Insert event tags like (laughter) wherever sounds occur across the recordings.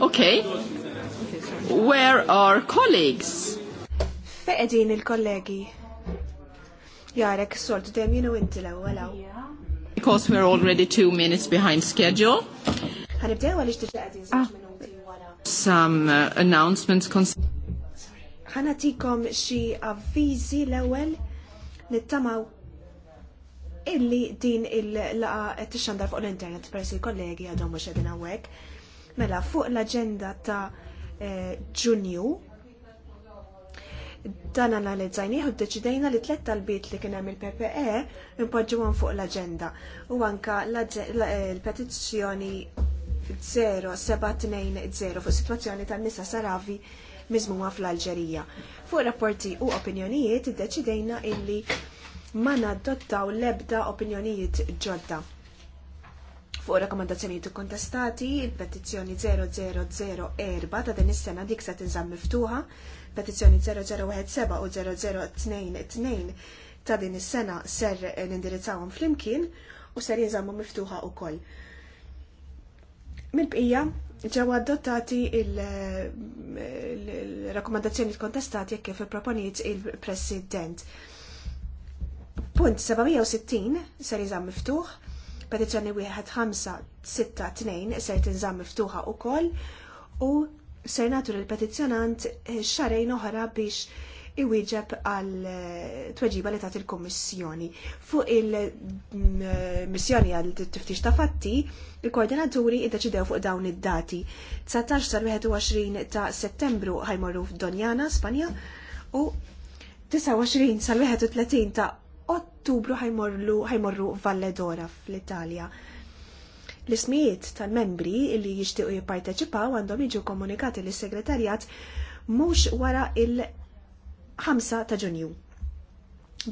Okay. Where are colleagues? Feqedin il-kollegi. Jarek, sort dem jinu inti l-ewwel Because we're already two minutes behind schedule. Ħanibdew għaliex tixtieq ah. minuti Some uh, announcements concerning. ħanatikom xi avviżi l-ewwel nittamaw illi din il-laqa qed tixxandar fuq l-internet peress il-kollegi għadhom mhux qegħdin hawnhekk. Mela fuq l-aġenda ta' eh, Ġunju dan analizzajnieh u deċidejna li tlet talbiet li kien hemm il-PPE impoġġuhom fuq l-aġenda u anka eh, l-petizzjoni 0720 fuq situazzjoni tan-nisa saravi miżmuma fl-Alġerija. Fuq rapporti u opinjonijiet iddeċidejna illi ma nadottaw l-ebda opinjonijiet ġodda. Fuq rakkomandazzjonijiet kontestati, il-petizzjoni 0004 ta' din is-sena dik se tinżamm miftuħa, petizzjoni 0017 u 0022 ta' din is-sena ser nindirizzawhom flimkien u ser jinżammu miftuħa wkoll. Mill-bqija, ġewa adottati il-rakkomandazzjoni kontestati jekk kif proponiet il-President. il president Punt 760 ser jizam miftuħ, petizzjoni 1562 ser tinżam miftuħa u koll u ser natur il petizzjonant xarejn oħra biex iwieġeb għal eh, tweġiba li tat il-Kommissjoni. Fuq il-missjoni għal tiftix ta' fatti, il-koordinaturi id-deċidew fuq dawn id-dati. 19 sar 21 ta' settembru ħajmorru f'Donjana, Spanja, u 29 sal 31 ta' ottubru ħajmorru Valledora fl-Italja. L-ismijiet tal-membri li jixtiequ jipparteċipaw għandhom jiġu komunikati lis segretarjat mhux wara il-5 ta' Ġunju.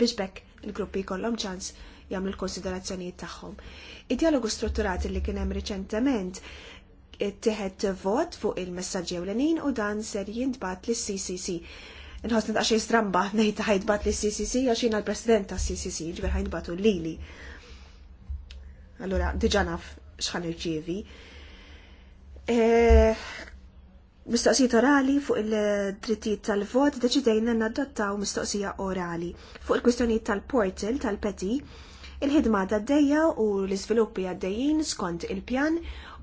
Biex bekk il-gruppi jkollhom ċans jagħmlu l-konsiderazzjonijiet tagħhom. Id-dialogu strutturat li kien hemm riċentement tieħed vot fuq il-messaġġi ewlenin u dan ser jintbat lis ccc nħosni ta' xej stramba nejta ħajtbat li CCC għaxina l-president ta' CCC ġver ħajtbatu lili. Allora, diġanaf naf xħan irġievi. E, mistoqsijiet orali fuq il-drittijiet tal-vot deċidejna n-adottaw mistoqsija orali fuq il kwistjoni tal-portal tal-peti il-ħidma għaddejja u l-izviluppi għaddejjin skont il-pjan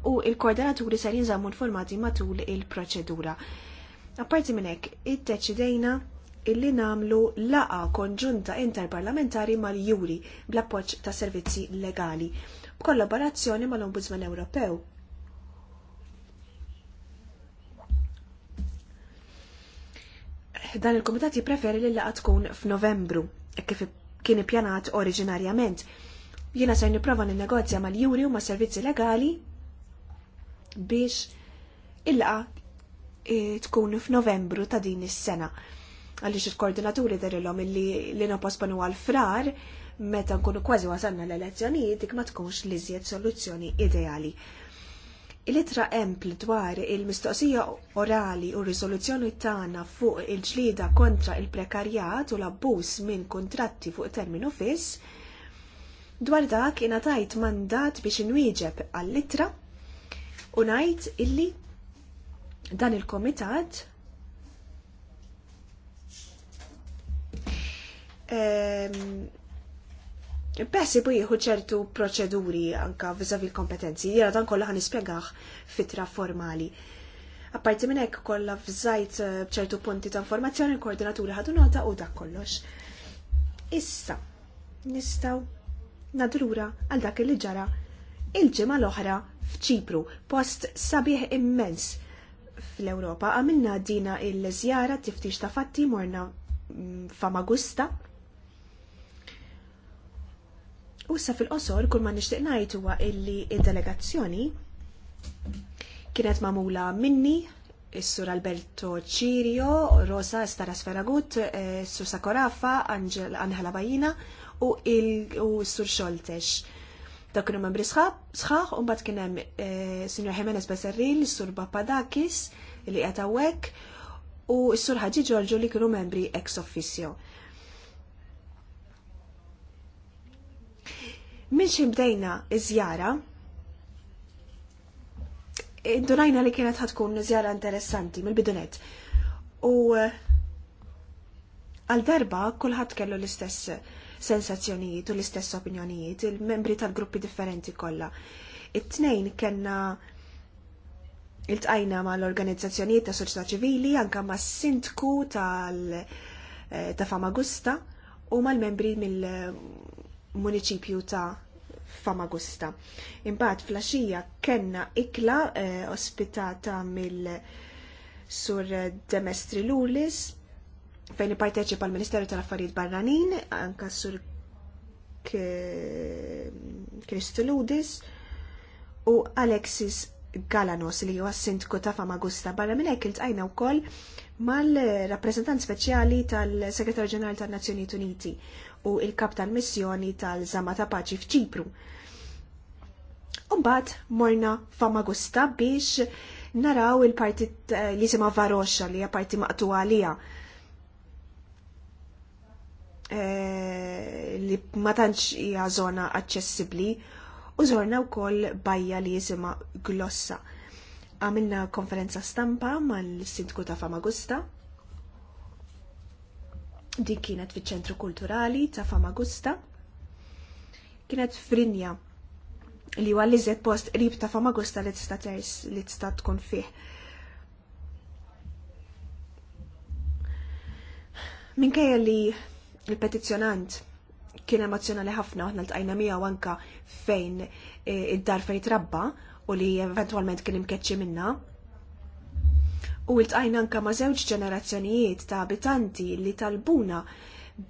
u il-koordinaturi ser jinżammu informati matul il-proċedura. Apparti minn hekk, iddeċidejna illi namlu laqa konġunta interparlamentari mal-Juri bl-appoġġ ta' servizzi legali b'kollaborazzjoni mal-Ombudsman Ewropew. Dan il komitati jippreferi li laqa tkun f'Novembru, kif kien ippjanat oriġinarjament. Jiena se nipprova ninnegozja mal-Juri u ma' servizzi legali biex il-laqa E, tkun f'Novembru ta' din is-sena. Għaliex il-koordinaturi darilhom illi li noposponu għal-frar meta nkunu kważi wasalna l-elezzjonijiet dik ma tkunx li żjed soluzzjoni ideali. Il-itra empl dwar il-mistoqsija orali u r-riżoluzzjoni tagħna fuq il-ġlida kontra il-prekarjat u l-abbuż minn kontratti fuq terminu fiss Dwar dak ingħatajt mandat biex inwieġeb għall-ittra u ngħid illi Dan il-komitat ehm, Bessi bu jieħu ċertu proċeduri anka vizavi l-kompetenzi, jira dan kollha ħan nispjegaħ fitra formali. Apparti minn hekk kollha fżajt eh, ċertu punti ta' informazzjoni l-koordinaturi ħadu nota u dak kollox. Issa nistgħu nadrura għal dak li ġara il-ġimgħa l-oħra f'Ċipru, post sabiħ immens fl-Ewropa. Għamilna dina il-żjara tiftix ta' fatti morna mm, famagusta. U sa fil-qosor kull ma nixtieq ngħid huwa illi id-delegazzjoni kienet magħmula minni Is-Sur Alberto Cirio, Rosa Staras Ferragut, eh, Susa Korafa, Angela Bajina u, il, Sur Xoltex. Dak kienu membri sħaħ, u mbagħad kien hemm eh, Sinjor Jimenez Becerril, is-Sur Papadakis li qed hawnhekk u s-Sur Ħaġi Ġorġu li kienu membri ex officio. Minn xi bdejna iż-żjara, indunajna li kienet ħatkun żjara interessanti mill-bidunet. U eh, għal darba kulħadd kellu l-istess sensazzjonijiet u l-istess opinjonijiet, il-membri tal-gruppi differenti kollha. It-tnejn kellna ma mal-organizzazzjonijiet ta' soċjetà ċivili, anke ma sindku tal eh, ta' Famagusta u mal-membri mill-municipju ta' Famagusta. Imbagħad flaxija kellna ikla eh, ospitata mill- Sur Demestri Lulis fejn ipparteċipa l-Ministeru tal-Affarijiet Barranin, anka sur Kristiludis u Alexis Galanos li huwa sindku ta' Famagusta barra minn hekk iltqajna wkoll mal-rappreżentant speċjali tal-Segretarju Ġenerali tan-Nazzjonijiet Uniti u il-kap tal-missjoni tal-Żama ta' Paċi f'Ċipru. Umbagħad morna Famagusta biex naraw il-partit eh, li sema Varosha li hija parti maqtuwa għalija Eh, li ma tantx hija żona aċċessibbli u żorna wkoll bajja li jisimha Glossa. Għamilna konferenza stampa mal-Sindku ta' Famagusta. Din kienet fiċ-Ċentru Kulturali ta' Famagusta. Kienet f'Rinja li huwa li post qrib ta' Famagusta li tista' ters li tista' tkun fih. Minkejja li il-petizzjonant kien emozjonali ħafna l-tajna miegħu wanka fejn eh, id-dar fejn trabba u li eventwalment kien imkeċċi minna. U ltqajna anka ma' żewġ ġenerazzjonijiet ta' abitanti li talbuna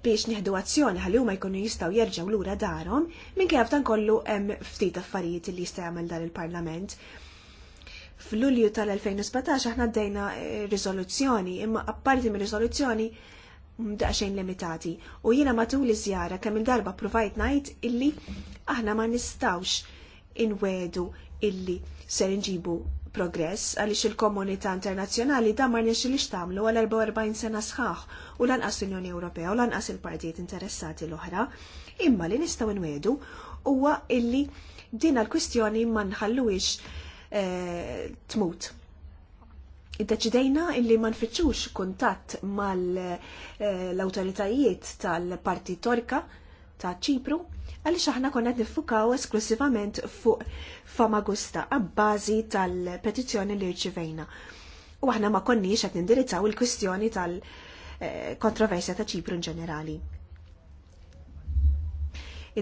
biex nieħdu azzjoni ħalli huma jkunu jistgħu jerġgħu lura darhom minkejja f'dan kollu hemm ftit affarijiet li jista' jagħmel dan il-Parlament. F'Lulju tal-2017 aħna ddejna eh, riżoluzzjoni, imma apparti mir riżoluzzjoni Um, daqxejn limitati. U jiena matul iż-żjara kemm il-darba provajt ngħid illi aħna ma nistawx inwedu illi ser inġibu progress għaliex il-komunità internazzjonali da ma nixilix tagħmlu għal 44 sena sħaħ u lanqas l-Unjoni Ewropea u lanqas il-partijiet interessati l-oħra, imma li nistgħu nwedu huwa illi din għall kwistjoni ma nħalluwix eh, tmut Deċidejna illi ma nfittxux kuntatt mal-autoritajiet tal-Parti Torka ta' Ċipru għaliex aħna konna nifukaw esklusivament fuq Famagusta għabbażi tal-petizzjoni li rċivejna. U aħna ma konniex qed nindirizzaw il-kwistjoni tal-kontroversja ta' Ċipru in ġenerali.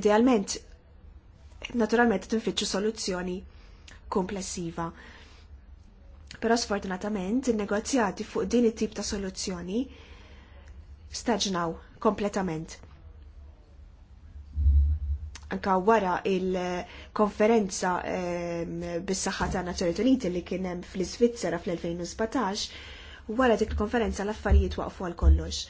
Idealment, naturalment tinfittxu soluzzjoni komplessiva. Però sfortunatament in-negozjati fuq din it-tip ta' soluzzjoni staġnaw kompletament. Anka wara il-konferenza ehm, bis-saħħa ta' Nazzjoni Uniti li kien hemm fl-Iżvizzera fl-2017, wara dik il-konferenza l-affarijiet waqfu għal kollox.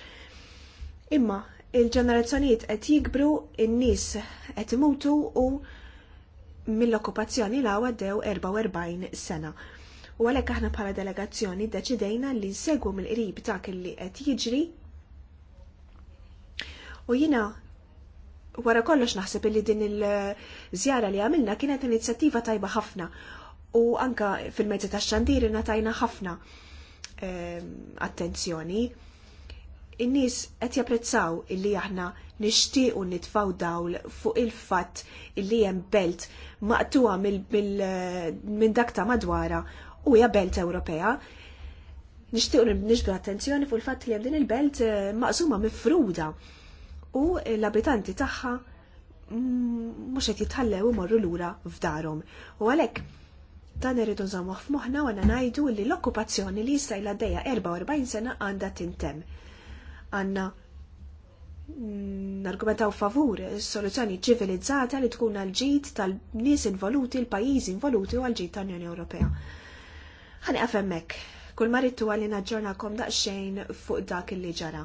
Imma il-ġenerazzjonijiet qed jikbru, in-nies qed imutu u mill-okkupazzjoni l għaddew 44 sena u għalhekk aħna bħala delegazzjoni deċidejna li nsegwu mill-qrib ta' li qed jiġri u jiena wara kollox naħseb li din il-żjara li għamilna kienet inizjattiva tajba ħafna u anka fil-mezzi ta' xandiri natajna ħafna ehm, attenzjoni. In-nies qed japprezzaw illi aħna nixtiequ nitfaw dawl fuq il-fatt illi hemm belt maqtuha minn dak ta' madwara u hija belt Ewropea. nixtiequ nixbdu attenzjoni fuq il-fatt li hemm din il-belt eh, maqsuma mifruda u l-abitanti tagħha mm, mhux qed jitħallew imorru lura f'darhom. U għalhekk dan irridu nżammuh f'moħħna u għana ngħidu li l-okkupazzjoni li jista' jgħaddejja 44 sena għandha tintemm. Għandna nargumentaw favur soluzzjoni ċivilizzata li tkun għal ġid tal-nies involuti, l-pajjiżi involuti u għal ġid tal-Unjoni Ewropea. Ħani għafemmek, kull marittu għalli naġġornakom daqxejn fuq dak il-li ġara.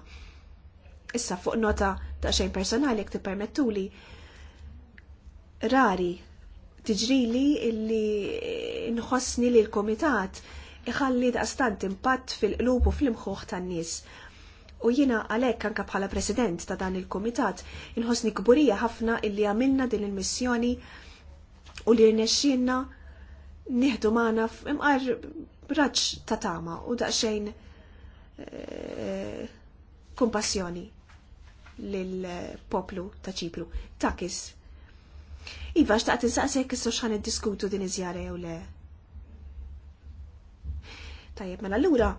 Issa fuq nota daqxejn personali jek li rari tiġrili illi nħossni li l-komitat iħalli daqstant impatt fil-qlub u fil-mħuħ tan-nies u jina għalek anka bħala president ta' dan il-komitat inħosni kburija ħafna illi għamilna din il-missjoni u li rnexxinna nieħdu maħna f'imqar raġġ ta' tama u daqsxejn eh, kompassjoni lill-poplu ta' ċipru. Takis. Iva, xtaqt insaqsek kisso xħan id-diskutu din iżjara jew le. Tajjeb, mela allura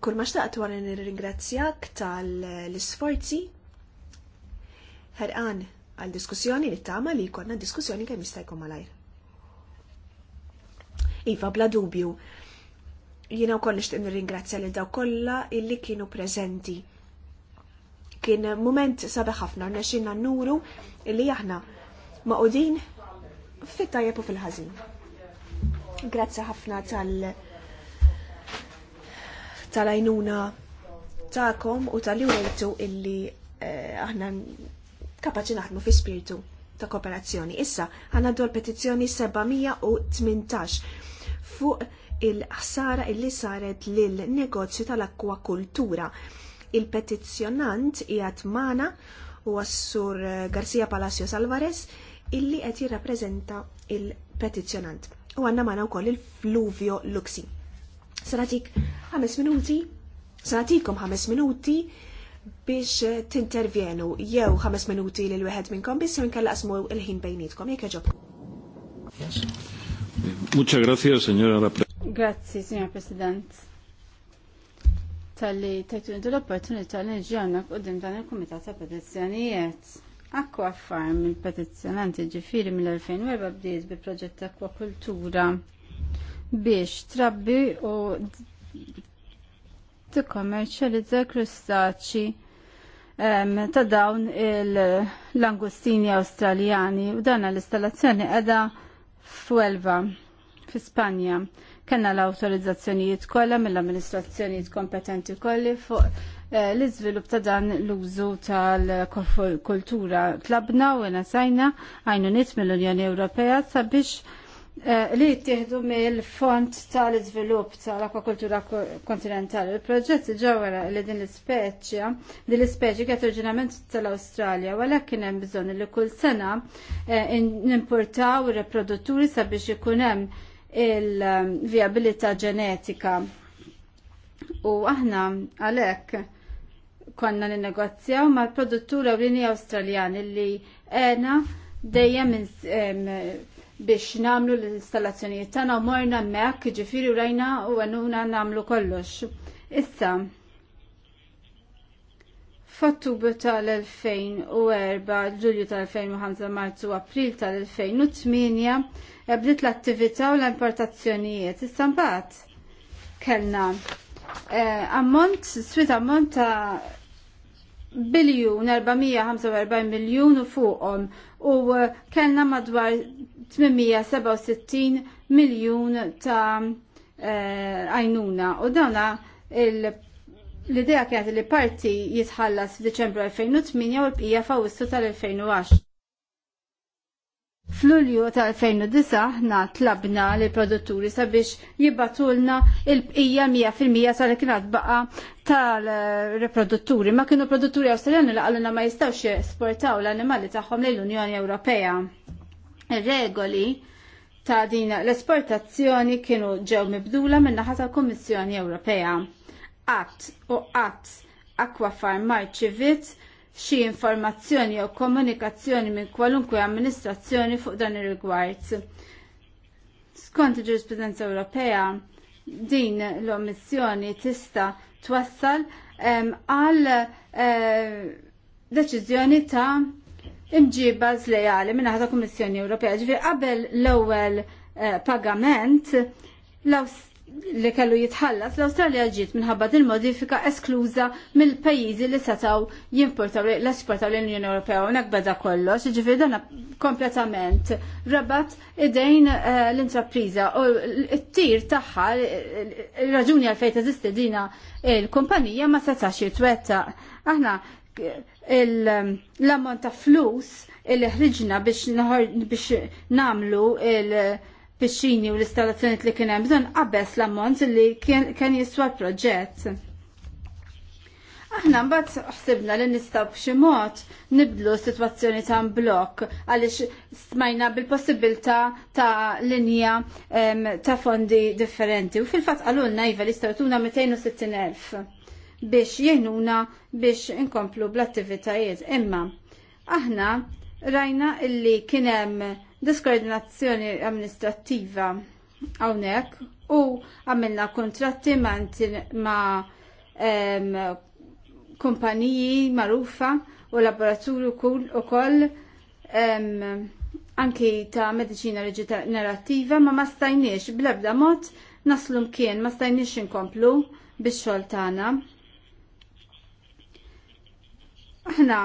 kull ma xtaqt wara nirringrazzjak tal-isforzi herqan għal diskussjoni tama li jkollna diskussjoni kemm jista' jkun malajr. Iva, bla dubju, jiena wkoll nixtieq nirringrazzja lil daw kollha illi kienu prezenti. Kien moment sabi ħafna rnexxinna nnuru illi aħna maqudin din tajjeb fil ħazin Grazzi ħafna tal- tal ajnuna ta'kom u tal-li illi eh, aħna kapaċi naħdmu fi spiritu ta' kooperazzjoni. Issa, għanna dwar petizzjoni 718 fuq il-ħsara illi saret lil negozju tal-akwakultura. Il-petizzjonant jgħat mana u għassur Garcia Palacio Salvarez illi qed jirrappreżenta il-petizzjonant. U għanna mana wkoll il-Fluvio Luxi. Saratik 5 minuti, saratikom 5 minuti biex eh, tintervjenu jew ħames minuti l wieħed minnkom biex minn nkella asmu il-ħin bejnietkom jekk ġobkom. Muchas gracias, signora Grazzi, signor President. Tal-li tajtuni l-opportunità li ġanna qoddim dan il-Kumitat ta' Petizzjonijiet. Akku Farm, il-petizzjonanti ġifiri mill-2004 bdiet bi proġett akwakultura biex trabbi u tikkommerċjalizza krustaċi ta' dawn l-angustini Awstraljani u dan l-installazzjoni edha f'Welva, fi Spanja. Kenna l-autorizzazzjonijiet kollha mill-amministrazzjonijiet kompetenti kolli fuq eh, l-izvilup ta' dan l-użu tal-kultura tlabna u nasajna għajnu mill-Unjoni Ewropea sabiex Eh, li jittieħdu mill-font tal-izvilupp tal-akwakultura kontinentali. Il-proġett ġewwa li din l-ispeċja, din l-ispeċja kienet oriġinament tal-Awstralja, u għalhekk kien hemm bżonn li kull sena eh, nimportaw reprodutturi sabiex ikun hemm il-vijabilità ġenetika. U aħna għalhekk konna ninnegozjaw mal-produttura u l-linja li għena dejjem biex namlu l-installazzjonijiet tagħna u morna hemmhekk ġifieri rajna u għannuna namlu kollox. Issa, f'Ottubru tal-2004, Ġulju tal-2005, Marzu, April tal-2008 bdiet l-attività u l-importazzjonijiet. Issa mbagħad kellna eh, ammont, swit ammont ta' biljun 445 miljun u fuqhom u kellna madwar 867 miljun ta' eh, għajnuna u dawna l-idea kienet li parti jitħallas f'Diċembru 2008 u l-bqija f'Awwissu tal-2010. F'Lulju tal-2009 ħna tlabna li produtturi sabiex jibbatulna il-bqija 100% tal kienet baqa tal-reprodutturi. Ma kienu produtturi australjani li għalluna ma jistawx jesportaw l-animali tagħhom lejn l-Unjoni Ewropea regoli ta' din l-esportazzjoni kienu ġew mibdula min-naħa tal kummissjoni Ewropea. Att u qatt Aquafarm marċivit xi informazzjoni jew komunikazzjoni minn kwalunkwe amministrazzjoni fuq dan ir-rigward. Skont il-ġurisprudenza Ewropea, din l-omissjoni tista' twassal għal eh, deċiżjoni ta' imġiba zlejali minna ħata Komissjoni Ewropea ġvi qabel l-ewwel eh, pagament li kellu jitħallas l-Awstralja ġiet minħabba din modifika eskluża mill-pajjiżi li setgħu jimportaw l-esportaw l-Unjoni Ewropea hawnhekk beda kollox, jiġifieri dan kompletament rabat idejn eh, l-intrapriża u t-tir tagħha raġuni għal fejn teżisti dina il-kumpanija ma setax jitwettaq. Aħna l-ammont ta' flus illi ħriġna biex namlu il-pixxini u l-installazzjoni li kien hemm bżonn qabeż l-ammont li kien jiswa l-proġett. Aħna mbagħad ħsibna li nistgħu b'xi mod nibdlu s-sitwazzjoni ta' blok għaliex smajna bil-possibilità ta' linja ta' fondi differenti u fil-fatt qalulna iva li stawtuna 260,000 biex jenuna biex inkomplu bl-attivitajiet. Imma, aħna rajna illi kienem diskoordinazzjoni amministrattiva għawnek u għamilna kontratti ma' em, kumpaniji marufa u laboraturi u koll anki ta' medicina regenerativa ma ma stajniex bl-ebda mod naslu kien ma stajniex inkomplu biex xoltana. tagħna Aħna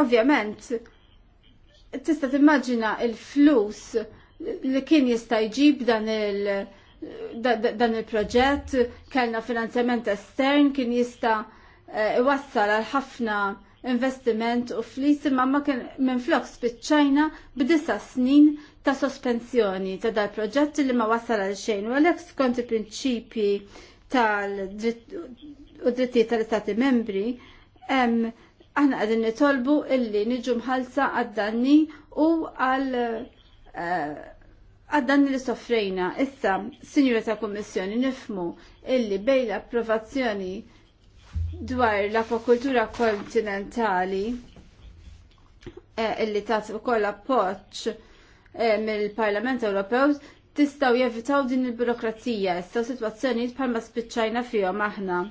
ovvjament tista' timmaġina il-flus li kien jista' jġib dan il- dan il-proġett kellna finanzjament estern kien jista' eh, iwassal għal ħafna investiment u flis imma ma kien minn flok spiċċajna b'disa snin ta' sospensjoni ta' dal proġett li ma wassal għal xejn u għalhekk skont il-prinċipji tal-dritt u drittijiet tal-Istati membri, aħna qegħdin nitolbu illi niġu mħalsa għad-danni u għal eh, għaddanni li soffrejna. Issa, Sinjura ta' Kummissjoni, nifmu illi bej l-approvazzjoni dwar l-akwakultura kontinentali eh, illi ta' ukoll appoġġ eh, mill-Parlament Ewropew tistaw jevitaw din il burokrazija issa situazzjoni bħalma spiċċajna fihom aħna.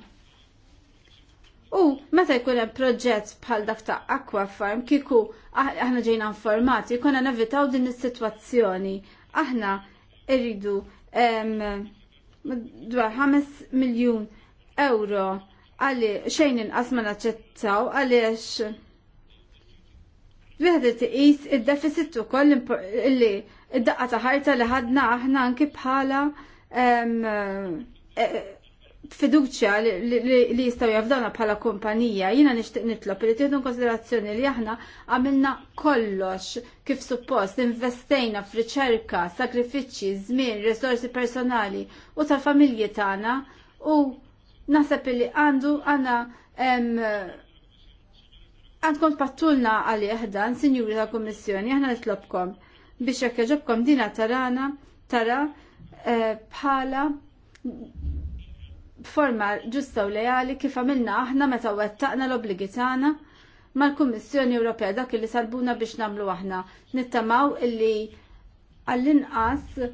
U meta jkun hemm proġett bħal dak ta' Aqua Farm kieku ah-, aħna ġejna informati konna nevitaw din is-sitwazzjoni. Aħna irridu dwar 5 miljun euro għalli xejn inqas ma naċċettaw għaliex Wieħed tiqis id-deficit ukoll li id-daqqa ta' ħajta li ħadna aħna anki bħala e-, fiduċja li jistaw jafdana bħala kumpanija, jina nishtiq nitlob li tieħdu konsiderazzjoni li aħna għamilna kollox kif suppost, investejna f'riċerka, sakrifiċi, żmien, risorsi personali u tal familji tagħna u naħseb li għandu għandna għandkom pattulna għali eħdan, sinjuri ta' kommissjoni, aħna nitlobkom biex jekk dina tarana tara eh, bħala b'forma ġusta u lejali kif għamilna aħna meta wettaqna l-obligi tagħna mal-Kummissjoni Ewropea dak li salbuna biex nagħmlu aħna. Nittamaw illi għall-inqas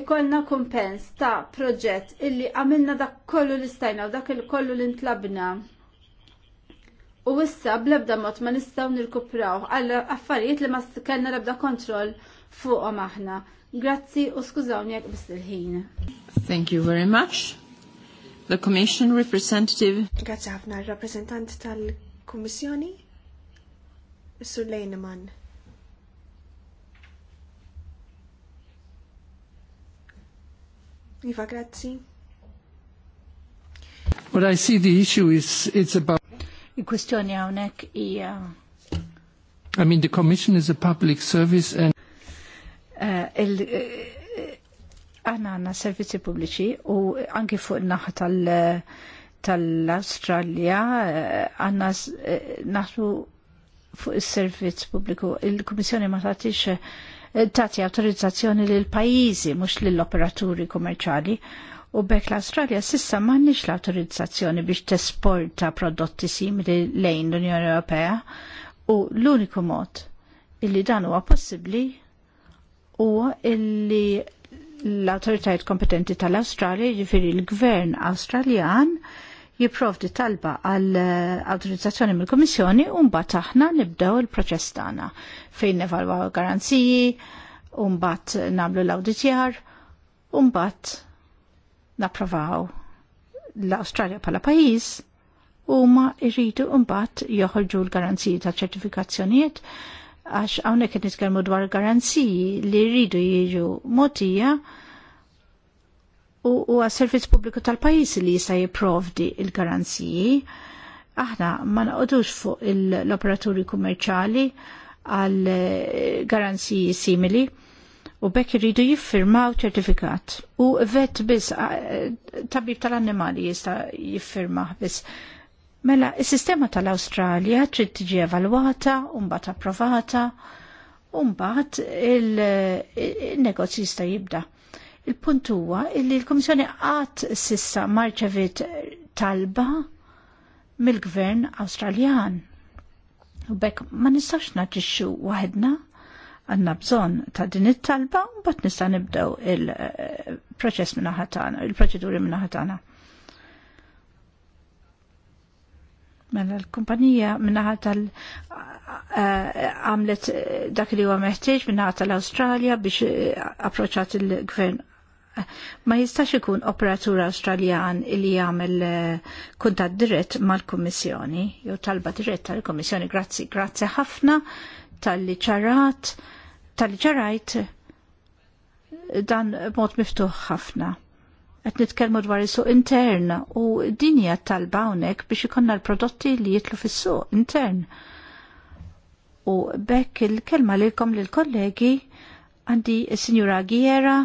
ikollna kumpens ta' proġett illi għamilna dak kollu li stajna u dak il kollu li ntlabna. U issa blebda mod ma nistgħu nirkupraw għal affarijiet li ma kellna lebda kontroll fuqhom aħna. Grazzi u skużawni jekk bis il-ħin. Thank you very much the Commission representative. Grazie ħafna, rappresentant tal-Kummissjoni, Sur Lejneman. Iva, grazzi. What I see the issue is it's about Il-kwestjoni hawnhekk hija I mean the commission is a public service and uh, il eh, aħna għanna servizzi pubbliċi u anki fuq naħa tal- tal-Australja eh, għanna eh, naħdu fuq is-servizz pubbliku. Il-Kummissjoni ma tagħtix eh, tagħti awtorizzazzjoni lil pajjiżi mhux lill-operaturi kummerċali u bekk l australia sissa m'għandniex l-awtorizzazzjoni biex tesporta prodotti simili lejn l-Unjoni Ewropea u l-uniku mod illi dan huwa possibbli huwa illi l-autoritajt kompetenti tal-Australja, ġifiri l-gvern australjan, jiprovdi talba għal eh, autorizzazzjoni mill komissjoni un bat aħna nibdew il-proċess tagħna fejn nevalwaw garanziji, un bat namlu l-auditjar, un bat napprovaw l-Australja pala pajis, huma jridu mbagħad joħorġu l-garanziji ta' ċertifikazzjonijiet għax hawnhekk qed nitkellmu dwar garanziji li jridu jiġu mogħtija u għas servizz pubbliku tal pajis li jista' jipprovdi l garanziji Aħna ma naqodux fuq l-operaturi kummerċali għal eh, garanziji simili u bekk irridu jiffirmaw ċertifikat. U vet biss eh, tabib tal-annimali jista' jiffirmaħ biss Mela, is sistema tal-Australia trid tiġi evalwata, mbagħad approvata, mbagħad il negozji jista' jibda. Il-punt huwa li l-Kummissjoni qatt sissa marċevit talba mill-Gvern Awstraljan. U bekk ma nistax naġixxu waħedna għandna bżonn ta' din it-talba, bat nista' nibdew il-proċess eh, minn il-proċeduri minna ħatana. Mela l-kumpanija minnaħa tal- għamlet eh, dak li huwa meħtieġ minnaħa tal-Awstralja biex eh, approċċat il-gvern. Ma jistax ikun operatur Awstraljan li jagħmel eh, kuntat dirett mal-Kummissjoni, jew talba dirett tal-Kummissjoni. Grazzi, grazzi ħafna tal-li ċarat, tal-li ċarajt dan mod miftuħ ħafna qed nitkellmu dwar is-suq intern u dinja talba hawnhekk biex ikonna l-prodotti li jitlu fis-suq intern. U bekk il-kelma lilkom lill kollegi għandi s-Sinjura Ghiera.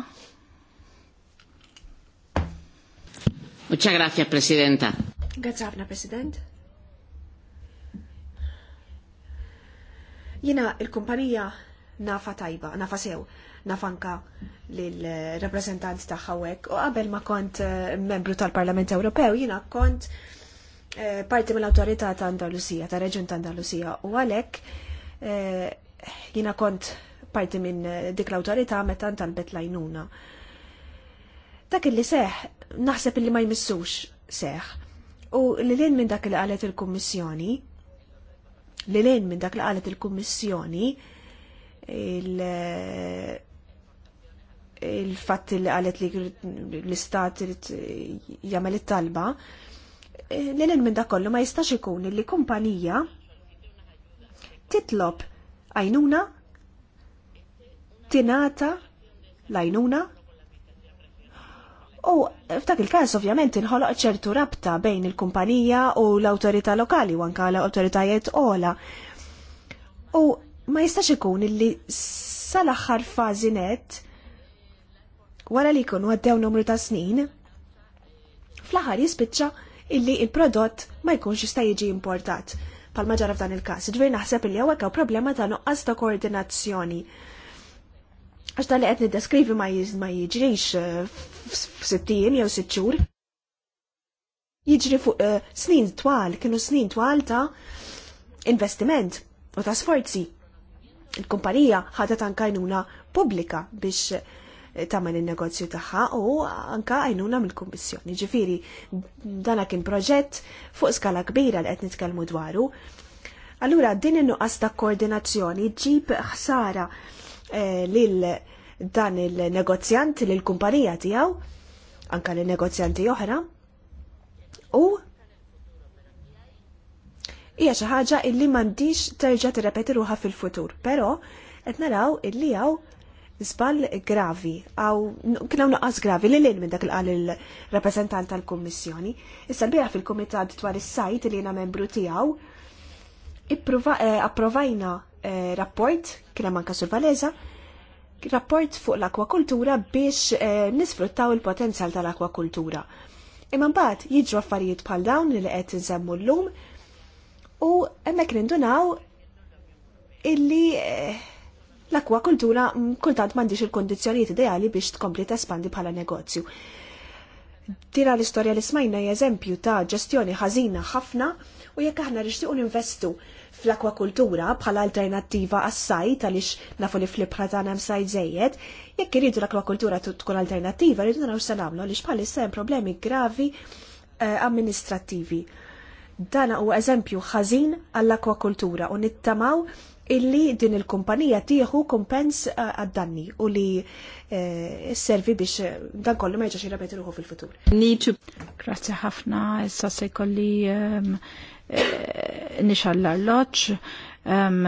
Muċa grazie, Presidenta. Grazie, President. Jina il-kumpanija nafa tajba, nafa sew nafanka lill reprezentant ta' hawek. U qabel ma kont eh, membru tal-Parlament Ewropew, jina kont eh, parti mill-autorità ta' Andalusija, ta' reġun ta' Andalusija. U għalek eh, jina kont parti minn dik l-autorità meta tal-bet lajnuna. Dak li seħ, naħseb li ma jmissux seħ. U li lejn minn dak li qalet il-Kummissjoni, li lejn minn dak li qalet il-Kummissjoni, il il-fatt li għalet li l-istat jagħmel it-talba, eh, l minn dak kollu ma jistax ikun li kumpanija titlob għajnuna tinata l-għajnuna u f'dak il-każ ovvjament inħoloq ċertu rabta bejn il-kumpanija u l-awtorità lokali u anke l-awtoritajiet ola. U ma jistax ikun illi sal-aħħar fażi net Wara li kun għaddew numru ta' snin, fl-aħħar jispiċċa illi il-prodott ma jkunx jista' jiġi importat. Palma ġara f'dan il-każ, ġveri naħseb li hawnhekk problema ta' nuqqas ta' koordinazzjoni. Għax tal li qed niddeskrivi ma jiġrix eh, f'sittin jew sitt xhur. Jiġri fuq eh, snin twal, kienu snin twal ta' investiment u ta' sforzi. Il-kumpanija ħadet anka jnuna pubblika biex tagħmel il negozju tagħha u anka għajnuna mill-Kummissjoni. Ġifieri dana kien proġett fuq skala kbira li qed nitkellmu dwaru. Allura din in-nuqqas ta' koordinazzjoni ġib ħsara eh, lil dan il-negozjant lil kumpanija tiegħu anka lil negozjanti oħra u hija xi ħaġa illi m'għandix terġa' tirrepeti ruha fil-futur, però qed naraw illi hawn żball gravi għaw kien hawn nuqqas gravi li lejn minn dak il qal il-rappreżentant tal-Kummissjoni. Issa bieħ fil-Kumitat dwar is-sajt li jiena membru tiegħu eh, approvajna eh, rapport kien hemm anke Survaleza rapport fuq l-akwakultura biex eh, nisfruttaw il-potenzjal tal-akwakultura. Imma mbagħad jiġu affarijiet bħal dawn li qed insemmu llum u hemmhekk nindunaw illi l-akwakultura kultant m'għandix il kondizjoniet ideali biex tkompli tespandi bħala negozju. Tira l-istorja li smajna eżempju ta' ġestjoni ħażina ħafna u jekk aħna nixtiequ ninvestu fl-akwakultura bħala alternattiva għas-sajt għaliex nafu li fl-ibħra tagħna hemm sajt jekk iridu l-akwakultura tkun alternattiva rridu naraw salamlu nagħmlu għaliex bħalissa hemm problemi gravi eh, amministrattivi. Dan huwa eżempju ħażin għall-akwakultura u nittamaw illi din il-kumpanija tieħu kompens eh, għad-danni u li eh, servi biex eh, dan kollu ma jġax jirabet ruħu fil-futur. Nitu. Grazie ħafna, issa se kolli ehm, nixallar loċ. Ehm,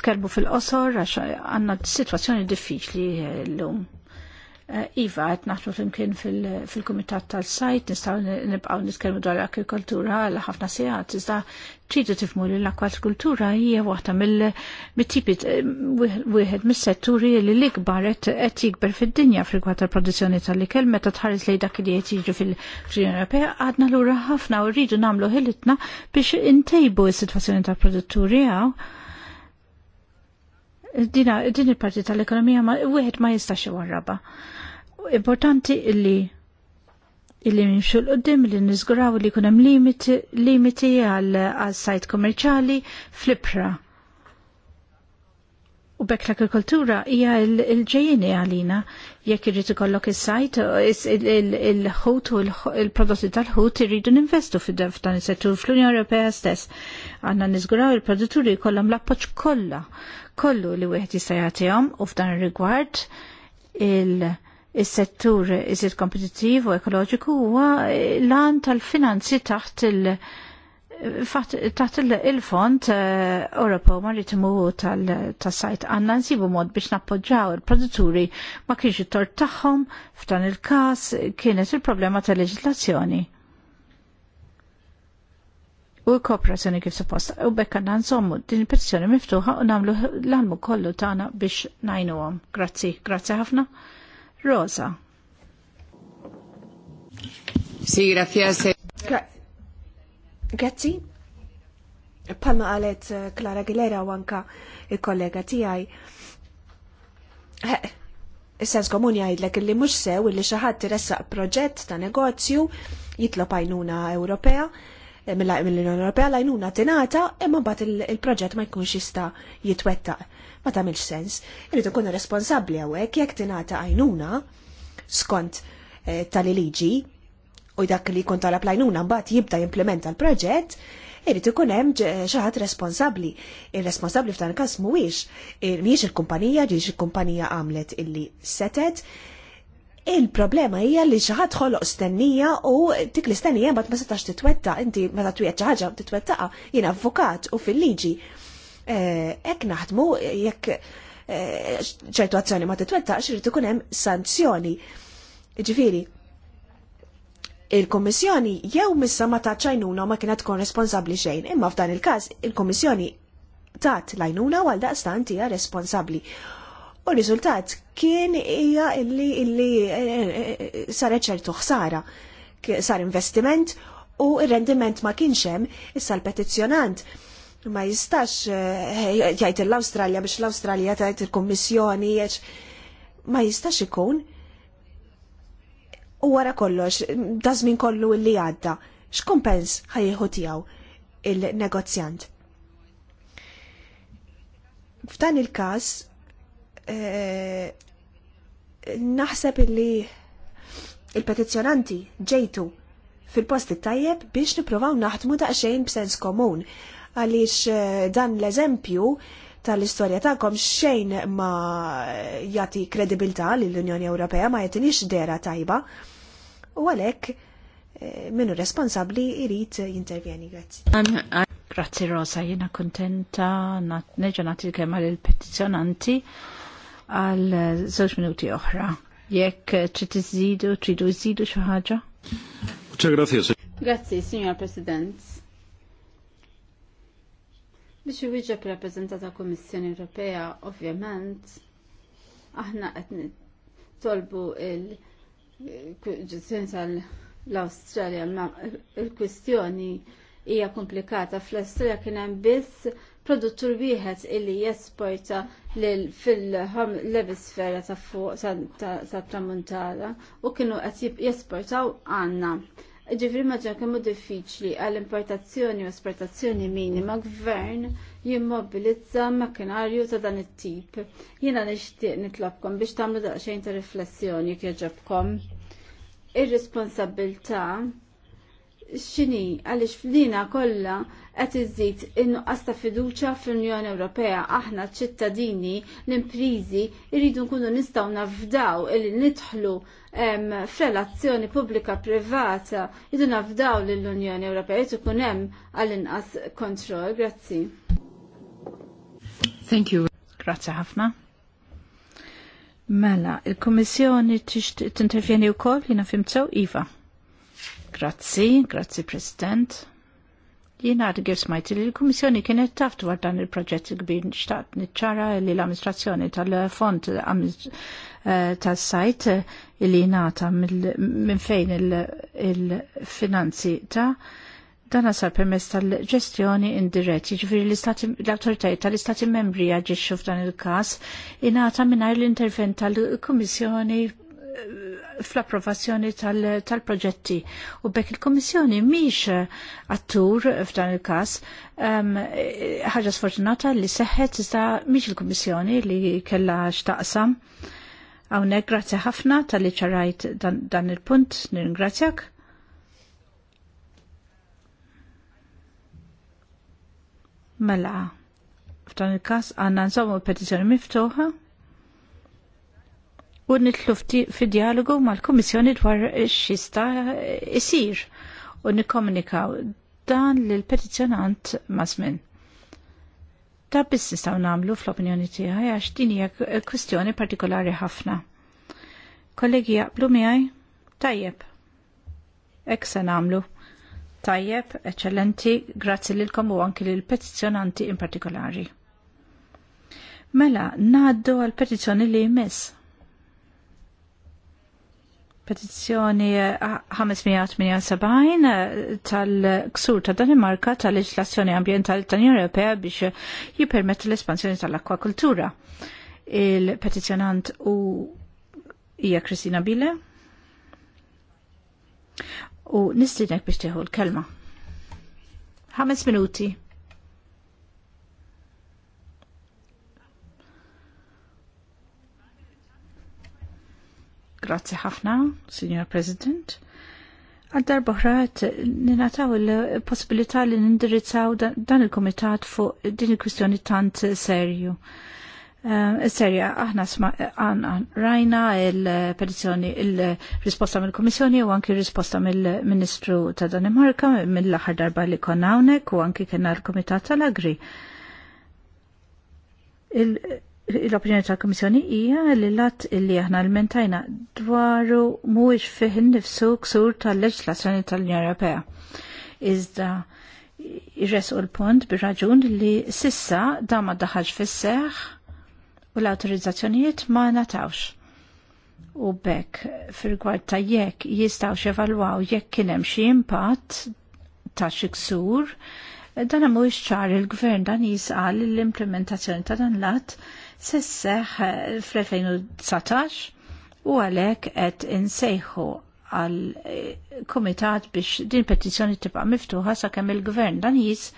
tkerbu fil-qosor għax għanna situazzjoni diffiċli l-lum. Iva, għet naħtu flimkien fil-komitat tal-sajt, nistaw nibqaw nitkelmu dwar l akrikoltura l ħafna sijat, iżda Tridu tifmu li l kultura hija waħda mill-tipi eh, wieħed mis-setturi li l-ikbar qed jikber fid-dinja frigwat tal-produzzjoni tal-ikel meta tħares lejn dak li qed jiġu fil-Unjoni Ewropea għadna lura ħafna u rridu nagħmlu ħilitna biex intejbu s-sitwazzjoni tal-produtturi hawn din il-parti tal-ekonomija wieħed ma jistax warraba. Importanti illi illi minxu l-qoddim li nizguraw li kunem limiti għal sajt komerċali fl U bekk l-agrikoltura hija l-ġejjeni għalina jekk irrid ikollok is-sajt il-ħut u l-prodotti tal-ħut irridu ninvestu f'dan is-settur fl-Unjoni Ewropea stess. Għandna niżguraw il-produtturi jkollhom l-appoġġ kollha kollu li wieħed jista' jagħtihom u f'dan ir-rigward il-, -il Is-settur iżid kompetittiv u ekoloġiku huwa l-għan tal-finanzi taħt il- taħt il-fond Europa eh, maritimu tal-sajt għanna nsibu mod biex nappoġġaw il-produtturi ma kienx it-tort tagħhom f'dan il-każ kienet il-problema tal-leġislazzjoni u kooperazzjoni kif suppost. U bekk għandna nżommu din il-petizzjoni miftuħa u nagħmlu l-almu kollu tagħna biex ngħinuhom. Grazzi, grazzi ħafna. Rosa. Sì, grazie. Eh. Gra grazie. Palma għalet eh, Clara Gilera u anka il-kollega tijaj. Is-sens komuni għajdlek li mux sew li xaħat tiressaq proġett ta' negozju jitlob għajnuna Ewropea eh, mill-Unjoni Ewropea l-għajnuna tinata imma bat il-proġett ma jkunx jista' jitwettaq ma tagħmilx sens. Irid ikun responsabbli hawnhekk jekk tingħata għajnuna skont eh, tal-liġi u dak li jkun talab l-għajnuna mbagħad jibda jimplementa l-proġett, irid ikun hemm eh, xi ħadd responsabbli. Ir-responsabbli f'dan każ mhuwiex mhijiex il-kumpanija ġiex il-kumpanija għamlet illi setet, Il-problema hija li xi ħadd ħoloq stennija u dik l-istennija mbagħad ma setax titwetta, inti meta twiegħed xi ħaġa titwettaqa, jien avukat u fil-liġi Eh, Ek naħdmu jekk eh, ċertu azzjoni ma titwettax irid ikun hemm sanzjoni. Ġifiri, il komissjoni jew missa ma taċċajnuna ma kienet tkun responsabbli xejn, imma f'dan il-każ il komissjoni tat lajnuna għal daqstant hija responsabbli. U riżultat kien hija illi illi eh, saret ċertu ħsara, sar investiment u ir-rendiment ma kienx hemm issa l-petizzjonant ma jistax eh, jgħid l-Awstralja biex l-Awstralja tgħid il-Kummissjoni ma jistax ikun. U wara kollox, dażmin kollu li għadda, x'kumpens ħajjieħu tiegħu il-negozjant. F'dan il-każ eh, naħseb illi il-petizzjonanti ġejtu fil-post tajjeb biex nipprovaw naħdmu daqsxejn b'sens komun għaliex eh, dan l-eżempju tal-istorja tagħkom xejn ma jagħti li lill-Unjoni Ewropea ma jagħtinix dera tajba. U għalhekk eh, minnu responsabbli jrid jintervjeni. Grazzi. Grazzi Rosa, jiena kontenta neġa nagħti l-kelma lill-petizzjonanti għal zoċ minuti oħra. Jekk trid iżidu, tridu iżidu xi ħaġa? Grazzi, Signor President Biex iwieġeb rappreżentata Kummissjoni Ewropea, ovvjament, aħna qed tolbu il-ġuzzjoni tal-Awstralja, ma il-kwistjoni hija komplikata. Fl-Awstralja kien hemm biss produttur wieħed illi jesporta fil-levisfera ta' fuq tat tramuntana u kienu qed jesportaw għandna. Ġifri maġġa kemmu diffiċli għall-importazzjoni u esportazzjoni minima gvern jimmobilizza makkinarju ta' dan it-tip. Jiena nixtieq nitlobkom biex tagħmlu daqsxejn ta' riflessjoni kif Ir-responsabilità x'inhi għaliex fdina kollha qed iżid innu għasta ta' fiduċja fl-Unjoni Ewropea aħna ċittadini l-imprizi jridu nkunu nistgħu nafdaw nitħlu nidħlu f'relazzjoni pubblika privata idu nafdaw lill-Unjoni Ewropea jtu kunem hemm għall-inqas kontroll. Grazzi. Thank you. Grazzi ħafna. Mela, il-Kommissjoni t-intervjeni u kol jina fimtsew Iva. Grazzi, grazzi President. Jina għad għir smajt li l-Komissjoni kienet taft dwar dan il-proġett kbir nċtaqt nċara li l-amministrazzjoni tal-fond eh, tal-sajt eh, li nata minn fejn il-finanzi ta' dan għasar permess tal-ġestjoni indirett, ġifiri l autoritajt tal-istati membri jaġixxu f'dan il-każ ingħata mingħajr l-intervent tal-Kummissjoni eh, fl-approvazzjoni tal-proġetti. u bekk il-Komissjoni miex eh, attur f'dan il-kas eh, ħaġa sfortunata li seħħet iżda miex il-Komissjoni li kella xtaqsam. Għawnek, grazzi ħafna tal-li ċarajt dan, il-punt, nirringrazzjak. Mela, f'dan il-kas għanna nżommu petizjoni miftuħa u nitlu fi dialogu mal-Komissjoni dwar xista isir u nikkomunikaw dan l-petizjonant mażmin. Ta' biss nistgħu nagħmlu fl-opinjoni tiegħi għax din hija kwistjoni partikolari ħafna. Kollegi jaqblu miegħi? Tajjeb. Ek se nagħmlu. Tajjeb, eċċellenti, grazzi lilkom u anki lill petizzjonanti in partikolari. Mela, ngħaddu għal petizzjoni li jmiss. Petizzjoni 578 eh, tal-ksur ta' Danimarka tal-leġislazzjoni ambientali tal-Unjoni Ewropea biex jipermetti l-espansjoni tal-akwakultura. Il-petizzjonant u hija Kristina Bile. U nistinek biex tieħu l-kelma. 5 minuti. Grazzi ħafna, Signor President. Għal darba ħrat, ninataw il-possibilità li nindirizzaw dan il-komitat fuq din il-kwistjoni tant serju. Eh, serja, aħna għanna rajna il-petizjoni, il-risposta mill-Komissjoni u anki risposta mill-Ministru ta' Danimarka mill-aħħar darba li konnawnek hawnhekk u anki kena l-Komitat tal-Agri l-opinjoni tal-Komissjoni hija li l-att illi aħna l-mentajna dwaru mhuwiex fih innifsu ksur tal-leġislazzjoni tal-Unjoni Ewropea. Iżda jresqu l-punt bi raġun li sissa da ma daħħaġ fis-seħ u l-awtorizzazzjonijiet ma natawx. U bekk fil-gwad ta' jekk jistaw xevalwaw jekk kien hemm xi impatt ta' xi ksur, dan mhuwiex ċar il-gvern dan jisqal l-implementazzjoni ta' dan l-att sisseħ eh, fl-2019 u għalek qed insejħu għal eh, komitat biex din petizjoni tibqa' miftuħa sakemm il-gvern dan jis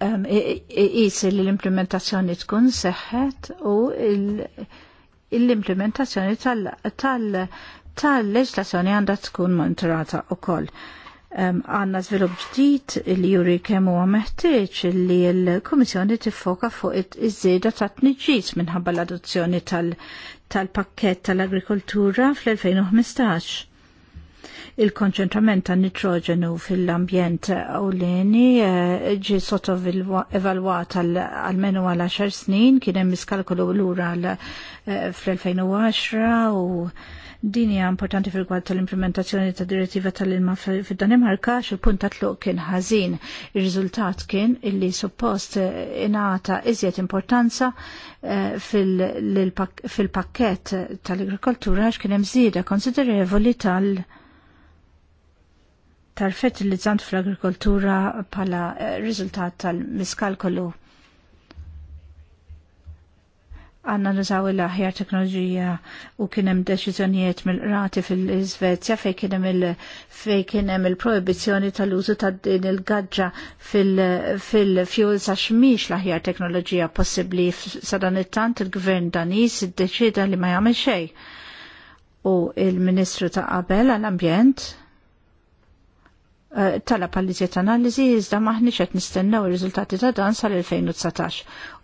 jis li l-implementazzjoni tkun seħħet u l-implementazzjoni tal-leġlazzjoni għandha tkun monitorata u koll għanna zvilup ġdid li juri kemm huwa meħtieġ li l-Kummissjoni tiffoka fuq iż-żieda ta' t-nġis minħabba l-adozzjoni tal-pakkett tal-agrikoltura fl-2015. Il-konċentrament ta' nitrogenu fil-ambjent ewleni eh, ġi sotto evalwat għal-menu għal 10 snin kien hemm l lura eh, fl-2010 u Din hija importanti fil-gwad tal-implementazzjoni ta' direttiva tal-ilma fid-Danimarka xil-punt ta' tluq kien ħażin. Ir-riżultat kien illi suppost eh, ingħata iżjed importanza eh, fil-pakket tal-agrikoltura għax kien hemm żieda konsiderevoli tal- tal-fertilizzant fl-agrikoltura pala eh, riżultat tal-miskalkolu għanna nużaw il aħjar teknoloġija u kienem deċizjonijiet mill-rati fil izvezja fej kienem il prohibizjoni tal-użu ta' din il-gadġa fil-fuels sa' miex l-aħjar teknoloġija possibli sadan it-tant il-gvern danis id-deċida li ma jagħmel xejn. U il-Ministru ta' qabel għall-Ambjent Eh, tala palliziet analiżi iżda maħniċ qed nistennew ir-riżultati ta' dan sal-2019.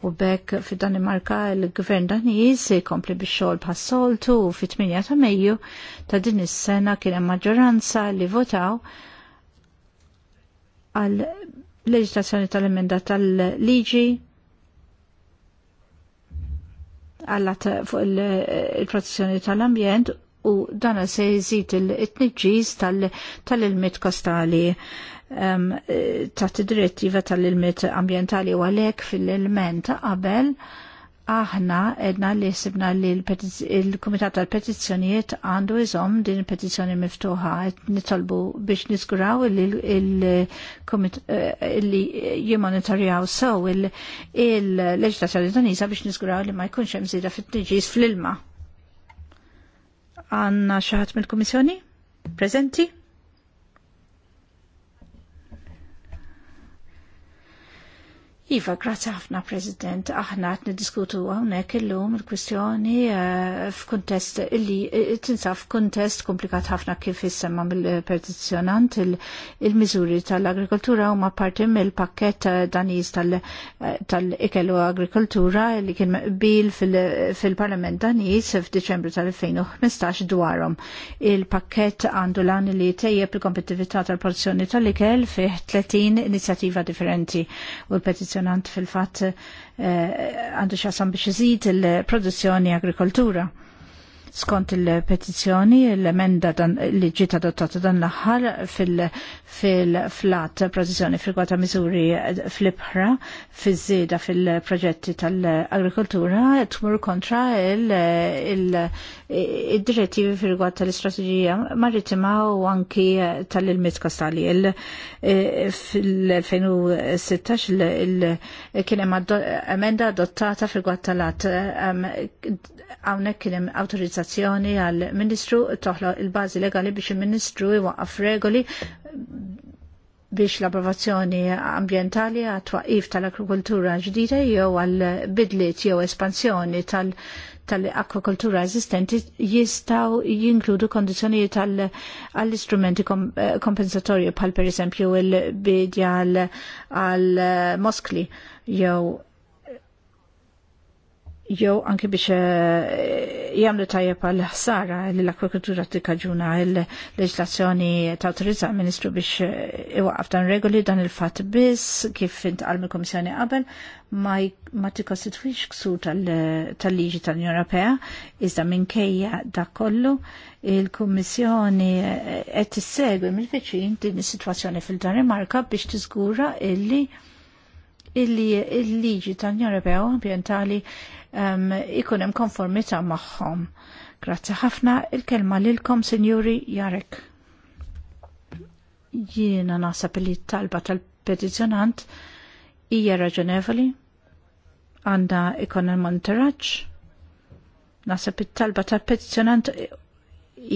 U bekk fid danimarka l-gvern Daniż jkompli bix-xogħol bħas-soltu u fit-8 ta' Mejju ta' din is-sena kien hemm maġġoranza li votaw għal leġitazzjoni tal-emenda tal-liġi għallat fuq il-protezzjoni tal-ambjent u dana se jżid il-tniġġis tal-ilmit kostali um, eh, ta' direttiva tal-ilmit ambientali u għalek fil-ilment qabel aħna edna li sibna li il-Komitat tal-Petizzjonijiet għandu iżom din il-petizzjoni miftuħa nitolbu biex nisguraw eh, li jimonitorjaw sew il-leġislazzjoni danisa biex nisguraw li ma jkunx hemm zida fit-tniġis fl-ilma. Għanna xaħat mill-Komissjoni? Prezenti? Iva, grazie ħafna, President. Aħna qed niddiskutu hawnhekk illum il-kwistjoni eh, f'kuntest illi eh, tinsaf f'kuntest komplikat ħafna kif issemma mill-petizzjonant il-miżuri tal-agrikoltura huma parti mill-pakkett eh, Daniz tal ikelu agrikoltura li kien meqbil fil-Parlament Daniz f'Diċembru tal-2015 dwarhom. Il-pakkett għandu lan li tejjeb il-kompetitività tal porzjoni tal-ikel fih 30 inizjattiva differenti u l-petizzjoni impressionant fil-fat eh, għandu xasam biex iżid il-produzzjoni agrikoltura. Skont il-petizjoni, l-emenda li ġiet adottata dan l-aħħar fil-flat produzzjoni frigwata miżuri fl-ibħra fiż-żieda fil-proġetti tal-agrikoltura tmur kontra il- id-direttivi fil tal-istrateġija marittima u anki tal-ilmit kastali. Eh, fil-2016 kien hemm emenda adottata fil tal-att hawnhekk kien hemm awtorizzazzjoni għall-Ministru toħloq il-bażi legali biex il-Ministru iwaqqaf regoli biex l-approvazzjoni ambientali għat twaqif tal agrikultura ġdida jew għal bidliet jew espansjoni tal- tal-akwakultura eżistenti jistaw jinkludu kondizjoni għall-istrumenti kom eh, kompensatorju bħal per esempio il-bidja għal-moskli jew jew anke biex eh, jagħmlu tajjeb għal ħsara l akwakultura tikkaġuna l-leġlazzjoni ta' autorizza ministru biex eh, iwaqaf dan regoli dan il-fatt biss kif intqal mill-Kummissjoni qabel ma tikkostitwix ksur tal-liġi tal-Unjoni Ewropea iżda minkejja dak kollu il-Kummissjoni eh, qed tissegwi mill-viċin din is-sitwazzjoni fil-Danimarka biex tiżgura illi il-liġi tal-Unjoni Ewropea ambjentali um, ikun hemm konformità magħhom. Grazzi ħafna il-kelma lilkom, Sinjuri Jarek. Jiena naħseb li talba tal-petizzjonant hija raġonevoli, għanda ikon il-monitoraġġ. Naħseb it-talba tal-petizzjonant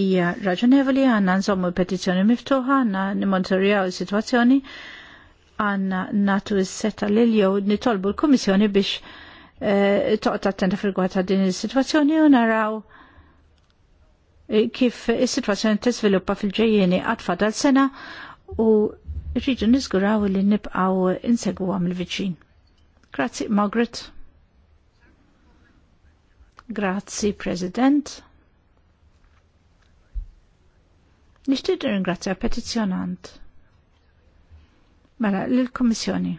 hija raġonevoli għanna nżommu petizzjoni miftuħa, għanna nimonitorjaw is-sitwazzjoni, għanna natu s-seta l ilju nitolbu l-Komissjoni biex Eh, toqt attenta fil-gwata din il-situazzjoni u naraw eh, kif il-situazzjoni t-sviluppa fil-ġejjeni għatfa dal-sena u rridu nizguraw li nibqaw insegu għam il-vicin. Grazzi, Margaret. Grazzi, President. Nishtiq ringrazzja petizjonant. Mela, l-Komissjoni.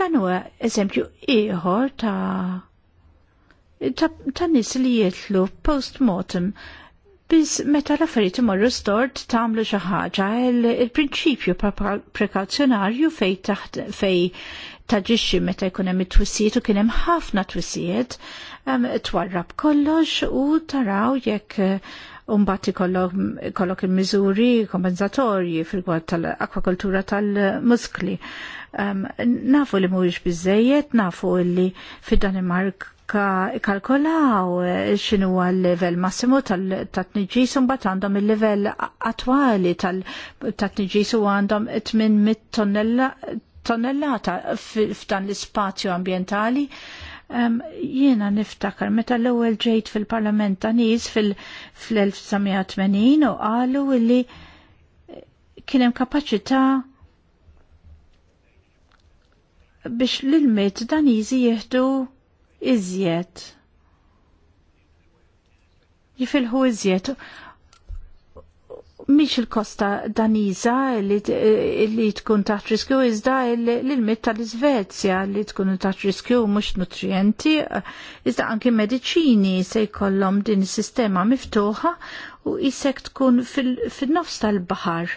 Dan huwa eżempju ieħor ta' ta' nis li jitlu post-mortem biz meta l-affarijiet imorru stort tagħmlu xi ħaġa il-prinċipju prekawzjonarju fej taħt fej taġixxi meta jkun hemm it-twissijiet u kien hemm ħafna twissijiet twarrab kollox u taraw jekk Umbat ikollok il-miżuri kompensatorji fil-gwad tal-akwakultura tal-muskli. Um, nafu li mhuwiex bizzejiet, nafu li fid-Danimarka kalkolaw eh, x'inhu l-livell massimo tat-tniġis imbagħad għandhom il-livell attwali tat tatniġis u għandhom 800 tonnellata f'dan l-ispazju ambientali Um, jiena niftakar meta l-ewwel ġejt fil-Parlament ta' Nies fil-1980 u qalu li kien hemm kapaċità biex l-ilmiet Daniżi jieħdu iżjed. Jifilħu iżjed miex il-kosta daniza eh, li tkun taħt riskju iżda l-ilmit tal-Svezja li tkun taħt riskju mux nutrienti iżda anki mediċini se jkollhom din sistema miftuħa u isek tkun fil-nofs tal-bahar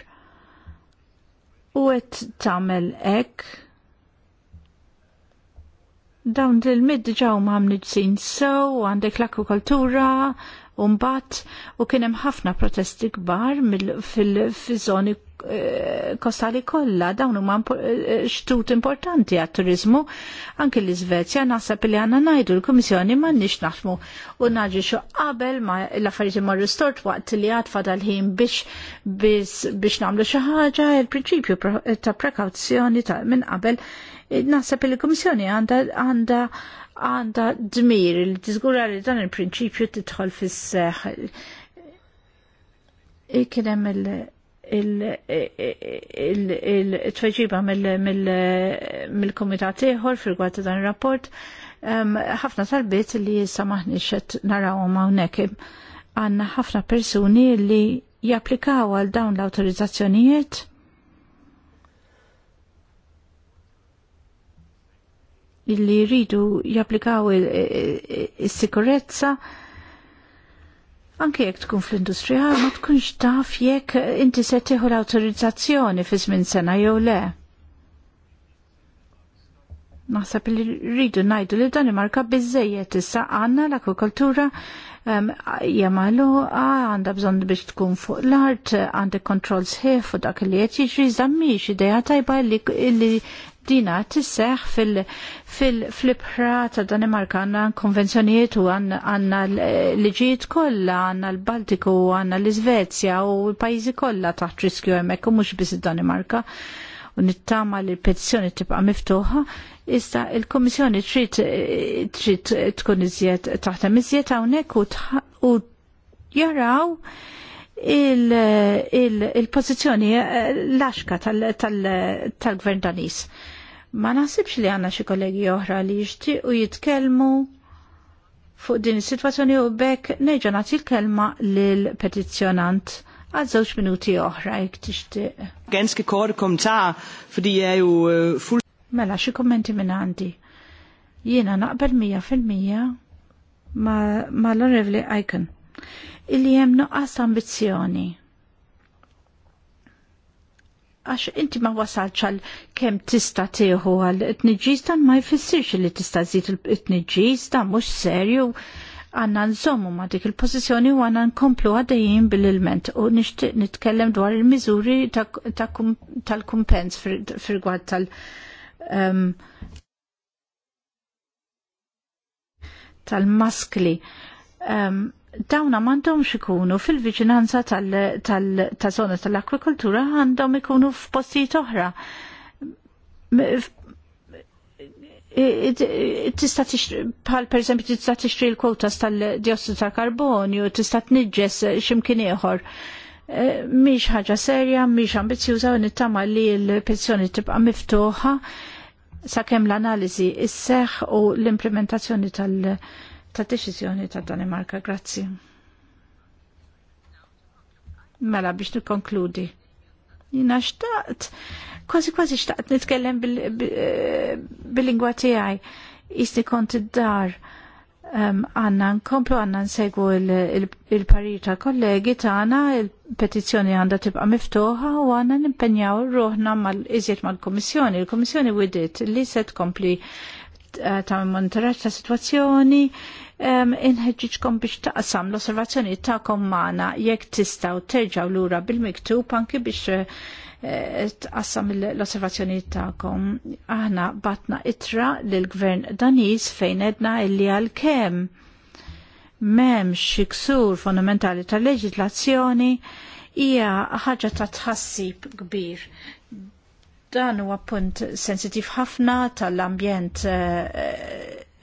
u għet tamel ek dawn l-mid ġaw ma' mnidsin so għandek l-akkukultura Umbat u kien hemm ħafna protesti kbar fil-żoni eh, kostali kollha dawn huma eh, xtut importanti għat turiżmu anke l-Iżvezja naħseb li għandna ngħidu l ma m'għandniex naħdmu u xo qabel ma l-affarijiet ma stort waqt li għad fadal ħin biex biex nagħmlu xi ħaġa il-prinċipju ta' prekawzjoni ta' minn qabel naħseb li l-Kummissjoni għandha għanda dmir li tiżgura li dan il-prinċipju tidħol fis-seħ. Kien il-tweġiba mill-komitat ieħor fil-gwad dan ir-rapport ħafna talbiet li issa maħniex qed narawhom hawnhekk għandna ħafna persuni li japplikaw għal dawn l-awtorizzazzjonijiet illi jridu japplikaw is-sikurezza anke jekk tkun fl-industrija ma tkunx taf jekk inti se tieħu l-awtorizzazzjoni fi żmien sena jew le. Naħseb li rridu ngħidu li Danimarka biżejjed issa għandna l-akwakultura hija um, magħluqa għandha bżonn biex tkun fuq l-art, għandek kontroll sħif u dak li qed jiġri żammix idea tajba li dina tisseħ fil-ibħra ta' Danimarka għanna konvenzjonijiet u għanna liġijiet kollha għanna l-Baltiku, għanna l-Izvezja u l-pajjiżi kollha taħt riskju hemmhekk u mhux biss id-Danimarka u nittama li l-petizzjoni tibqa' miftuħa, issa il komissjoni trid trid tkun iżjed taħt iżjed hawnhekk u jaraw il-pozizjoni l il, eh, laxka tal-gvern tal, tal danis. Ma nasibx li għanna xi kollegi oħra li jixtiequ jitkellmu fuq din is-sitwazzjoni u bekk neġa' nagħti l-kelma l petizzjonant għal żewġ minuti oħra jekk tixtieq. Genski kor ta' fdi jew er eh, full. Mela xi kommenti minn għandi. Jiena naqbel 100% fil-mija ma, ma l onrevli Icon illi hemm noqqas ambizzjoni għax inti ma wasalx għal kem tista tieħu għal t-nġis dan ma jfissirx li tista zid il tniġista mhux dan mux serju għanna nżommu ma dik il-pozizjoni u għanna nkomplu għadajin bil-ilment u nishtiq nitkellem dwar il-mizuri tal-kumpens fil-gwad tal- ehm, tal-maskli. Ehm, dawna mandomx ikunu fil-viġinanza tal-zona tal-akwikultura għandhom ikunu f'postijiet oħra. Tista bħal per esempio tista tixtri l-kwotas tal-diossidu ta' karbonju tista tniġġes ximkien ieħor. E, mhix ħaġa serja, mhix ambizjuża u nittama li l-pensjoni tibqa' miftuħa sakemm l-analiżi isseħħ u l-implementazzjoni tal- ta' deċiżjoni ta' Danimarka. Grazzi. Mela biex nikkonkludi. Jina xtaqt, kważi kważi xtaqt nitkellem eh, bil-lingwa bil tiegħi. Isni kont id-dar għanna nkomplu għanna nsegwu il-parir il, ta' kollegi tagħna il-petizzjoni għandha tibqa' miftuħa u għanna nimpenjaw ruħna mal-iżjed mal-Kummissjoni. Il-Kummissjoni widiet li se tkompli eh, ta' monitoraġġ ta' situazzjoni, inħedġiċkom biex taqsam l-osservazzjoni ta'kom magħna jekk terġaw l lura bil-miktub anki biex eh, tqassam l-osservazzjoni ta'kom. Aħna batna itra lill-Gvern Daniż fejn edna illi għalkemm m'hemmx xiksur fondamentali tal-leġislazzjoni hija ħaġa ta' tħassib kbir. Dan huwa punt sensitiv ħafna tal-ambjent uh,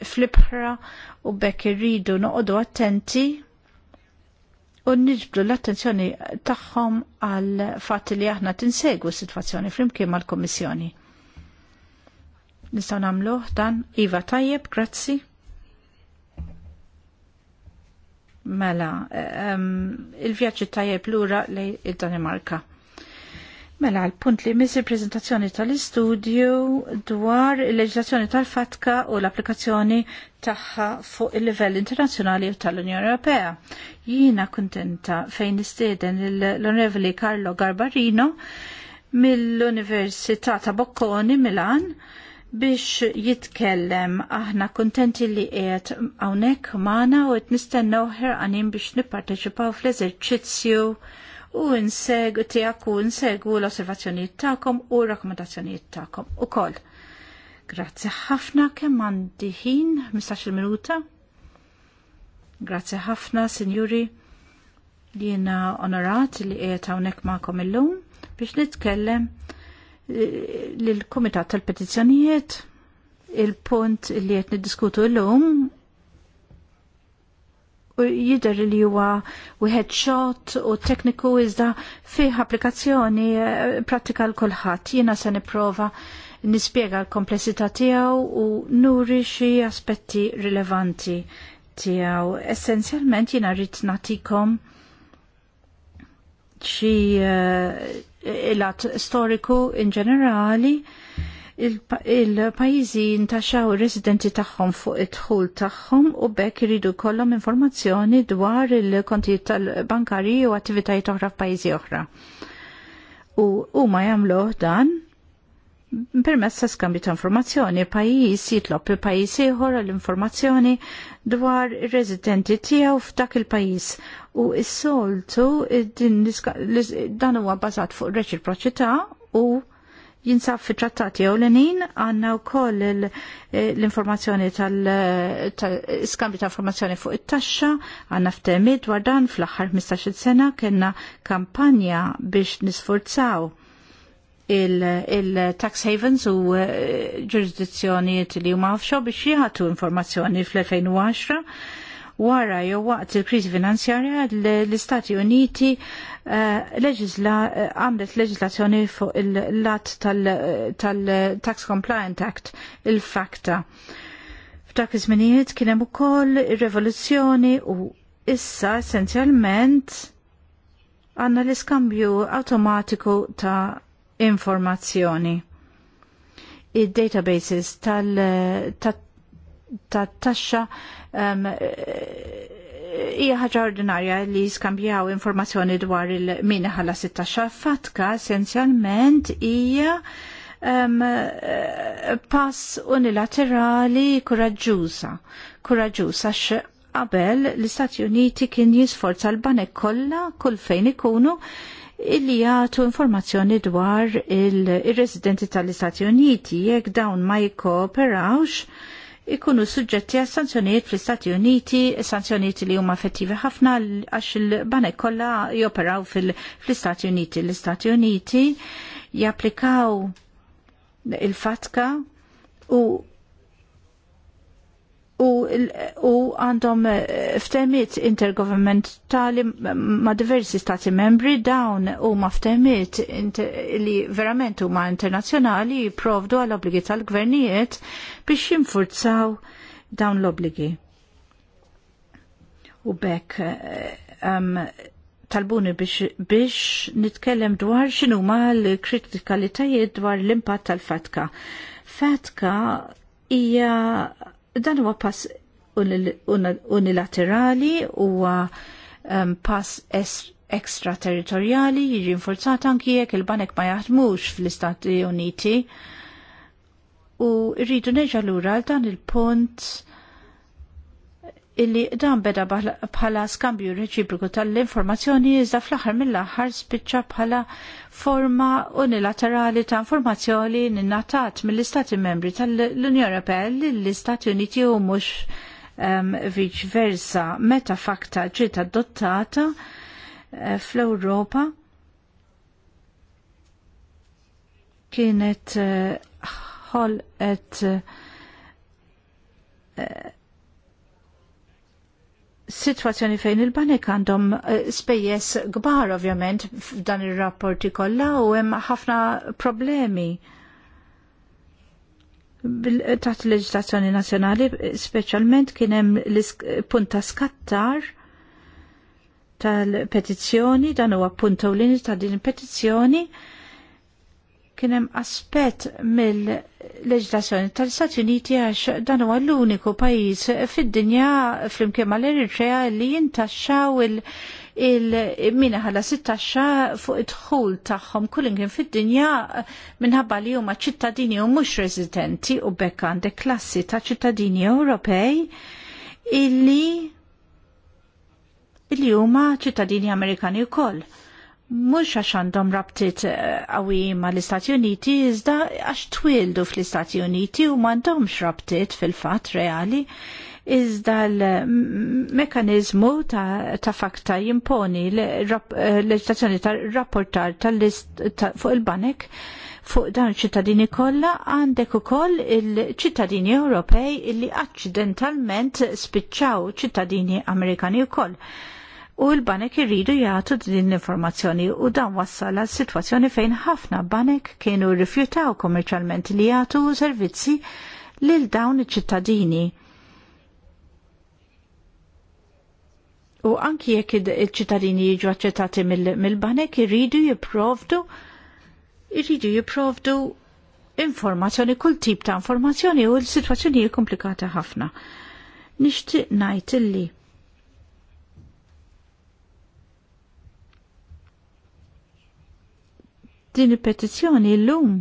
fl-ibħra u bekk irridu noqogħdu attenti u nġbdu l-attenzjoni tagħhom għal fatt li aħna tinsegu s-sitwazzjoni flimkien mal-Kommissjoni. Nistgħu nagħmluh dan Iva tajjeb, grazzi. Mela, um, il-vjaġġi tajjeb lura lejn id-Danimarka. Mela, l-punt li missi prezentazzjoni tal-istudju dwar il-leġislazzjoni tal-fatka u l-applikazzjoni tagħha fuq il-livell internazzjonali tal-Unjoni Ewropea. Jiena kuntenta fejn nistieden l-Onorevoli Carlo Garbarino mill-Università ta' Bocconi Milan biex jitkellem aħna kuntenti li qiegħed hawnhekk magħna u qed nistennew ħerqanin biex nipparteċipaw fl-eżerċizzju u nseg tijak u u l-osservazzjoniet ta'kom u rakkomandazzjoniet ta'kom u koll. Grazie ħafna kemm għandi ħin, 15 minuta. Grazie ħafna, sinjuri, li jena onorat li qiegħed hawnhekk magħkom illum biex nitkellem eh, lill-Kumitat tal-Petizzjonijiet il-punt li qed niddiskutu llum jider li huwa wieħed shot u tekniku iżda fih applikazzjoni eh, pratika l kulħadd. Jiena se nipprova nispjega l-komplessità tiegħu u nuri xi aspetti rilevanti tiegħu. Essenzjalment jiena rrid nagħtikom xi uh, storiku in ġenerali il-pajizi il intaxxaw residenti tagħhom fuq id-dħul tagħhom u bekk iridu kollom informazzjoni dwar il-kontijiet tal-bankari u attivitajiet oħra f'pajjiżi oħra. U huma jagħmluh dan permezz ta' skambju ta' informazzjoni pajjiż jitlob il pajjiż ieħor l-informazzjoni dwar ir-residenti tiegħu f'dak il-pajjiż u s-soltu dan huwa bażat fuq reċiproċità u jinsab fi trattati ewlenin għanna u koll eh, l-informazzjoni tal-iskambju ta' informazzjoni fuq it-taxxa għanna f'temi dwar dan fl-aħħar 15 sena kena kampanja biex nisforzaw il-tax havens u eh, ġurisdizzjoni li huma offshore biex jagħtu informazzjoni fl-2010 wara jew waqt il-kriżi finanzjarja l-Istati Uniti eh, għamlet leġislazzjoni fuq il-lat tal-Tax Compliant Act, il-FACTA. F'dak iż-żminijiet kien hemm ukoll ir-revoluzzjoni u issa essenzjalment għandna l-iskambju awtomatiku ta' informazzjoni. Id-databases tal-taxxa hija ħaġa ordinarja li skambjaw informazzjoni dwar il mini ħala 16 fatka essenzjalment hija um, pass unilaterali kuraġġuża. Kuraġġuża x qabel l-Istati Uniti kien jisforza l-banek kollha kull fejn ikunu illi jgħatu informazzjoni dwar il-residenti tal-Istati Uniti jekk dawn ma jikkooperawx ikunu suġġetti għas sanzjonijiet fl-Istati Uniti, sanzjonijiet li huma effettivi ħafna għax il-banek kollha joperaw fl-Istati Uniti. L-Istati Uniti japplikaw il-fatka u u għandhom eh, ftemiet intergovernmentali ma diversi stati membri dawn u ma ftemiet li verament u ma internazjonali jiprovdu għal obligi tal-gvernijiet biex jimfurzaw dawn l-obligi. U bekk um, talbuni biex, biex nitkellem dwar xinu ma l-kritikalitajiet dwar l-impatt tal-fatka. Fatka hija dan huwa pass unilaterali huwa um, pass extraterritoriali jiġi nforzat anki jekk il-banek ma jaħdmux fl-Istati Uniti u rridu neġa l-ura dan il-punt illi dan beda bħala skambju reċipriku tal-informazzjoni iżda fl-aħħar mill-aħħar spiċċa bħala forma unilaterali ta' informazzjoni ninnatat mill-Istati membri tal-Unjoni Ewropea l istati Uniti u mhux um, viċ versa meta fakta ġiet adottata uh, fl-Ewropa kienet eh, ħolqet uh, uh, situazzjoni fejn il-banek għandhom eh, spejjes gbar ovvjament f'dan ir-rapporti kollha u hemm ħafna problemi taħt il-leġislazzjoni nazzjonali speċjalment kien hemm punta skattar tal-petizzjoni dan huwa punta u ta' din il-petizzjoni kienem aspet mill leġislazzjoni tal-Stati Uniti għax dan huwa l-uniku pajjiż fid-dinja flimkien mal-Eritrea li jintaxxaw il-mina il ħala 16 fuq id-dħul tagħhom kullimkien fid-dinja minħabba li huma ċittadini u mhux residenti u bekk għandek klassi ta' ċittadini Ewropej illi illi huma ċittadini Amerikani wkoll mhux għax għandhom għawi eh, ma mal istati Uniti iżda għax twildu fl-Istati Uniti u m'għandhomx rabtiet fil-fatt reali iżda l-mekanizmu ta', ta fakta jimponi l-leġitazzjoni eh, ta' rapportar list ta fuq il-banek fuq dan ċittadini kollha għandek ukoll il-ċittadini Ewropej li accidentalment spiċċaw ċittadini Amerikani wkoll. koll u l-banek irridu jagħtu din l-informazzjoni u dan wassal għal sitwazzjoni fejn ħafna banek kienu rifjutaw kommerċjalment li jagħtu servizzi lil dawn iċ-ċittadini. U anki jekk iċ-ċittadini jiġu aċċettati mill-banek irridu jipprovdu irridu jipprovdu informazzjoni, kull tip ta' informazzjoni u l-sitwazzjoni hija komplikata ħafna. Nixtieq ngħid illi Din il-petizzjoni l-lum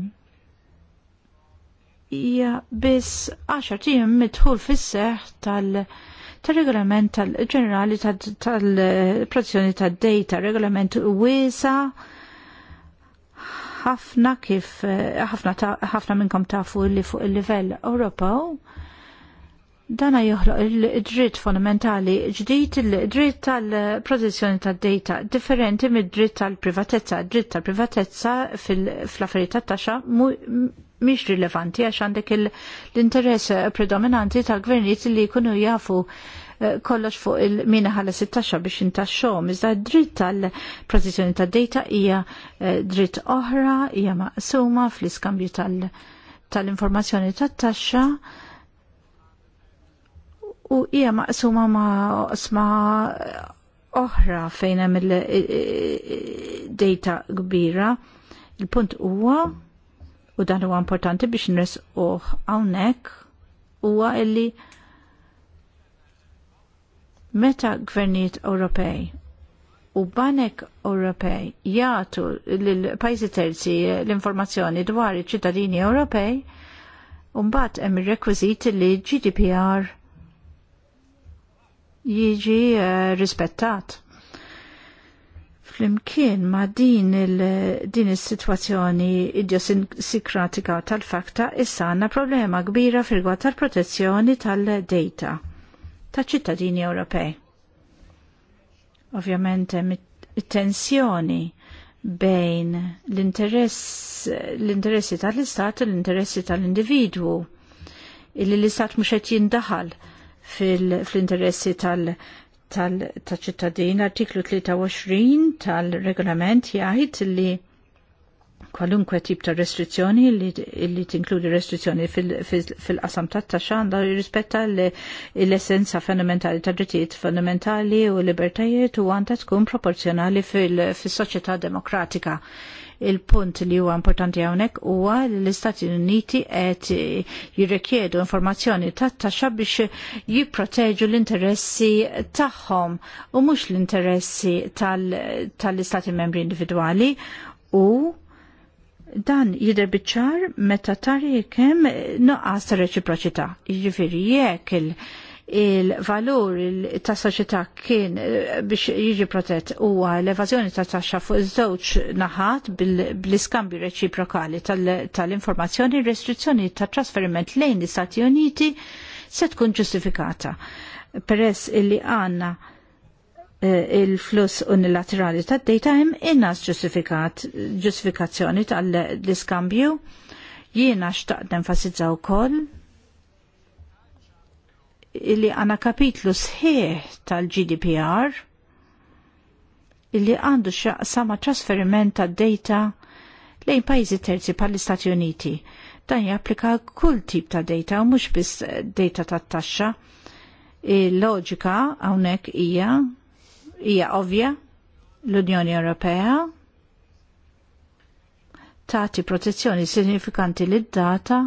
hija biss għaxar tim mitħul fis-seħ tal- tal-regolament tal-ġenerali tal-protezzjoni tad-data, regolament wiesa ħafna kif ħafna minnkom tafu li fuq il-livell Ewropew Dana joħloq il-dritt fondamentali ġdid il-dritt tal-protezzjoni tad-data differenti mid-dritt tal-privatezza. Dritt tal-privatezza fil-affarijiet tat-taxxa mhix rilevanti għax għandek l-interess predominanti tal-gvernijiet li jkunu jafu eh, kollox fuq il-mina ħala 16 biex intaxxom. Iżda dritt tal-protezzjoni tad-data hija eh, dritt oħra, hija maqsuma fl-iskambju tal-informazzjoni tat-taxxa. tal informazzjoni taxxa u hija maqsuma ma' osma oħra fejn hemm il-data kbira. Il-punt huwa u dan huwa importanti biex nresquh hawnhekk huwa illi meta gvernijiet Ewropej u banek Ewropej jagħtu lill-pajjiżi terzi l-informazzjoni dwar iċ-ċittadini Ewropej, u mbagħad hemm ir-rekwiżiti li GDPR jiġi eh, rispettat. Flimkien ma din il-din is-sitwazzjoni idiosinkratika tal-fakta issa għandna problema kbira firgwa tal-protezzjoni tal-data ta' ċittadini Ewropej. Ovvjament hemm it-tensjoni bejn l-interessi tal-istat u l-interessi tal-individwu illi l-istat mhux qed jindaħal fil-interessi tal- tal-ċittadin, artiklu 23 tal-regolament jgħid li kwalunkwe tip ta' restrizzjoni li tinkludi restrizzjoni fil-qasam ta' taxxa għandha jirrispetta l-essenza fundamentali ta' drittijiet fundamentali u libertajiet u għandha tkun proporzjonali fil-soċjetà demokratika il-punt li huwa importanti hawnhekk huwa li l-Istati Uniti qed jirrikjedu informazzjoni tat-taxxa biex jipproteġu l-interessi tagħhom u mhux l-interessi tal-Istati tal membri individwali u dan jider biċċar meta tari kemm noqqas ta' reċiproċità. Jiġifieri jekk il- il-valur ta' soċjetà kien eh, biex jiġi protett huwa l-evażjoni ta' taxxa fuq iż-żewġ naħat bl-iskambju reċiprokali tal-informazzjoni tal restrizzjoni ta' trasferiment lejn l-Istati Uniti se tkun ġustifikata. Peress illi għanna eh, il-fluss unilaterali ta' data hemm inqas ġustifikat ġustifikazzjoni tal-iskambju jiena xtaqt nenfasizza wkoll illi għana kapitlu sħiħ tal-GDPR illi għandu sama trasferiment ta' data lejn pajjiżi terzi pal istati Uniti. Dan japplika kull tip ta' data u mhux biss data ta' taxxa. Il-loġika hawnhekk hija ija ovvja l-Unjoni Ewropea tagħti protezzjoni sinifikanti lid-data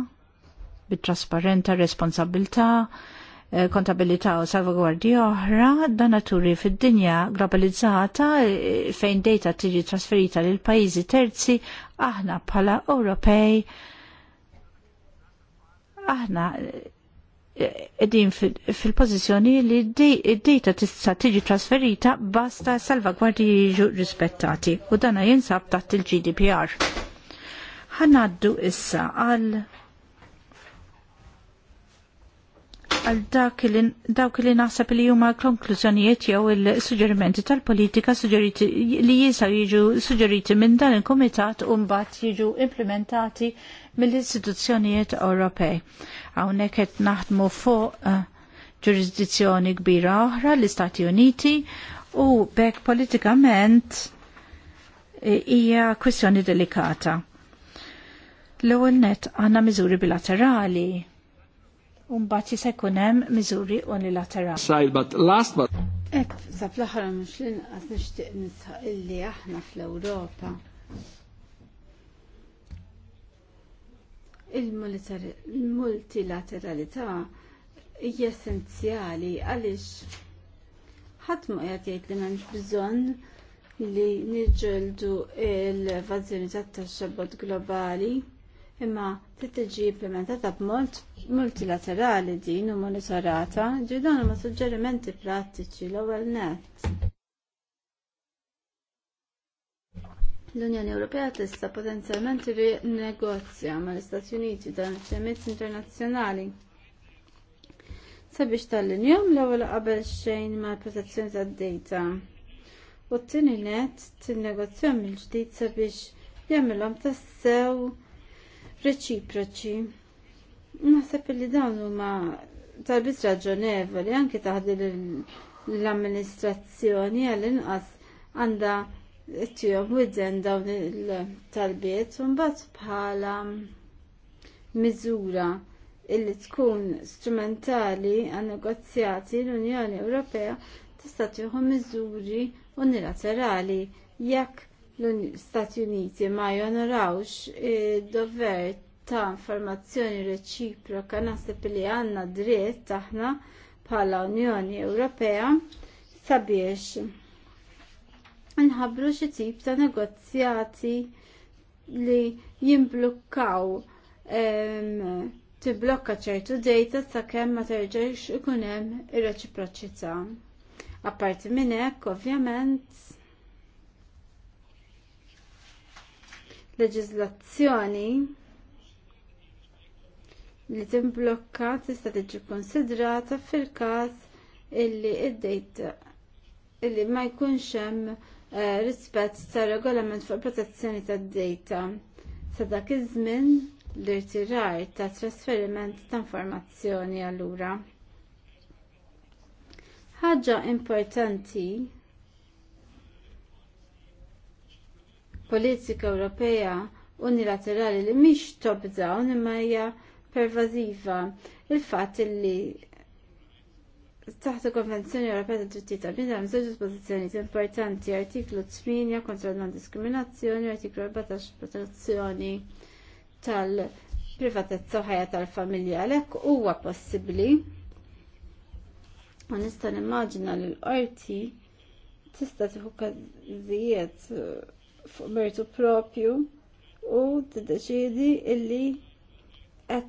bit-trasparenta, responsabilità, Eh, kontabilità u salvaguardi oħra donaturi fid-dinja globalizzata eh, fejn data tiġi trasferita lil pajjiżi terzi aħna bħala Ewropej aħna edin eh, fil pożizzjoni li d data tista tiġi trasferita basta salvaguardi jiġu rispettati u dana jinsab taħt il-GDPR. Ħanaddu issa għal għal dawk li naħseb li huma konklużjonijiet jew il-suġġerimenti tal-politika suġġeriti li jisaw jiġu suġġeriti minn dan il-komitat u mbagħad jiġu implementati mill-istituzzjonijiet Ewropej. Hawnhekk qed naħdmu fuq eh, ġurisdizzjoni kbira oħra l-Istati Uniti u bekk politikament eh, hija kwistjoni delikata. L-ewwel net għandna miżuri bilaterali Umbat jisekunem miżuri unilaterali. Sajl, but last but... Ek, sab l-ħara mux l-inqas nishtiq nisħaq illi aħna fl-Europa. Il-multilateralità hija essenzjali għaliex ħadd ma qed jgħid li m'hemmx bżonn li niġġeldu l-evażjoni tat-taxxa globali imma tiġi implementata b'mod multilaterali din u monitorata ġi dawn ma' suġġerimenti prattiċi l-ewwel net. L-Unjoni Ewropea tista' potenzjalment rinegozja mal istati Uniti dan il-ċemiet internazzjonali sabiex tal-injom l-ewwel qabel xejn mal protezzjoni tad-data. U t-tieni net tinnegozjahom il-ġdid sabiex jagħmilhom tassew reċiproċi. Naħseb li dawn huma tarbis raġonevoli anke taħdi l-amministrazzjoni għall-inqas għandha tjom widzen dawn il-talbiet un bat bħala miżura illi tkun strumentali għan negozjati l-Unjoni Ewropea tista' tieħu miżuri unilaterali jekk l-Stati Uniti ma jonorawx id-dover ta' informazzjoni reċiproka naħseb li għandna dritt aħna bħala Unjoni Ewropea sabiex nħabbru xi tip ta' negozjati li jimblukkaw tiblokka ċertu dejta sakemm ma terġax ikun hemm ir-reċiproċità. Apparti minn hekk, ovvjament, leġiżlazzjoni li timblokka tista' tiġi konsidrata fil-każ illi id-dejta illi ma jkunx hemm eh, rispett tar regolament fuq protezzjoni tad-dejta sa dak iż-żmien l-irtirar ta' trasferiment ta' informazzjoni allura. Ħaġa importanti politika Ewropea unilaterali li mhix top down imma hija pervasiva il-fatt li taħt il-Konvenzjoni Ewropea ta' Drittijiet tal-Bnidem hemm żewġ dispożizzjonijiet importanti artiklu 8 kontra non-diskriminazzjoni u artiklu 14 protezzjoni tal-privatezza u ħajja tal-familja għalhekk huwa possibbli Ma nista' nimmaġina li l-qorti tista' tieħu każijiet fuq mertu propju u tiddeċiedi illi qed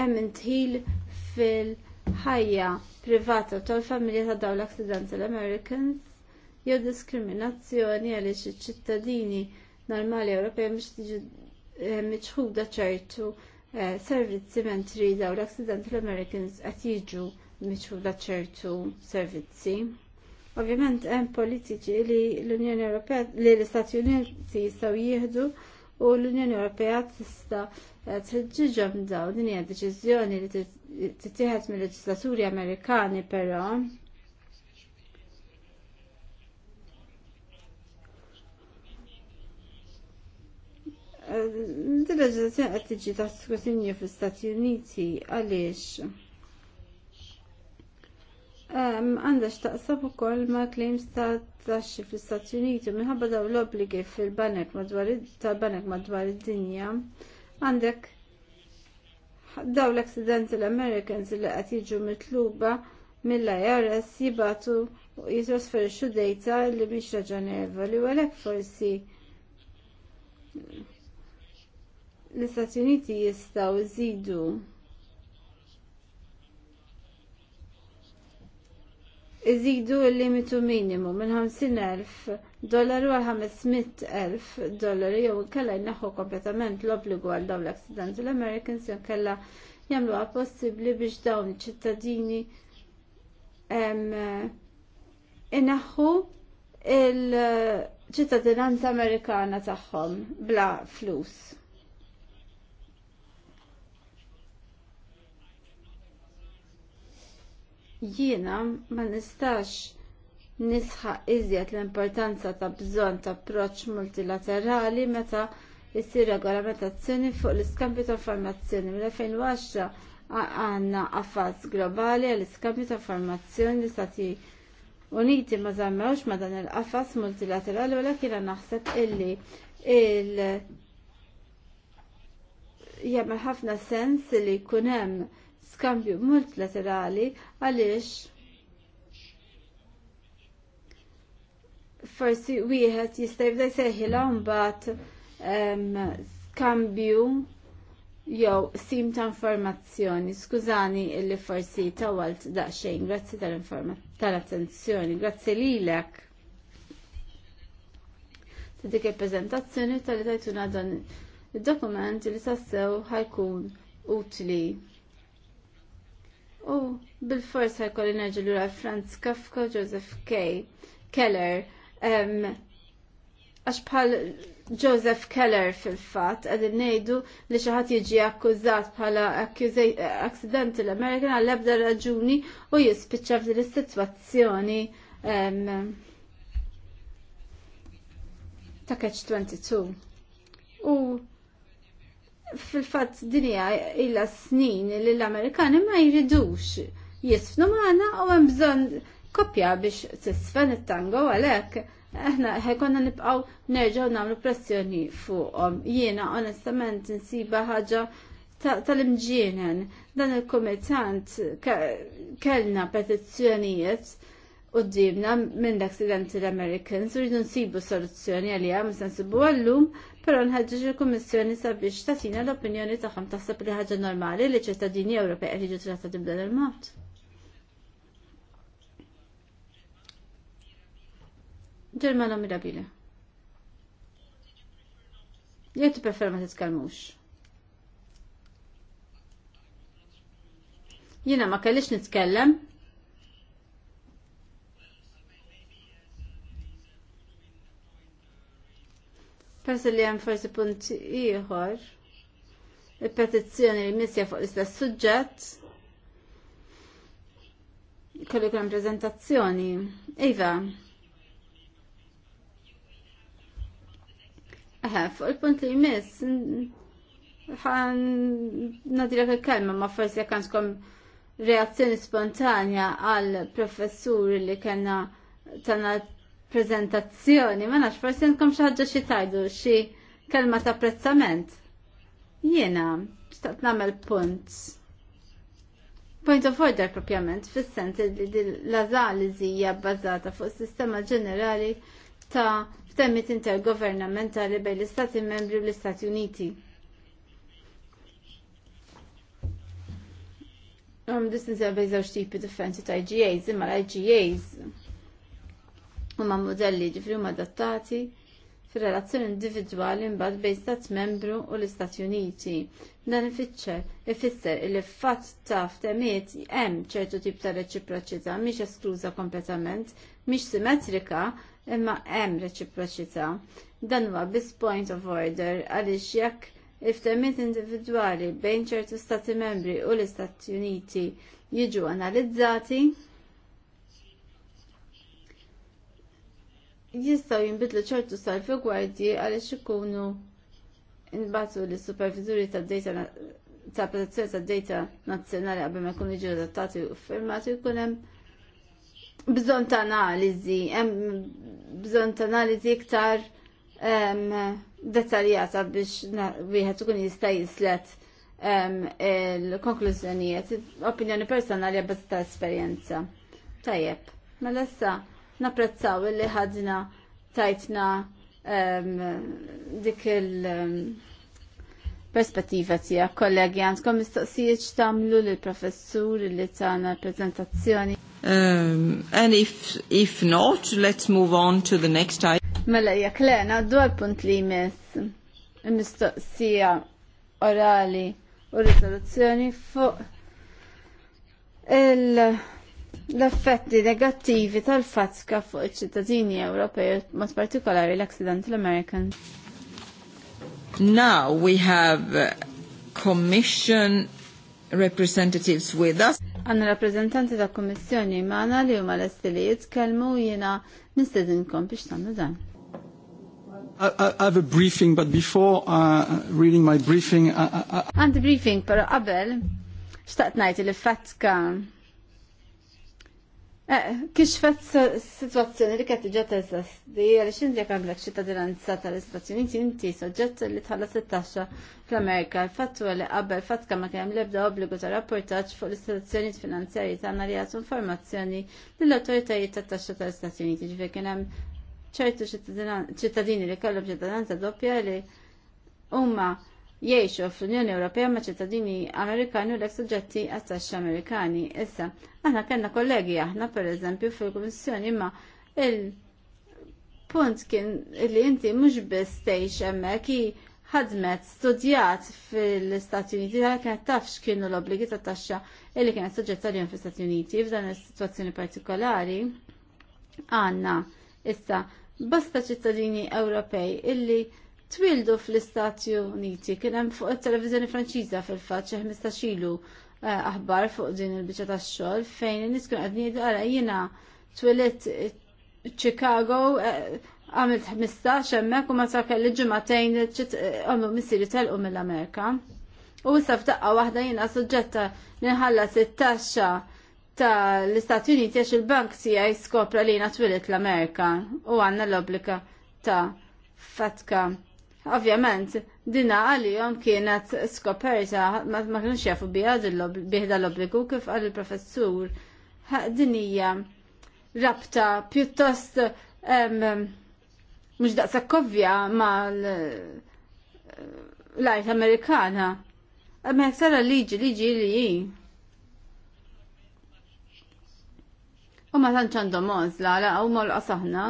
hemm intħil fil-ħajja privata tal-familja ta' dawn l tal Americans jew diskriminazzjoni għaliex iċ-ċittadini normali Ewropej mhux eh, miċħuda ċertu eh, servizzi mentri daw l tal Americans qed jiġu miċħuda ċertu servizzi. Ovvjament hemm politiċi li l-Unjoni Ewropea li l-Istati Uniti jistgħu jieħdu u l-Unjoni Ewropea tista' tħeġġiġhom dawn din hija deċiżjoni li tittieħed mill-leġislaturi Amerikani però Din leġiżlazzjoni qed tiġi taħt skrutinju fl-Istati Uniti għaliex? għandha x'taqsam ukoll ma' claims ta' taxxi fl-Istati Uniti minħabba daw l-obbligi fil-banek madwar tal-banek madwar id-dinja għandek daw l-accidenti l-Americans li qed jiġu mitluba mill-IRS jibatu u jitrasferixxu data li mhix raġonevoli u għalhekk forsi l-Istati Uniti jistgħu jżidu iżidu l-limitu minimu minn 50.000 dollaru għal 500.000 dollaru jew kella jnaħħu kompletament l obligu għal dawn l-accident l-Americans jew kella jagħmluha possibbli biex dawn iċ-ċittadini inaħħu il-ċittadinanza Amerikana tagħhom bla flus. Jiena ma nistax nisħaq iżjed l-importanza ta' bżonn ta' approċċ multilaterali meta jisir regolamentazzjoni fuq l-iskambju ta' informazzjoni mill-2010 għandna affazz globali għall-iskambju ta' informazzjoni li stati Uniti ma zammewx ma dan il-qafas multilaterali u l naħseb illi il jagħmel ħafna sens li jkun hemm skambju multilaterali għaliex forsi wieħed jista' jibda jseħħilha mbagħad skambju jew sim ta' informazzjoni. Skużani illi forsi tawalt daqsxejn, grazzi tal-attenzjoni, grazzi lilek ta' dik il-prezentazzjoni tal-li tajtuna dan il-dokument li sassew ħajkun utli. U bil-forsa kolli nerġilu la Franz Kafka, Joseph K. Keller. Għax bħal Joseph Keller fil-fat, għadin nejdu li xaħat jiġi akkużat bħala accident l-Amerikan għall-ebda raġuni u jispiċċa f'din is-sitwazzjoni ta' catch 22. U fil-fatt dinja illa snin li l-Amerikani ma jridux jisfnu maħna u hemm bżonn kopja biex s-sfen it-tango għalhekk aħna ħekonna nibqaw nerġgħu nagħmlu pressjoni fuqhom. Jiena onestament insiba ħaġa tal-imġienen dan il-komitant kellna petizzjonijiet d-dibna minn l Americans u rridu nsibu soluzzjoni għalija mis nsibu għallum però nħedġiġ il-Kummissjoni sabiex tatina l-opinjoni tagħhom taħseb li ħaġa normali li ċittadini Ewropej qed trattat trattati il-mod. Ġermana mirabile. Jek ti prefer ma titkellmux. Jiena ma kellix nitkellem, Pers li hemm forsi punt ieħor il-petizzjoni li misja fuq l-istess suġġett kollu kien prezentazzjoni. Iva. Aha, fuq il-punt li jmiss, ħan nadira il-kelma ma forsi jekk skom reazzjoni spontanja għal professur li kena tana prezentazzjoni, ma nafx forsi nkom xi ħaġa xi tajdu xi kelma ta' apprezzament. Jiena, xtaqt nagħmel punt. Point of order propjament, fis-sens li l-ażaliżi hija bbażata fuq sistema ġenerali ta' f'temmit intergovernamentali bejn l-Istati Membri u l-Istati Uniti. Um, distinzja bejn żewġ stupid defense ta' IGAs, imma my igas huma modelli ġifri huma adattati fir-relazzjoni individwali mbagħad bejn Stat Membru u l-Istati Uniti. Dan ifitxer ifisser li fatt ta' ftemiet hemm ċertu tip ta' reċiproċità mhix eskluża kompletament, mhix simetrika, imma hemm reċiproċità. Dan huwa biss point of order għaliex jekk il individwali bejn ċertu Stati Membri u l-Istati Uniti jiġu analizzati, jistaw jinbidlu ċertu salvegwardji għaliex ikunu nbatu li supervizuri ta' data ta' protezzjoni ta' data nazzjonali qabel ma jkunu jiġu adattati u firmati jkun hemm bżonn ta' analiżi, bżon bżonn ta' analiżi iktar dettaljata biex wieħed ikun jista' jislet il-konklużjonijiet, opinjoni personali għabbaż ta' esperjenza. Tajjeb, mela issa Naprezzaw li ħadna tajtna ehm, dik il- ehm, perspettiva tija kollegi, għandkom mistaqsijiet tamlu li professur li tana prezentazzjoni. Um, and if, if not, let's move on to the next item. Mela, jek lena, dwar punt li jmiss mistaqsija orali u risoluzzjoni fuq il- l-effetti negattivi tal-fatka fuq iċ-ċittadini Ewropej, mod partikolari l-Accidental American. Now we have uh, commission representatives with us. Għanna rappresentanti ta' kommissjoni maħna li huma l-esti li jitkellmu jena nistedinkom biex tagħmlu dan. I, I, have a briefing, but before uh, reading my briefing, I, I, I... And the briefing, pero qabel, xtaqt najti li fatka Eh, s situazzjoni li kħet ġat eżasti, għalix inti jek għamlek ċittadinanza tal-Istati Uniti, inti soġġett li tħallas it-taxxa fl-Amerika. Il-fattu li qabel fatka ma kemm lebda obbligu ta' rapportaġġ fuq l-istituzzjonijiet finanzjarji tagħna li jagħtu informazzjoni lill-awtoritajiet tat-taxxa tal-Istati Uniti. Ġifier kien hemm ċertu ċittadini li kellhom ċittadinanza doppja li huma jiexu fl-Unjoni Ewropea ma' ċittadini Amerikani u l suġġetti għat-taxxi Amerikani. Issa, aħna kellna kollegi aħna per eżempju fil-Kummissjoni ma' il-punt kien li inti mhux biss tgħix ki ħadmet studjat fil-Stati Uniti għal kienet tafx kienu l-obbligi ta' taxxa illi kienet suġġetta li fil-Stati Uniti f'dan is-sitwazzjoni partikolari għandna issa bosta ċittadini Ewropej illi twildu fl-Istati Uniti, kien hemm fuq it-televiżjoni Franċiża fil-fatt xi ħmistax ilu eh, aħbar fuq din il-biċċa tax-xogħol fejn in-nies kienu qed jgħidu ara jiena twilet Chicago eh, għamilt 15 hemmhekk u ma sar kelli ġimagħtejn eh, għamlu missieri telqu mill-Amerika. U issa f'daqqa waħda jiena suġġetta nħallas it-taxxa ta' l-Istati Uniti għax il-bank tiegħi skopra li jiena twilet l-Amerika u għandna l-obbliga ta' fatka Ovvjament, dina għalihom kienet skoperta ma kienx jafu biha biħda l-obbligu kif għal il-professur. Din hija rabta pjuttost mhux daqsa kovja mal l lajt Amerikana. Ma sara liġi, liġi li hi. U ma tantx għandhom għażla, la huma l-qasaħna.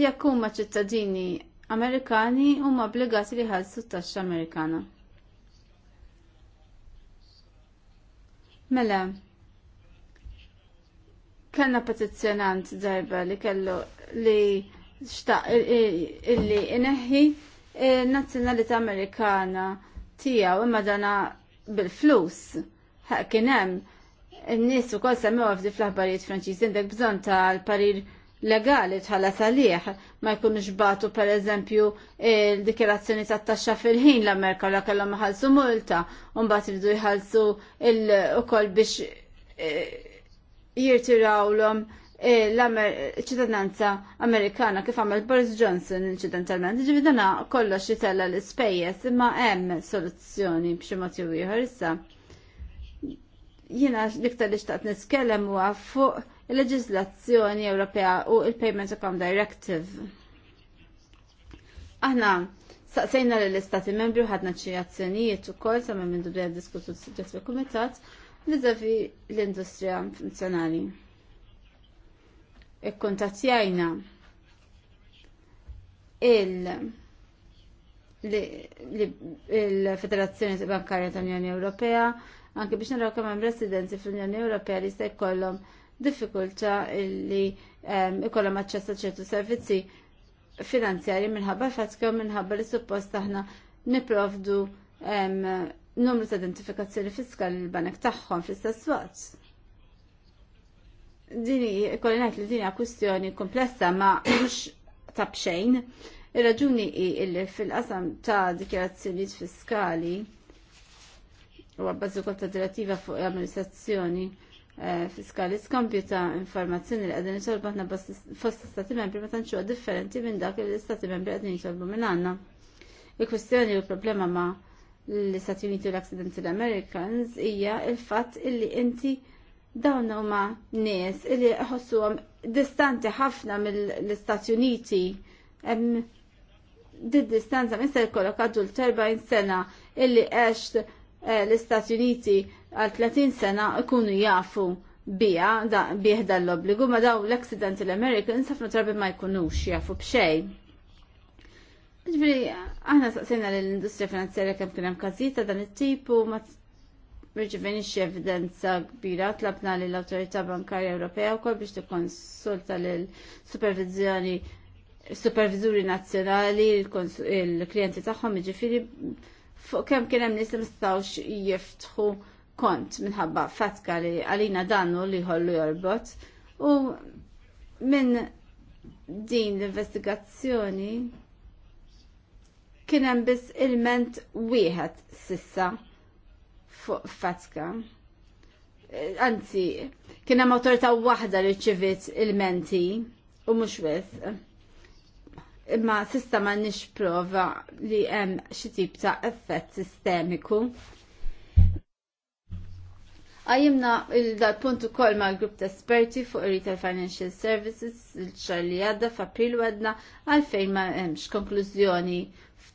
Jekk huma ċittadini Amerikani huma obbligati li ħalsu t-taxxa Amerikana. Mela, kellna petizzjonant darba li kellu li xtaq illi ineħħi e, nazzjonalità Amerikana tiegħu imma dana bil-flus. Kien hemm in-nies ukoll semmew fdi fl-aħbarijiet Franċiżi dek bżonn tal-parir legali tħallas għalih ma jkunux batu per eżempju il-dikirazzjoni ta' taxxa fil-ħin l-Amerika la kellhom maħalsu multa u mbagħad jħalsu jħallsu ukoll biex e, jirtirawlhom e, l-ċittadinanza Amerikana kif għamel Boris Johnson incidentalment. Ġivi dana kollox jitella l-ispejjeż imma hemm soluzzjoni b'xi mod jħarissa jina issa. Jiena l-iktar li xtaqt niskellem huwa fuq il-leġizlazzjoni Ewropea u il-Payment Account Directive. Aħna saqsejna l-istati membri u ħadna xi azzjonijiet ukoll sa minn dubja diskutu suġġett fil-kumitat vizavi l-industrija funzjonali. Ikkuntattjajna il- il-Federazzjoni Bankarja tal-Unjoni Ewropea, anke biex naraw kemm hemm residenti fl-Unjoni Ewropea li se jkollhom Diffikulta illi ehm, ikollhom aċċess għal ċertu servizzi finanzjarji minħabba fatka u minħabba li suppost aħna niprovdu ehm, numru ta' identifikazzjoni fiskali l-banek tagħhom fl-istess waqt. Dini, ikolli ngħid li din hija kwistjoni komplessa ma mhux ta' bxejn. Ir-raġuni hi illi fil-qasam ta' dikjarazzjonijiet fiskali u għabbażu kol ta' direttiva fuq l-amministrazzjoni Eh, fiskali skompju ta' informazzjoni li għadin jitolbu għahna fost stati membri ma tanċu differenti minn dak li l-stati membri għadin jitolbu minn għanna. Il-kwestjoni u problema ma l-Stati Uniti u l-Accidental Americans hija il-fatt illi inti dawn huma nies illi ħossuhom distanti ħafna mill-Istati Uniti di distanza minn se jkollok l 40 sena illi għext eh, l-Istati Uniti għal 30 sena ikunu jafu bija da bieħda l obligu ma daw l-accidental Americans ħafna trabi ma jkunux jafu bxej. Ġviri, aħna saqsejna l-industrija finanzjarja kemm kien hemm każijiet ta' dan it-tipu ma rġivenix evidenza kbira tlabna l autorita Bankarja Ewropea wkoll biex tikkonsulta l supervizjoni supervizuri nazjonali, il-klijenti tagħhom jiġifieri fuq kemm kien hemm jiftħu kont minħabba fatka li għalina dannu li ħollu jorbot u minn din l-investigazzjoni kien hemm biss ilment wieħed sissa fuq fatka. Anzi, kien hemm wahda waħda li ċivit il-menti u mhux wisq imma sista ma nix prova li hemm xi tip ta' effett sistemiku Għajimna il-punt ukoll ma' grupp ta' esperti fuq Retail Financial Services il-ċar li għadda f'April għadna għalfejn ma' hemmx konklużjoni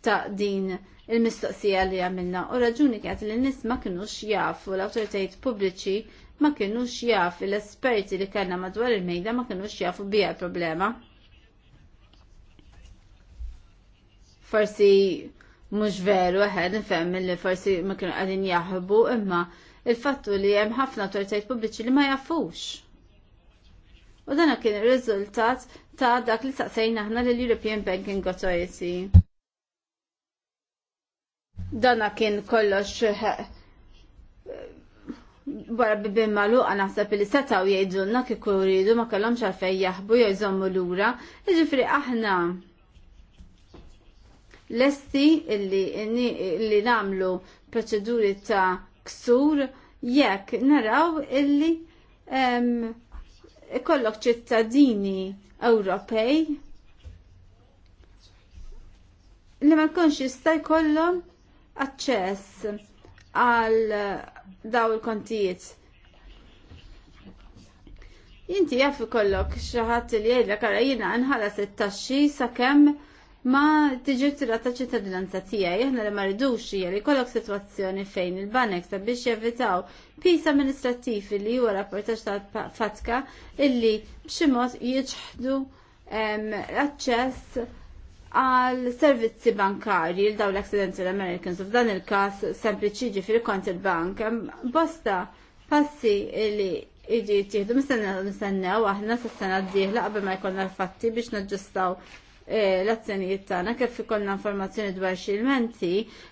ta' din il-mistoqsija li għamilna u raġuni kħat li n-nies ma kinux jafu l-awtoritajiet pubbliċi ma kinux jafu l-esperti li kellna madwar il-mejda ma kinux jafu bija problema. Forsi mhux veru, ħed nifhem li forsi ma kienu għadin jaħbu imma il-fattu li hemm ħafna autoritajiet pubbliċi li ma jafux. U dan kien ir-riżultat ta' dak li staqsejna aħna lill-European Banking Authority dana kien kollox eh, wara bibin maluqa naħseb li setaw jgħidulna kiku jridu ma kellhomx għalfejn jaħbu jew jżommu lura. Jiġifieri aħna lesti illi, illi namlu proċeduri ta' ksur jekk naraw illi ikollok ċittadini Ewropej li ma jkunx jista' jkollhom aċċess għal daw il-kontijiet. Inti jaf ikollok xi ħadd li jgħidlek ara jina nħalla it-taxxi sakemm ma tiġi ta' ċittadinanza tiegħi aħna li ma rridux hija li jkollok sitwazzjoni fejn il-banek sabiex jevitaw pis amministrattiv li huwa rapportax ta' fatka illi b'xi mod jiġħdu aċċess għal servizzi bankari il daw l-Accidental Americans u f'dan il-kas sempliċi fil kont il-bank bosta passi li iġi tieħdu mistennew aħna s-sena d-dieħla qabel ma jkollna l-fatti biex naġġustaw Eh, l-azzjonijiet tagħna kif ikollna informazzjoni dwar xi menti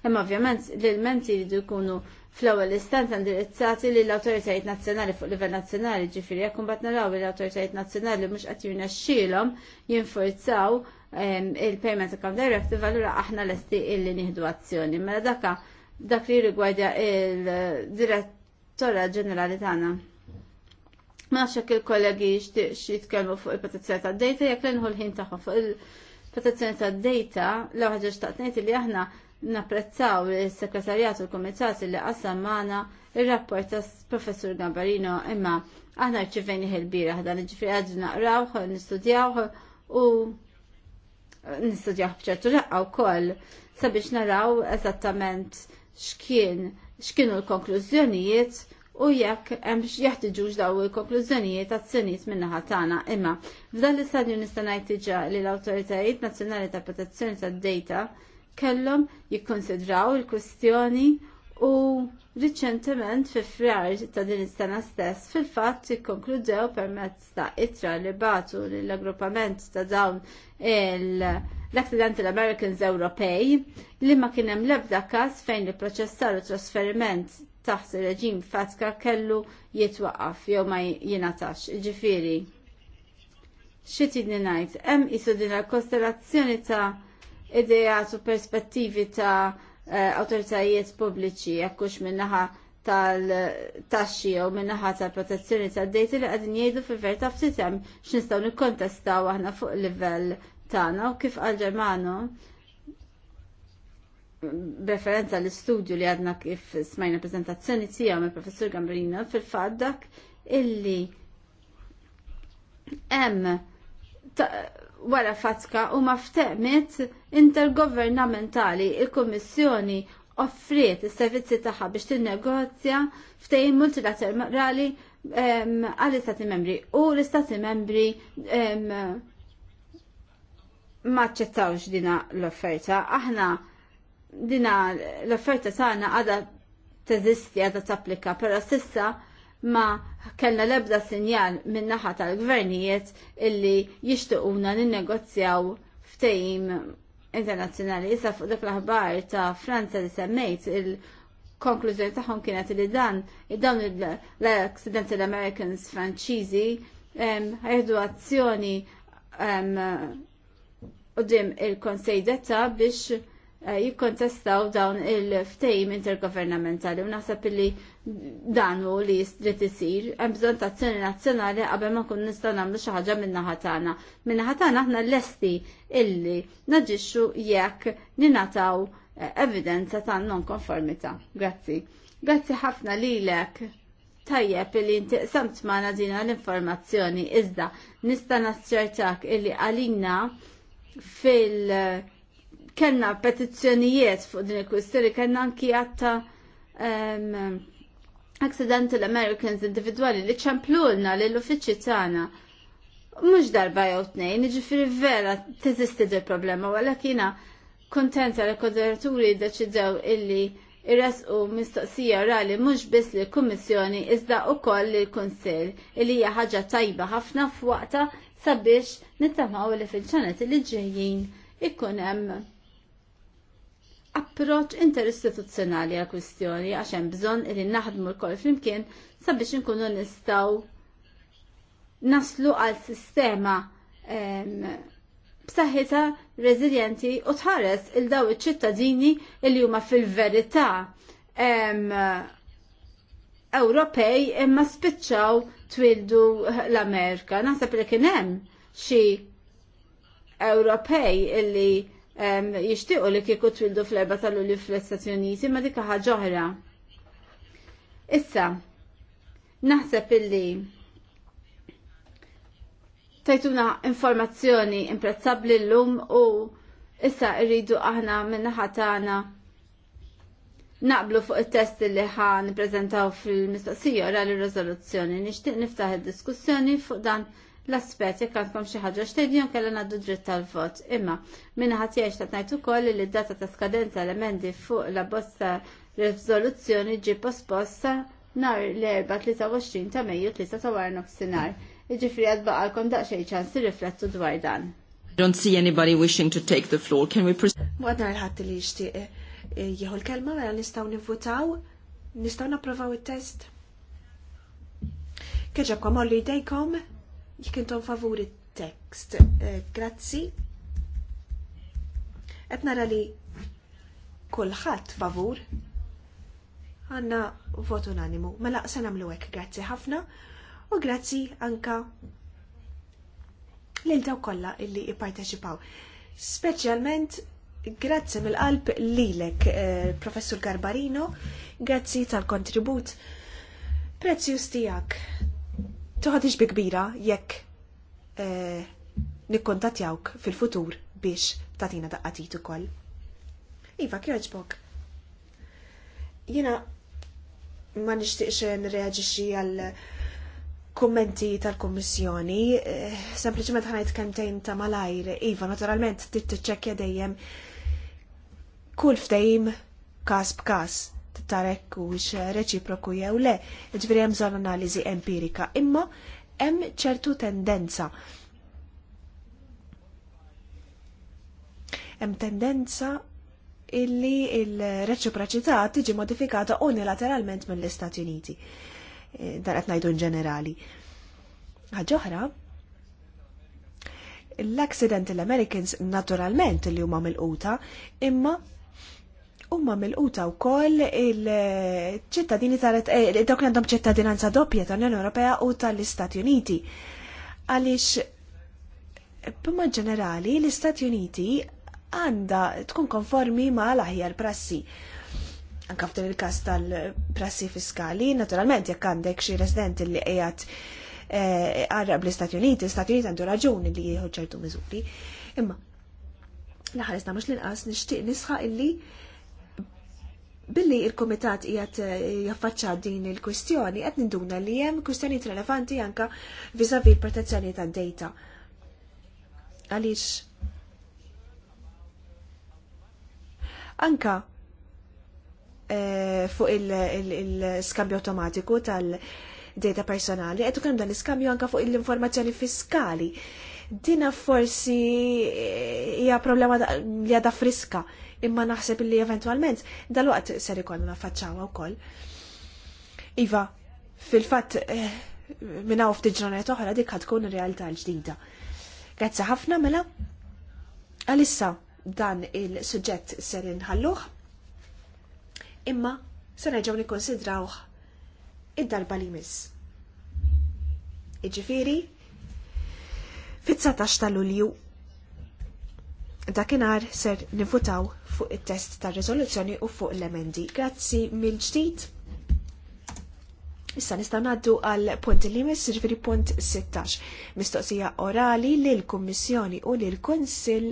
imma ovvjament li l-menti jridu jkunu fl-ewwel istant indirizzati l awtoritajiet nazzjonali fuq livell nazzjonali ġifieri jekk imbagħad naraw li l-awtoritajiet nazzjonali mhux qed jirnexxielhom jinfurzaw ehm, il-Payment Account Directive allura aħna lesti illi nieħdu azzjoni. Mela dak li rigwardja il-direttora ġenerali tagħna Ma jekk il-kollegi jixtieq jitkellmu fuq il-petizzjoni tad-data jekk l inħu l ħin tagħhom fuq il-petizzjoni tad-data l ħaġa xtaqt ngħid li aħna napprezzaw il-Sekretarjat u l-Komitat li qassam magħna ir-rapport ta' Professur Gambarino imma aħna rċivejni ħil-bira ħdan ġifri naqraw naqrawh, nistudjawh u nistudjawh bċertu raqqa wkoll sabiex naraw eżattament xkien xkienu l-konklużjonijiet u jekk hemm jeħtiġux daw il-konklużjonijiet azzjonijiet min-naħa tagħna. Imma f'dan l-istadju nista' ngħid diġà li l-Awtoritajiet Nazzjonali ta' Protezzjoni tad-Data kellhom jikkonsidraw il-kwestjoni u riċentement fi frar ta' din is-sena stess fil-fatt jikkonkludew permezz ta' itra li batu l-aggruppament ta' dawn il- l-Accidental Americans Ewropej li ma kienem lebda kas fejn li proċessar u trasferiment taħt reġim fatka kellu jitwaqqaf jew ma jingħatax. jiġifieri Xi tidni ngħid, hemm qisu din il kostellazzjoni ta' idejat u perspettivi ta' eh, awtoritajiet pubbliċi hux min-naħa tal-taxxi jew min-naħa tal-protezzjoni tad-dejti li qegħdin jgħidu fil-verità ftit hemm x'nistgħu nikkontestaw aħna fuq livell tagħna u kif għal Ġermanu referenza l-istudju li għadna kif smajna prezentazzjoni tiegħu mill professur Gambrina fil faddak dak illi hemm wara fatka u maftemet intergovernamentali il-Kummissjoni offriet is-servizzi tagħha biex tinnegozja ftehim multilaterali għall-Istati membri u l-Istati membri ma dina l-offerta. Aħna dina l-offerta tagħna għadha teżisti għadha tapplika, però sissa ma kellna l-ebda sinjal minn naħa tal-gvernijiet illi jixtuquna ninnegozjaw ftehim internazzjonali. Issa fuq dak l-aħbar ta' Franza li semmejt il-konklużjoni tagħhom kienet li dan dawn l-accidental Americans Franċiżi ħajdu azzjoni qudiem il-Konsej Detta biex Eh, jikkontestaw dawn il-ftejm intergovernamentali u naħseb illi danu li jistrit isir hemm bżonn ta' azzjoni nazzjonali qabel ma kun nistgħu nagħmlu xi ħaġa ħatana. naħa tagħna. ħna l tagħna aħna lesti illi naġixxu jekk ninataw eh, evidenza ta' non-konformità. Grazzi. Grazzi ħafna lilek tajjeb li inti samt dina l-informazzjoni iżda nista naċċertak illi għalina fil- kellna petizzjonijiet fuq din il-kwistjoni, kellna anki għatta um, Accidental Americans individwali li ċamplulna li l-uffiċċji tagħna. Mhux darba jew tnejn, iġifiri vera teżisti il problema għalla jiena kuntenta li koderaturi deċidew illi u mistoqsija rali mhux biss lill kummissjoni iżda wkoll lill kunsill li hija ħaġa tajba ħafna f'waqta sabiex nittamaw li fil-ċanet li ġejjin ikun hemm approċ interistituzzjonali għal kwistjoni għax hemm bżonn li naħdmu l-koll flimkien sabiex inkunu nistgħu naslu għal sistema b'saħħitha reżiljenti u tħares il daw iċ-ċittadini li huma fil-verità Ewropej imma spiċċaw twildu l-Amerika. Naħseb li kien hemm xi Ewropej illi jixtiequ li kieku twildu fl-erba tal-Lulju fl-Istati Uniti ma dik ħaġa oħra. Issa, naħseb illi tajtuna informazzjoni imprezzabli l-lum u issa irridu aħna minna tagħna naqblu fuq il-test li ħan prezentaw fil-mistoqsija ora l-rezoluzzjoni. Nixtieq niftaħ id-diskussjoni fuq dan l-aspet jekk għandkom xi ħaġa x'tedjon kellha ngħaddu dritt tal-vot. Imma minna ħadd jgħix ngħid ukoll li d-data ta' skadenza l-emendi fuq la bozza riżoluzzjoni ġie posposta nhar l-4 23 ta' Mejju 3 ta' nofsinhar. Jiġifieri qed baqalkom daqsxejn ċans tirriflettu dwar dan. Don't see anybody wishing to take the floor. Can we proceed? Wadna l-ħadd li jixtieq eh, jieħu l-kelma mela nistgħu nivvutaw, nistgħu napprovaw it-test. Keġabkom olli jdejkom jekk favuri tekst. Eh, grazzi. Etna nara li kulħadd favur għanna vot unanimu. Mela se nagħmlu hekk grazzi ħafna u grazzi anka lil daw kollha illi jipparteċipaw. Speċjalment grazzi mill-qalb lilek, professor eh, Professur Garbarino, grazzi tal-kontribut prezzjuż tiegħek tuħad iġbi kbira jekk eh, nikkontatjawk fil-futur biex tatina daqqatit ukoll. Iva, kjoġbok. Jena ma nixtieqx nreaġixxi għal kummenti tal-Kommissjoni, eh, sempliċement ħanajt kemtejn ta' malajr, iva, naturalment, titt ċekja dejjem kull ftejim kas b'kas tarek u reċiproku jew le, ġviri hemm bżonn analiżi empirika, imma hemm ċertu tendenza. Hemm tendenza illi il-reċiproċità tiġi modifikata unilateralment mill-Istati Uniti. Eh, dan qed ngħidu ġenerali. Ħaġoħra, l-accidental Americans naturalment li huma mill imma Umma mill-quta wkoll il-ċittadini tal eh, dawk għandhom ċittadinanza doppja tal-Unjoni Ewropea u tal-Istati Uniti. Għaliex b'ma ġenerali l-Istati Uniti għandha tkun konformi ma l-aħjar prassi. Anka f'din il-każ tal-prassi fiskali, naturalment jekk għandek xi resident li qiegħed eh, għarra bl istati Uniti, l-Istati Uniti għandu raġuni li jieħu ċertu miżuri. Imma, laħaresna mux l-inqas nixtieq nisħaq illi Billi il-komitat jgħat eh, jaffaċċa din il-kwistjoni, qed ninduna li hemm kwistjoni relevanti anka viżavi protezzjoni ta' data. Għaliex anka eh, fuq il-skambju automatiku tal-data personali, għedu kem dan l-skambju anka fuq l-informazzjoni fiskali. Dina forsi eh, hija problema li għada friska imma naħseb li eventualment dal-waqt ser ikollna faċċawa koll. Iva, fil-fatt eh, minna u ftiġranet oħra dik tkun realtà ġdida. Grazzi ħafna mela. Għalissa dan il-suġġett ser inħalluh. Imma se nerġgħu nikkonsidrawh id-darba li miss. Iġifiri, fit-19 ta' Lulju dakinhar ser nivutaw fuq it-test tar riżoluzzjoni u fuq l-emendi. Grazzi mill-ġdid. Issa nistaw ngħaddu għal punt li jmiss jiġifieri punt 16. Mistoqsija orali lill kummissjoni u lill kunsill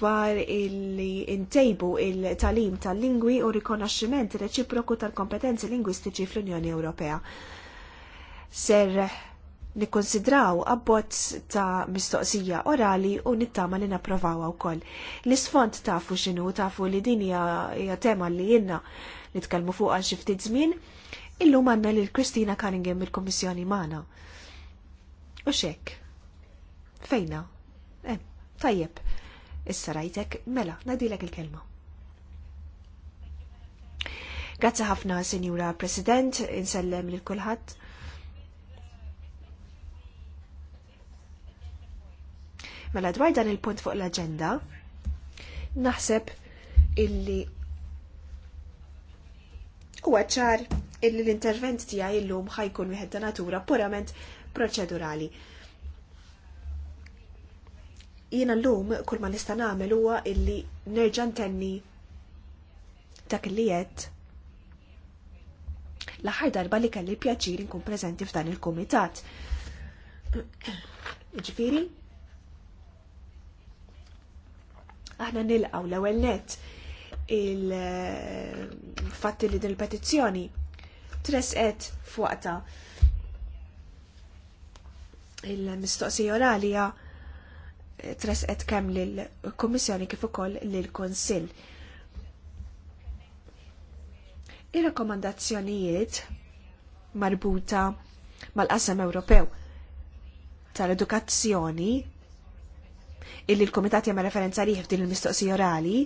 dwar li intejbu il-talim tal-lingwi u rikonoxximent reċiproku tal-kompetenzi lingwistiċi fl-Unjoni Ewropea. Ser nikkonsidraw abbozz ta' mistoqsija orali u nittama li napprovawa koll. L-isfond tafu x'inhu tafu li din hija tema li jenna nitkellmu fuqha xi ftit żmien, illum għandna lil Kristina Cunningham mill-Kummissjoni Mana. U xek. Fejna? Eh, tajjeb. Issa rajtek, mela, nadilek il-kelma. Grazzi ħafna, Sinjura President, insellem lil kulħadd Mela dwar dan il-punt fuq l-agenda, naħseb illi huwa ċar illi l-intervent tiegħi illum ħajkun wieħed ta' natura purament proċedurali. Jiena llum kull ma nista' nagħmel huwa illi nerġa' ntenni dak li qed l-aħħar darba li kelli pjaċir inkun preżenti f'dan il-kumitat. (clears throat) Ġifiri, Aħna nilqaw l-ewwel nett il-fatti li din il-petizzjoni tresqet fuqta il-mistoqsija oralija tresqet kemm lill-Kummissjoni kif ukoll lill-Kunsill. Ir-rakkomandazzjonijiet marbuta mal-qasam Ewropew tal-edukazzjoni illi l-Komitat jagħmel referenza liħi f'din il-mistoqsija orali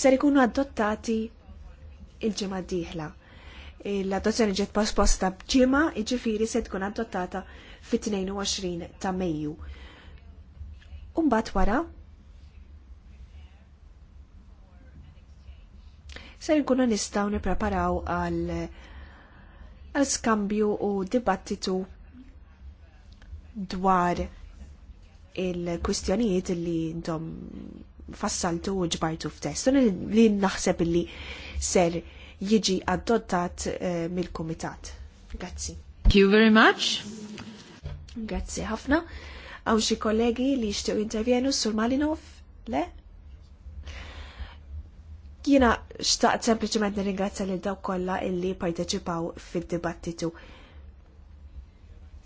ser ikunu adottati il-ġimgħa d-dieħla. L-adozzjoni ġiet posposta b'ġimgħa, jiġifieri se tkun adottata fit-22 ta' Mejju. Umbat wara ser ikunu nistgħu nippreparaw għal għal skambju u dibattitu dwar il-kwistjonijiet li intom fassaltu u ġbajtu f'test. Li naħseb li ser jiġi adottat eh, mill-Kumitat. Grazzi. Thank you very much. Grazzi ħafna. Għaw xi kollegi li jixtiequ intervjenu sur Malinov? Le? Jiena xtaqt sempliċement nirringrazzja lil dawk kollha illi parteċipaw fil dibattitu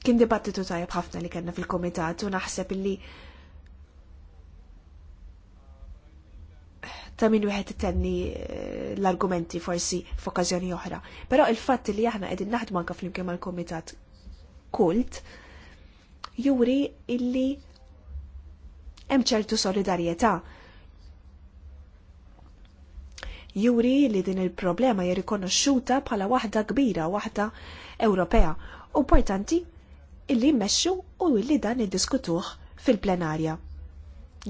Kien dibattitu tajab ħafna li kellna fil-komitat u naħseb illi ta' min wieħed it-tenni eh, l-argumenti forsi f'okkażjoni oħra. Però il-fatt li aħna qegħdin naħdmu anke flimkien mal-kumitat kult juri illi hemm ċertu solidarjetà. Juri li din il-problema jirrikonoxxuta bħala waħda kbira, waħda Ewropea. Importanti illi mmexxu u illi dan iddiskutuh fil-plenarja.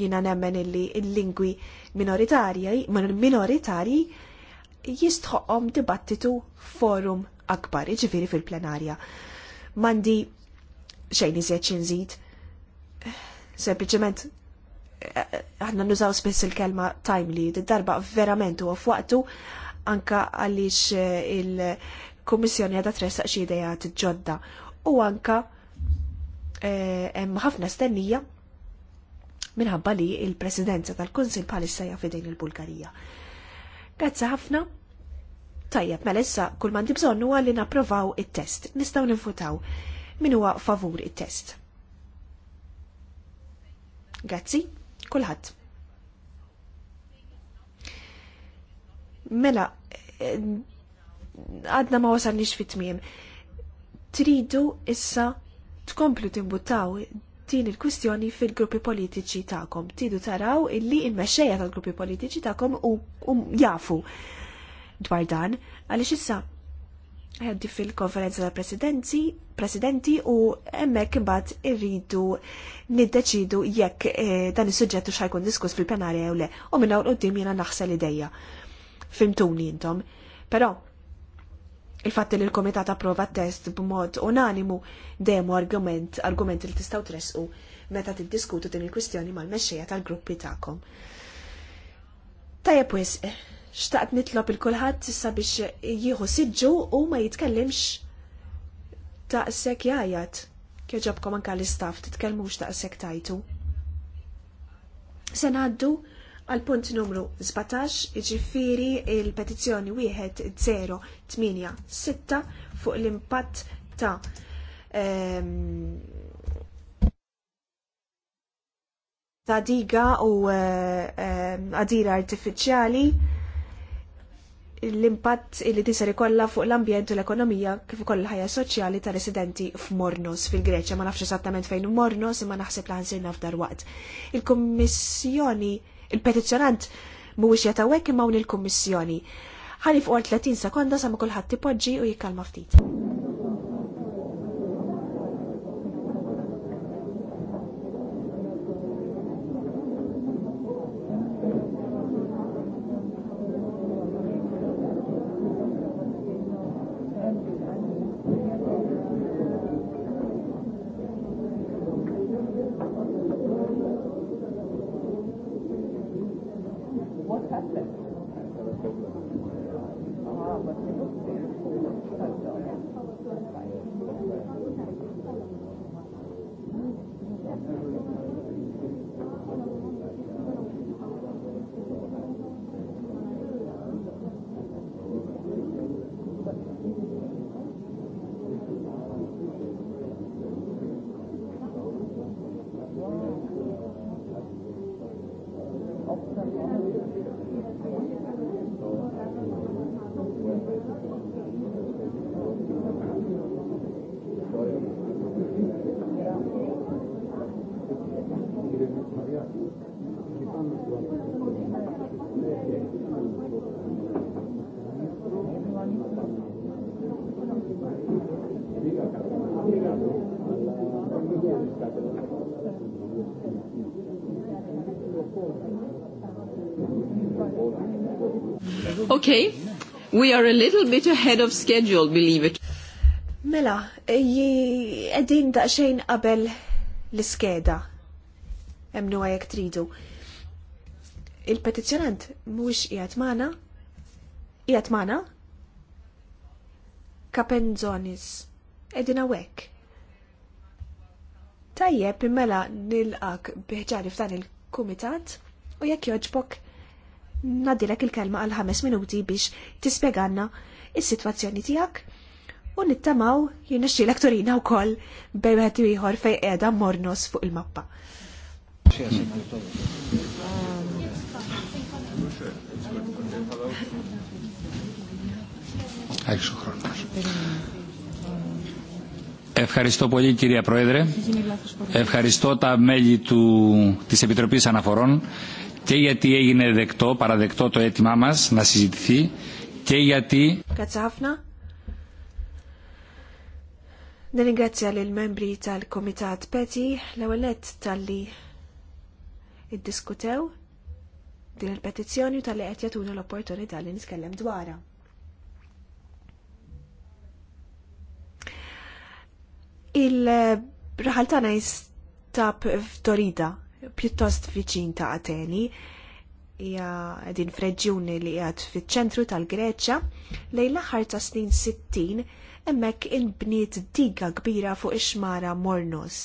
Jina nemmen illi il-lingwi minoritarji minoritarji jistħoqhom dibattitu forum akbar, iġviri fil-plenarja. Mandi xejn iżjed xi nżid. Sempliċement eh, aħna nużaw spiss il-kelma timely, darba verament u f'waqtu anka għaliex eh, il-Kummissjoni għadha tressaq xi idejat ġodda u anka Eh, hemm ħafna stennija minħabba li il-presidenza tal-Kunsil bħalissa hija fidejn il-Bulgarija. Grazzi ħafna. Tajjeb, mela issa kull mandi bżonn huwa li napprovaw it-test. Nistgħu ninfutaw min huwa favur it-test. Grazzi, kulħadd. Mela, eh, għadna ma wasalniex fit-tmiem. Tridu issa tkomplu timbuttaw din il-kwistjoni fil-gruppi politiċi ta'kom. Tidu taraw illi il-mexxejja tal-gruppi politiċi ta'kom u, jafu dwar dan, għaliex issa għeddi fil-konferenza tal presidenti presidenti u emmek imbagħad irridu niddeċidu jekk eh, dan is-suġġett u xajkun diskuss fil-plenarja jew le, u minn hawn jena naħsa naħsel ideja Fimtuni intom. Però il-fatt li l-komitat approva test b'mod unanimu demu argument, argument li tistaw tresqu meta tiddiskutu din il-kwistjoni mal-mexxejja tal-gruppi tagħkom. Tajjeb wis, eh, xtaqt nitlob il-kulħadd issa biex jieħu siġġu u ma jitkellimx taqsek jajat. Kieġobkom anka l-istaff titkellmux sek tajtu. Se ngħaddu għal punt numru 17, iġifiri il-petizzjoni 1086 fuq l-impatt ta' um, ta' diga u għadira eh, ehm, um, artifiċjali l-impatt li tisar ikolla fuq l-ambjent u l-ekonomija kif ukoll il-ħajja soċjali ta' residenti f'Mornos fil-Greċja. Ma nafx esattament fejn Mornos imma naħseb li ħansirna f'dar waqt. Il-Kummissjoni il-petizjonant mhuwiex jatawek imma il-Kummissjoni. Ħalli fuq 30 sekonda sa ma kulħadd tipoġġi u jikkalma ftit. We are a little bit ahead of schedule, believe it. Mela, għedin daqxejn qabel l-iskeda. Emnu għajek tridu. Il-petizjonant mux jgħat mana? Jgħat mana? Kapenzonis. Edin għawek. Tajjeb, mela nil-għak bieċari f'dan il-komitat u jekk joġbok nadilek il-kelma għal ħames minuti biex tispjeganna is-sitwazzjoni tijak. u nittamaw jirnexxilek u koll bej u jħor fej edha mornos fuq il-mappa. Ευχαριστώ πολύ κυρία Πρόεδρε. Ευχαριστώ τα μέλη του, της Επιτροπής Αναφορών και γιατί έγινε δεκτό, παραδεκτό το αίτημά μας να συζητηθεί και γιατί... Κατσάφνα. Nirringrazzja lil membri tal-Komitat Peti l ewwel tal-li iddiskutew din il-petizzjoni u tal qed jagħtuna l-opportunità li nitkellem dwarha. Il-raħal tagħna jistab f'Torida pjuttost viċin ta' Ateni hija din f'reġjuni li għad fiċ-ċentru tal-Greċja lejn l-aħħar ta' snin 60 hemmhekk inbniet diga kbira fuq ix-xmara Mornos.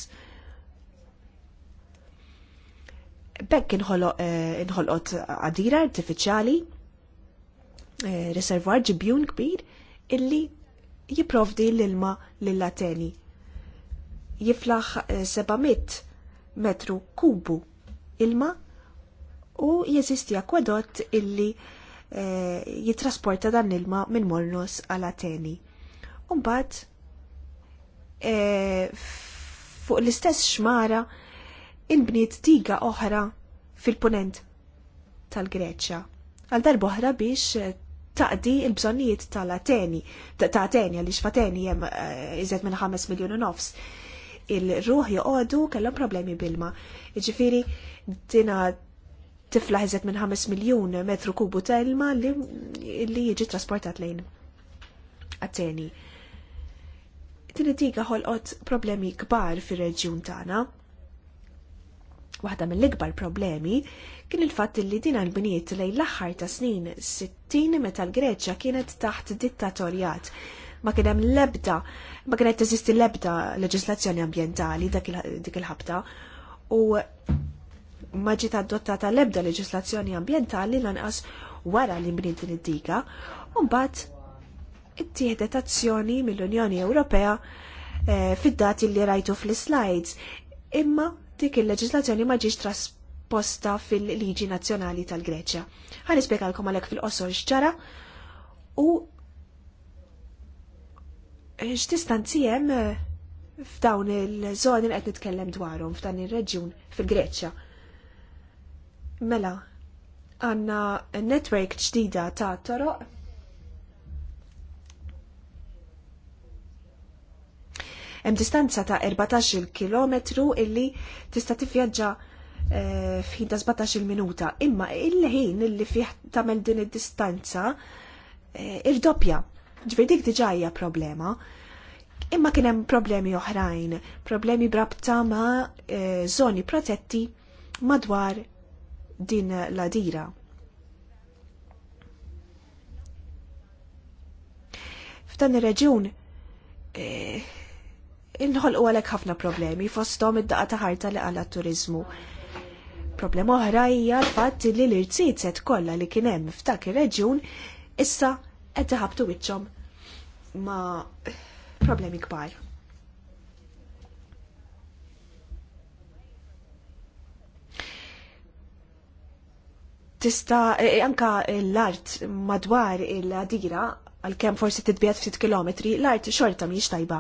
Bekk eh, inħolqot għadira artifiċjali, eh, reservwar ġibjun kbir illi jipprovdi l-ilma lill-Ateni. Jiflaħ 700 eh, metru kubu ilma u jeżisti akwadott illi e, jitrasporta dan ilma minn Molnos għal Ateni. Umbat, e, fuq l-istess xmara, inbniet tiga oħra fil-punent tal-Greċja. Għal darboħra biex eh, taqdi il-bżonnijiet tal-Ateni, ta' Ateni, għal f'Ateni jem iżed minn 5 miljon nofs il-ruħ joqogħdu kellhom problemi bilma. Jiġifieri dina tifla ħiżet minn 5 miljun metru kubu ta' ilma li, jiġi trasportat lejn għateni. Din id ħolqot problemi kbar fir-reġjun tagħna. Waħda mill-ikbar problemi kien il-fatt li din l bniet lejn l-aħħar ta' snin 60 meta l-Greċja kienet taħt dittatorjat ma kien hemm l-ebda, ma kien qed teżisti l-ebda leġislazzjoni ambjentali dik il-ħabta u ma ġiet adottata l-ebda leġislazzjoni ambjentali lanqas wara li mbniet din id-diga u mbagħad ittieħdet azzjoni mill-Unjoni Ewropea eh, fid-dati li rajtu fl-slides imma dik il-leġislazzjoni ma ġiex trasposta fil-liġi nazzjonali tal-Greċja. Ħan ispjegalkom għalhekk fil-qosor x'ġara u x'distanzi hemm eh, f'dawn il-żoni li qed nitkellem dwarhom f'dan ir-reġjun fil-Greċja. Mela, għandna network ġdida ta' toroq Hemm distanza ta' 14 km illi tista' tivvjaġġa eh, f'ħin ta' 17 minuta, imma il-ħin illi fih tagħmel din id-distanza eh, irdoppja. Ġveri dik diġa hija problema. Imma kien hemm problemi oħrajn, problemi brabta ma' e, eh, zoni protetti madwar din la dira. F'dan ir-reġjun e, inħolqu għalhekk ħafna problemi fosthom id-daqa ta' ħarta li għala turiżmu Problema oħra hija l-fatt li l-irtsiet kollha li kien hemm f'dak ir-reġjun issa qed iħabtu wiċċhom ma' problemi kbar. tista anka l-art madwar il adira għal-kem forsi titbiet ftit kilometri, l-art xorta miex tajba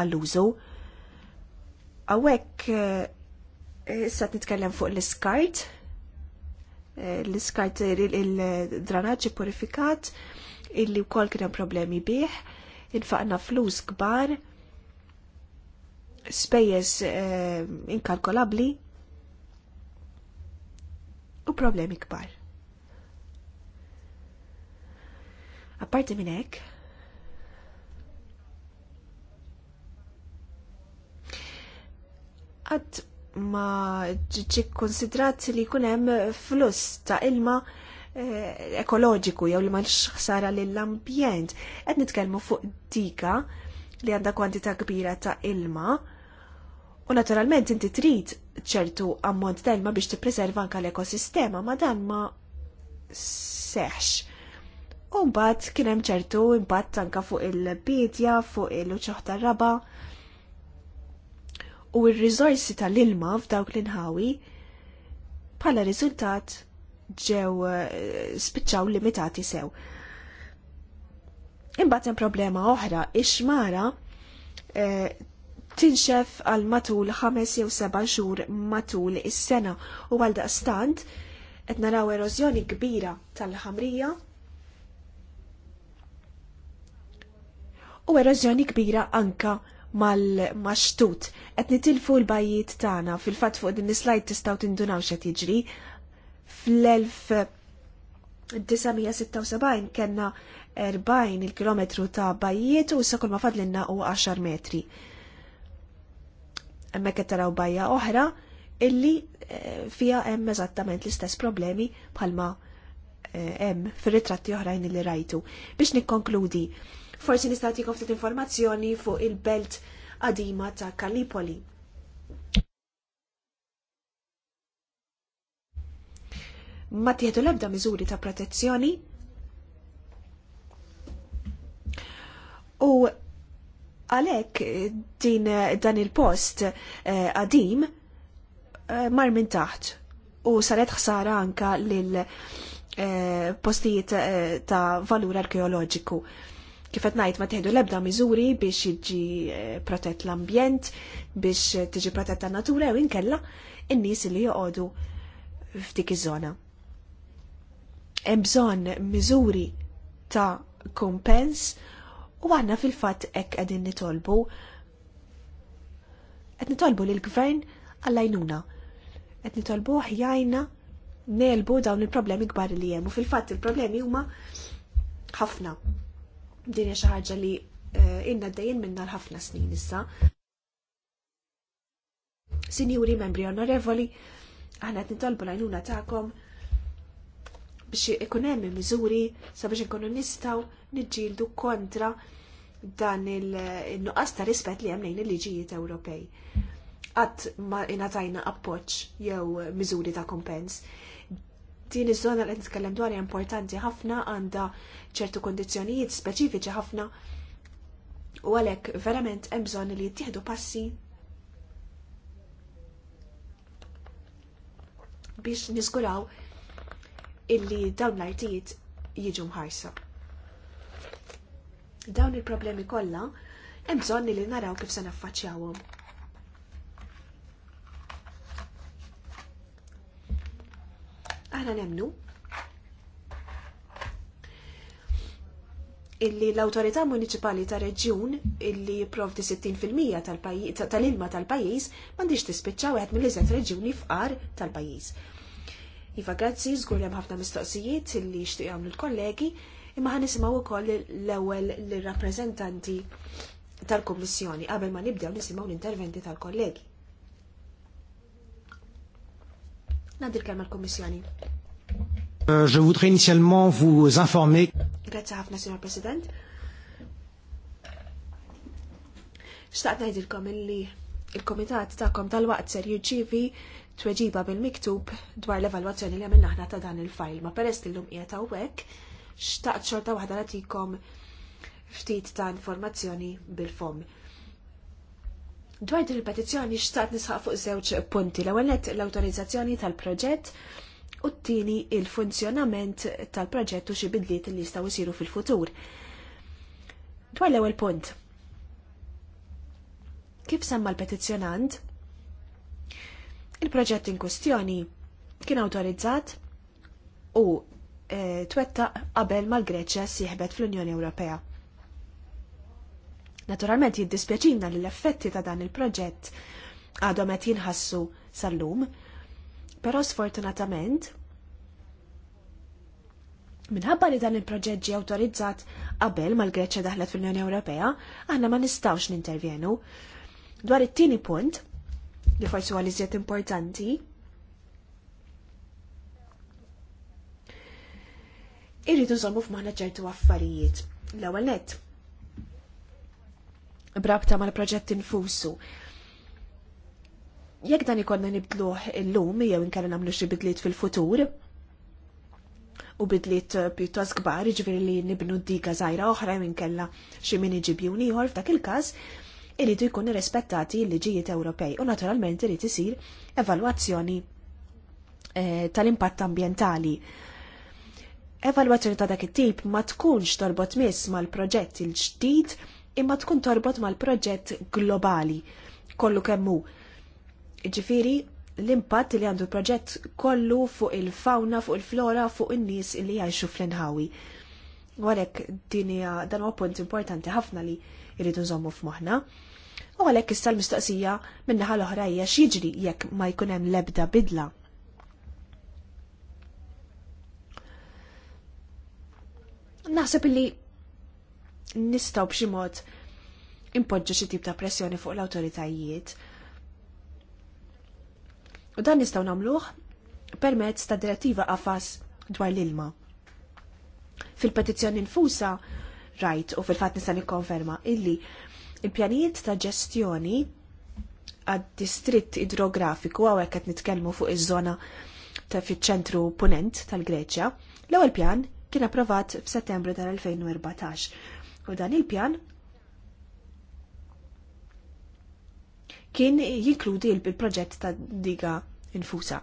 għall-użu. Għawek issa eh, nitkellem fuq l skart l skart il-dranaġġi purifikat, illi wkoll kien hemm problemi bih infaqna flus kbar, spejjeż eh, inkalkolabbli u problemi kbar. Apparti minn hekk, ma ġiġi konsidrat li kunem flus ta' ilma Eh, ekoloġiku jew li ma ħsara lill-ambjent. Qed nitkellmu fuq dika li għandha kwantità kbira ta' ilma u naturalment inti trid ċertu ammont ta' ilma biex tippreserva anke l-ekosistema ma dan ma seħx. U mbagħad kien hemm ċertu impatt anke fuq il-bidja, fuq il-uċoħ tar-raba u r-riżorsi tal-ilma f'dawk l-inħawi bħala riżultat ġew eh, spiċċaw limitati sew. Imbagħad hemm problema oħra, ix-xmara eh, tinxef għal matul ħames jew seba' xhur matul is-sena u għal daqstant qed naraw erożjoni kbira tal-ħamrija u erożjoni kbira anka mal-maxtut. Qed nitilfu l-bajjiet tagħna fil-fatt fuq din is-slajd tistgħu tindunaw x'qed jiġri Fl-1976 kena 40 il-kilometru ta' bajiet u s sakul ma fadlinna u 10 metri. Emma taraw bajja oħra illi eh, fija hemm eżattament l-istess problemi bħalma eh, hemm fir-ritratti oħrajn li rajtu. Biex nikkonkludi, forsi nistgħu ftit informazzjoni fuq il-belt qadima ta' Kalipoli. ma tieħdu l-ebda miżuri ta' protezzjoni. U għalek eh, din eh, dan il-post qadim eh, eh, mar minn taħt u saret ħsara anka lil eh, postijiet ta' valur arkeoloġiku. Kifet najt ma teħdu lebda miżuri biex jiġi protett l-ambjent, biex tiġi protetta natura u inkella in-nies li joqogħdu f'dik iż-żona hemm bżonn miżuri ta' kumpens u għanna fil-fatt hekk qegħdin nitolbu qed nitolbu lill gvern għallajnuna. Qed nitolbu ħjajna nelbu dawn il-problemi kbar li hemm u fil-fatt il-problemi huma ħafna. Din hija xi ħaġa li eh, inna dejjem minna l-ħafna snin issa. Sinjuri membri onorevoli, aħna qed nitolbu l-għajnuna tagħkom biex ikun hemm miżuri sabiex inkunu nistgħu niġġieldu kontra dan il-nuqqas ta' rispett li hemm lejn il-liġijiet Ewropej. Qatt ma ingħatajna appoġġ jew miżuri ta' kompens. Din iż-żona li nitkellem dwar importanti ħafna għandha ċertu kondizzjonijiet speċifiċi ħafna u għalhekk verament hemm bżonn li jittieħdu passi biex niżguraw illi dawn l-artijiet jiġu mħarsa. Dawn il-problemi kollha hemm bżonn li naraw kif se naffaċċjawhom. Aħna nemnu illi l-autorità municipali ta' reġjun illi jipprovdi 60% tal-ilma tal-pajjiż m'għandix tispiċċaw wieħed mill-iżet reġjuni fqar tal-pajjiż. Iva grazzi, zgur li ħafna mistoqsijiet li xtiq għamlu l-kollegi, imma ħan nisimaw ukoll l-ewwel l-rappreżentanti tal kummissjoni qabel ma nibdew nisimgħu l-interventi tal-kollegi. Nadir kelma l kummissjoni euh, Je voudrais initialement vous informer. Grazie ħafna, Signor President. Xtaqt ngħidilkom illi il-Komitat tagħkom tal-waqt ser jirċievi tweġiba bil-miktub dwar l-evalwazzjoni li għamilna ħna ta' dan il-fajl, ma peress illum qiegħed hawnhekk, xtaqt xorta waħda nagħtikom ftit ta' informazzjoni bil-fom. Dwar din il-petizzjoni xtaqt nisħaq fuq żewġ punti. L-ewwel l-awtorizzazzjoni tal-proġett u t-tieni il-funzjonament tal-proġett u xi bidliet li jistgħu jsiru fil-futur. Dwar l-ewwel punt. Kif semma l-petizzjonant, Il-proġett in kwestjoni kien awtorizzat u e, twettaq qabel mal-Greċja sieħbet fl-Unjoni Ewropea. Naturalment jiddispjaċina li l-effetti ta' dan il-proġett għadhom qed jinħassu sal-lum, però sfortunatament Minħabba li dan il-proġett ġie awtorizzat qabel mal-Greċja daħlet fl-Unjoni Ewropea, aħna ma nistgħux nintervjenu. Dwar it-tieni punt, li forsi huwa importanti. Irridu nżommu f'maħna ċertu affarijiet. L-ewwel nett. Brabta mal-proġett infusu. Jekk dan ikonna nibdluh illum jew inkella nagħmlu xi bidliet fil-futur, u bidliet eh, pjuttost kbar, ġifiri li nibnu d-dika zaħira oħra minn kella xie min iġibjuni ieħor f'dak il każ tu jkun rispettati l-liġijiet Ewropej u naturalment irid isir evalwazzjoni eh, tal-impatt ambjentali. Evalwazzjoni ta' dak it-tip ma tkunx torbot miss mal-proġett il-ġdid imma tkun torbot mal-proġett globali kollu kemmu. Ġifiri, l-impatt li għandu proġett kollu fuq il-fauna, fuq il-flora, fuq in-nies li jgħixu fl-inħawi. Għalek din dan huwa punt importanti ħafna li jridu nżommu f'moħħna. U għalhekk issa l-mistoqsija min-naħa l-oħra jekk ma jkun hemm l-ebda bidla. Naħseb illi nistgħu b'xi mod impoġġu xi tip ta' pressjoni fuq l-awtoritajiet. U dan nistgħu nagħmluh permezz ta' direttiva qafas dwar l-ilma. Fil-petizzjoni nfusa rajt u fil-fatt nista' nikkonferma illi Il-pjanijiet ta' ġestjoni għad-distritt idrografiku għawek għed nitkelmu fuq iż-żona ta' fiċ-ċentru punent tal-Greċja, l-ewwel pjan kien approvat f'Settembru tal-2014. U dan il-pjan kien jinkludi il-proġett ta' diga infusa.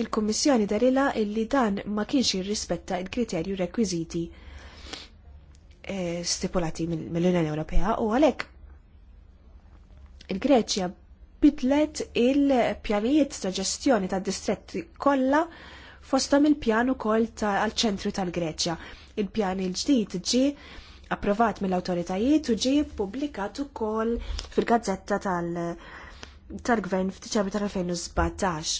il kummissjoni darila illi dan ma kienx jirrispetta il-kriterju rekwiziti E, stipulati mill-Unjoni Ewropea u għalhekk il-Greċja bidlet il-pjanijiet ta' ġestjoni tad distretti kollha fostom il-pjan ukoll tal-ċentru tal-Greċja. Il-pjan il-ġdid ġi approvat mill-awtoritajiet u ġi publikat ukoll fil-gazzetta tal-Gvern f'Diċembru tal-2017.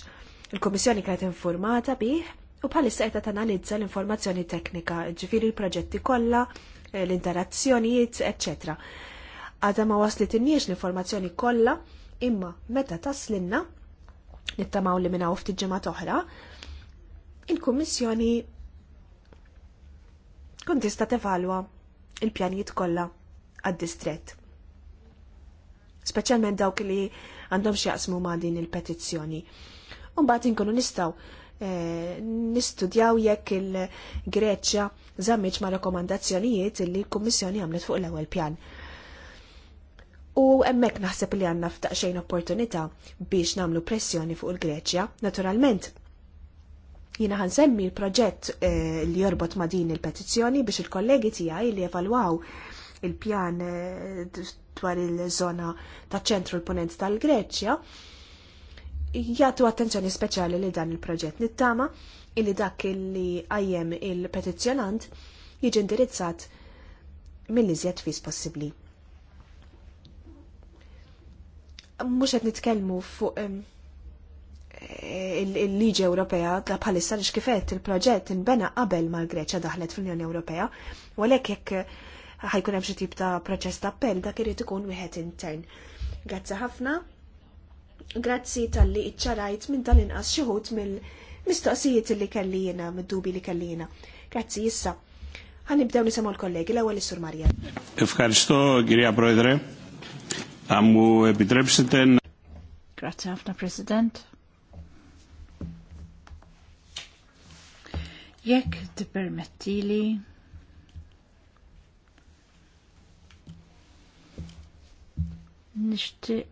Il-Komissjoni kienet informata bih u bħalissa qed tanalizza l-informazzjoni teknika, ġifieri l-proġetti kollha Eh, l-interazzjonijiet, etc. Għada ma waslit n-niex l-informazzjoni kollha, imma meta taslinna, nittamaw li minna ftit ġimgħa oħra, il-Kummissjoni kun tista' tevalwa il-pjanijiet kollha għad distret Speċjalment dawk li għandhom x'jaqsmu ma' din il-petizzjoni. Un-bat inkunu nistgħu Eh, nistudjaw jekk il-Greċja żammiġ ma' rekomandazzjonijiet li l-Kummissjoni għamlet fuq l-ewwel pjan. U emmek naħseb li għanna f'daqxejn opportunità biex namlu pressjoni fuq il-Greċja, naturalment. Jina għan semmi l-proġett eh, li jorbot ma' din il-petizzjoni biex il-kollegi tiegħi li evalwaw il-pjan eh, dwar il-żona ta' ċentru l-ponent tal-Greċja jgħatu attenzjoni speċjali li dan il-proġett nittama illi dak li għajjem il-petizjonant jiġi indirizzat mill-iżjed fis possibbli. Mhux qed nitkellmu fuq il-liġi Ewropea ta' bħalissa li xkifet il-proġett inbena qabel ma' l-Greċja daħlet fl-Unjoni Ewropea, u għalhekk jekk ħajkun hemm xi tip ta' proċess ta' appell dak irid ikun wieħed intern. Grazzi ħafna Grazzi tal-li iċċarajt minn tal-inqas xuħut mill-mistoqsijiet li kelli jena, mid-dubi li kelli jena. Grazzi issa. Għanibdew nisamu l-kollegi, l-ewel is-Sur Marja. Ifkaristo, Girja Brojdre, għammu bidrebsiten. Grazzi għafna, President. Jekk t-permettili, nishtiq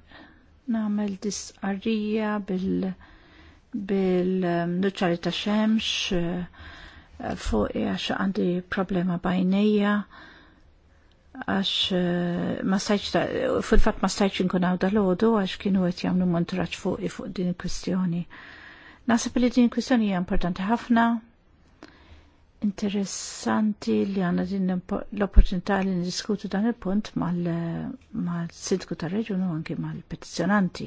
namel disqarrija bil bil-nuċċari um, ta' xemx uh, fuq għax għandi problema bajnija għax uh, ma stajċ fil-fat ma stajċ nkun għaw dal-ħodu għax kienu għet jamlu montraċ fuq fuq din il-kwistjoni. Nasib li din il-kwistjoni hija importanti ħafna, Interessanti li għanna din l-opportunità li niskutu dan il-punt mal-sidku tal u anki mal-petizjonanti.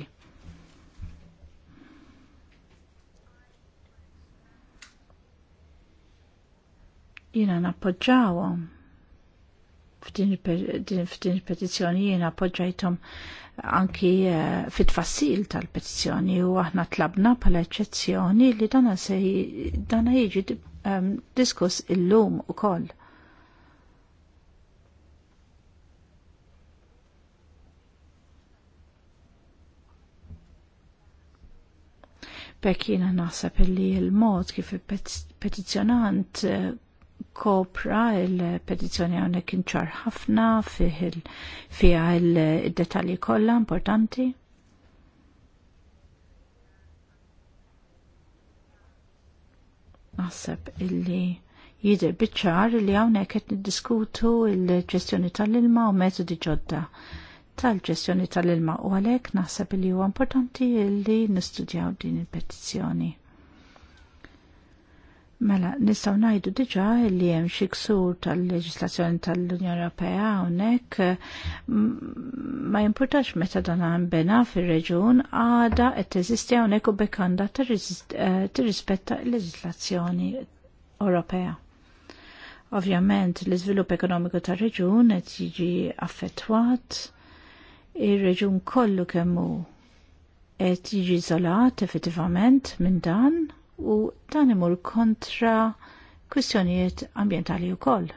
Jina nappoġġawhom f'din il-petizzjoni jiena appoġġajtom anki eh, fit-fassil tal-petizzjoni u aħna tlabna pala eċċezzjoni li dana se dana jiġi um, diskus illum u koll. Bekk nasab naħseb li l-mod kif il-petizjonant eh, kopra il-petizjoni għonek inċar ħafna fiħ il-detalji kollha importanti. Naħseb illi jidher bitċar li hawnhekk qed niddiskutu l-ġestjoni tal-ilma u metodi ġodda tal-ġestjoni tal-ilma u għalhekk naħseb illi huwa importanti illi nistudjaw din il-petizzjoni. Mela, nistaw najdu diġa li hemm xi ksur tal-leġislazzjoni tal-Unjoni Europea hawnhekk ma jimportax meta dan bena fir-reġun għada qed teżisti hawnhekk u bekanda eh, tirrispetta l-leġislazzjoni Europea. Ovvjament l-iżvilupp ekonomiku tar-reġun qed jiġi affettwat, ir-reġun kollu kemm hu qed jiġi iżolat effettivament minn dan u dan imur kontra kwistjonijiet ambientali wkoll.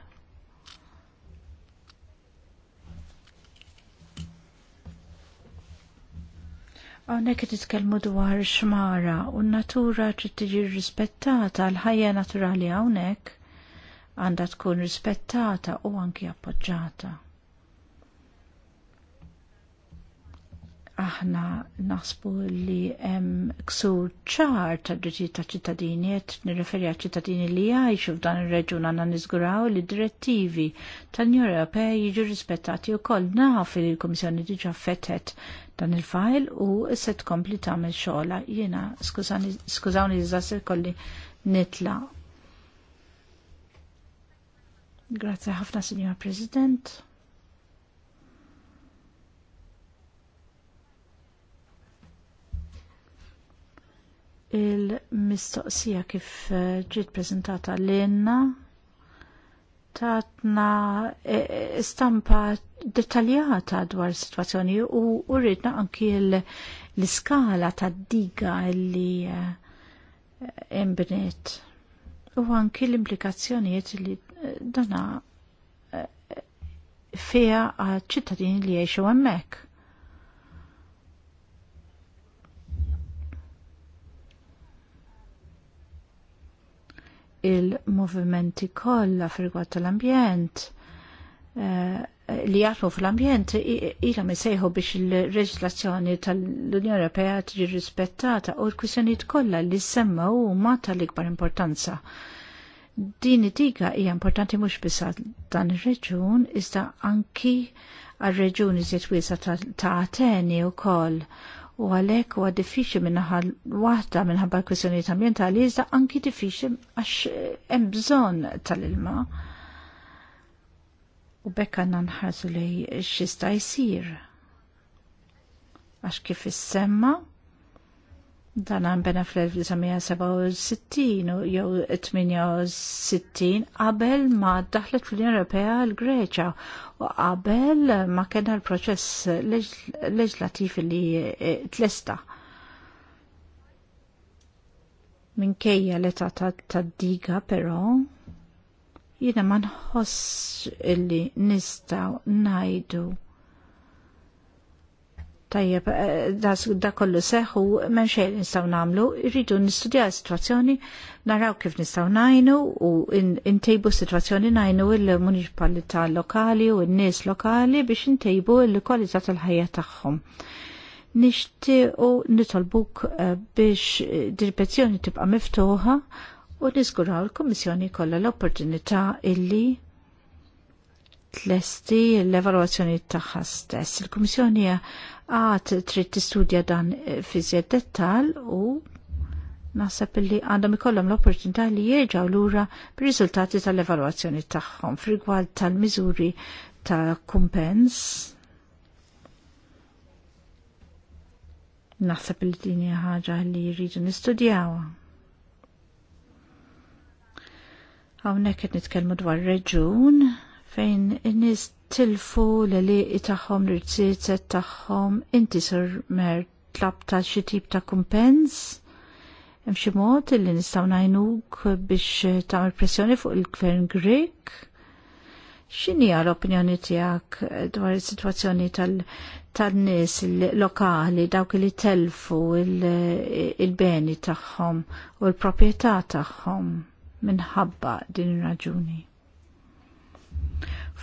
Għonek titkellmu dwar xmara u natura trid tiġi rispettata l-ħajja naturali hawnhekk għandha tkun rispettata u anki appoġġata. aħna nasbu li hemm ksur ċar ta' drittijiet ta' ċittadini qed nirreferi għal ċittadini li jgħixu f'dan ir-reġun għandna niżguraw li direttivi tal-Unjoni Ewropea jiġu rispettati wkoll naf li l-Kummissjoni diġà fetet dan il-fajl u se tkompli tagħmel xogħla. Jiena skużawni iżasser kolli nitla. Grazie ħafna, Signor President. il-mistoqsija kif eh, ġiet prezentata l-inna tatna eh, eh, stampa dettaljata dwar situazzjoni u rridna anki l-iskala ta' diga li imbniet u anki l-implikazzjonijiet li dana fija ċittadini li jiexu għemmek. il-movimenti kollha fil-rigward tal-ambjent eh, li jaħdmu fl-ambjent ilhom isejħu biex il-reġislazzjoni tal-Unjoni Ewropea tiġi rispettata u l-kwistjonijiet kollha li semma huma tal-ikbar importanza. Din it-tiga hija importanti mhux biss dan ir-reġun iżda anki għal-reġuni żiet wiesa ta' Ateni wkoll u għalhekk huwa diffiċli minnaħa waħda minħabba kwistjonijiet ambjentali iżda anki diffiċli għax eh, hemm bżonn tal-ilma. U bekka għandna nħarsu li x'jista' jsir. Għax kif is-semma, Dan bena fl-1967 jew 68 qabel ma daħlet fl-Unjoni Ewropea l-Greċa u qabel ma kena l-proċess leġlativ li e, tlesta. Minkejja l-età ta diga però jiena ma nħoss li nistgħu ngħidu Tajjeb, eh, da kollu seħu, men xej nistaw namlu, rridu nistudja situazzjoni, naraw kif nistaw najnu u intejbu situazzjoni najnu il-municipalità lokali u n-nies lokali biex intejbu il kualità tal-ħajja tagħhom. Nishti u nitolbuk eh, biex dir tibqa' miftuħa u niżguraw il-Kummissjoni kollha l-opportunità illi tlesti l-evaluazzjoni tagħha stess. Il-Kummissjoni għad trid tistudja dan eh, fiżjed dettal u naħseb li għandhom ikollhom l-opportunità li jerġgħu lura bir-riżultati tal-evalwazzjoni tagħhom f'rigward tal-miżuri ta' kumpens. Naħseb li din hija ħaġa li jridu nistudjawha. Hawnhekk qed nitkellmu dwar reġun fejn in-nies tilfu li li itaħħom l-irtizet taħħom inti sir mer tlab ta' xi tip ta' kumpens hemm mod li nistgħu najnuk biex tagħmel pressjoni fuq il-Gvern Grek. Xini l-opinjoni tiegħek dwar is-sitwazzjoni tan-nies lokali dawk li telfu il-beni tagħhom u l-proprjetà tagħhom minħabba din ir-raġuni?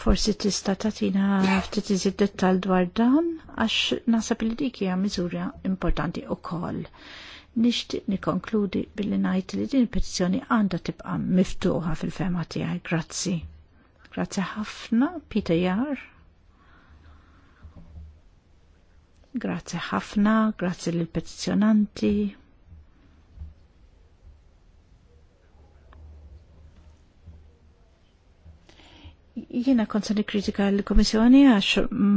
Forsi tista' tagħtina ftit iżid dettal dwar dan għax nasab li dik hija miżura importanti wkoll. Nixtieq nikkonkludi billi ngħid li din il-petizzjoni għandha tibqa' miftuħa fil-fema tiegħi. Grazzi. Grazzi ħafna, Peter Jar. Grazzi ħafna, grazzi lill petizzjonanti Jiena kont se nikkritika l-Komissjoni għax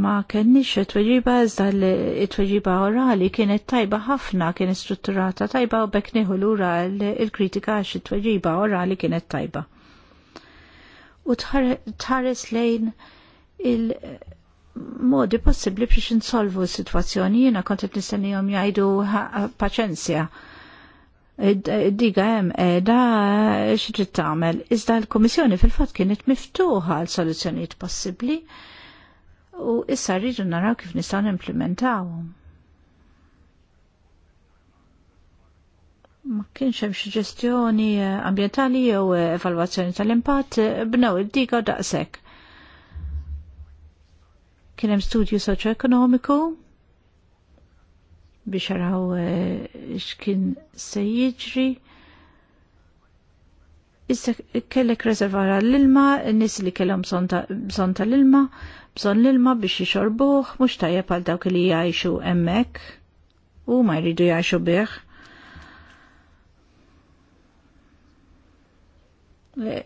ma kenniex it-tweġiba iżda t tweġiba orali kienet tajba ħafna, kien strutturata tajba u bekk nieħu lura l-kritika għax it-tweġiba orali kienet tajba. U tħares lejn il-modi possibbli biex insolvu s-sitwazzjoni jiena kont qed nistennihom jgħidu paċenzja. Pa diga hemm qiegħda xi tagħmel. Iżda l-Kummissjoni fil-fatt kienet miftuħa għal soluzzjonijiet possibbli u issa rridu naraw kif nistgħu nimplementawhom. Ma kienx hemm xi ambientali ambjentali jew evalwazzjoni tal-impatt b'new id-diga daqshekk. Kien hemm studju soċjoekonomiku biex araw eh, x'kien se jiġri. Issa kellek rezervara l-ilma, nis li kellhom bżonn tal-ilma, bżonn l-ilma biex jixorbuh, mhux tajjeb għal dawk li jgħixu hemmhekk u ma jridu jgħixu bih. Tana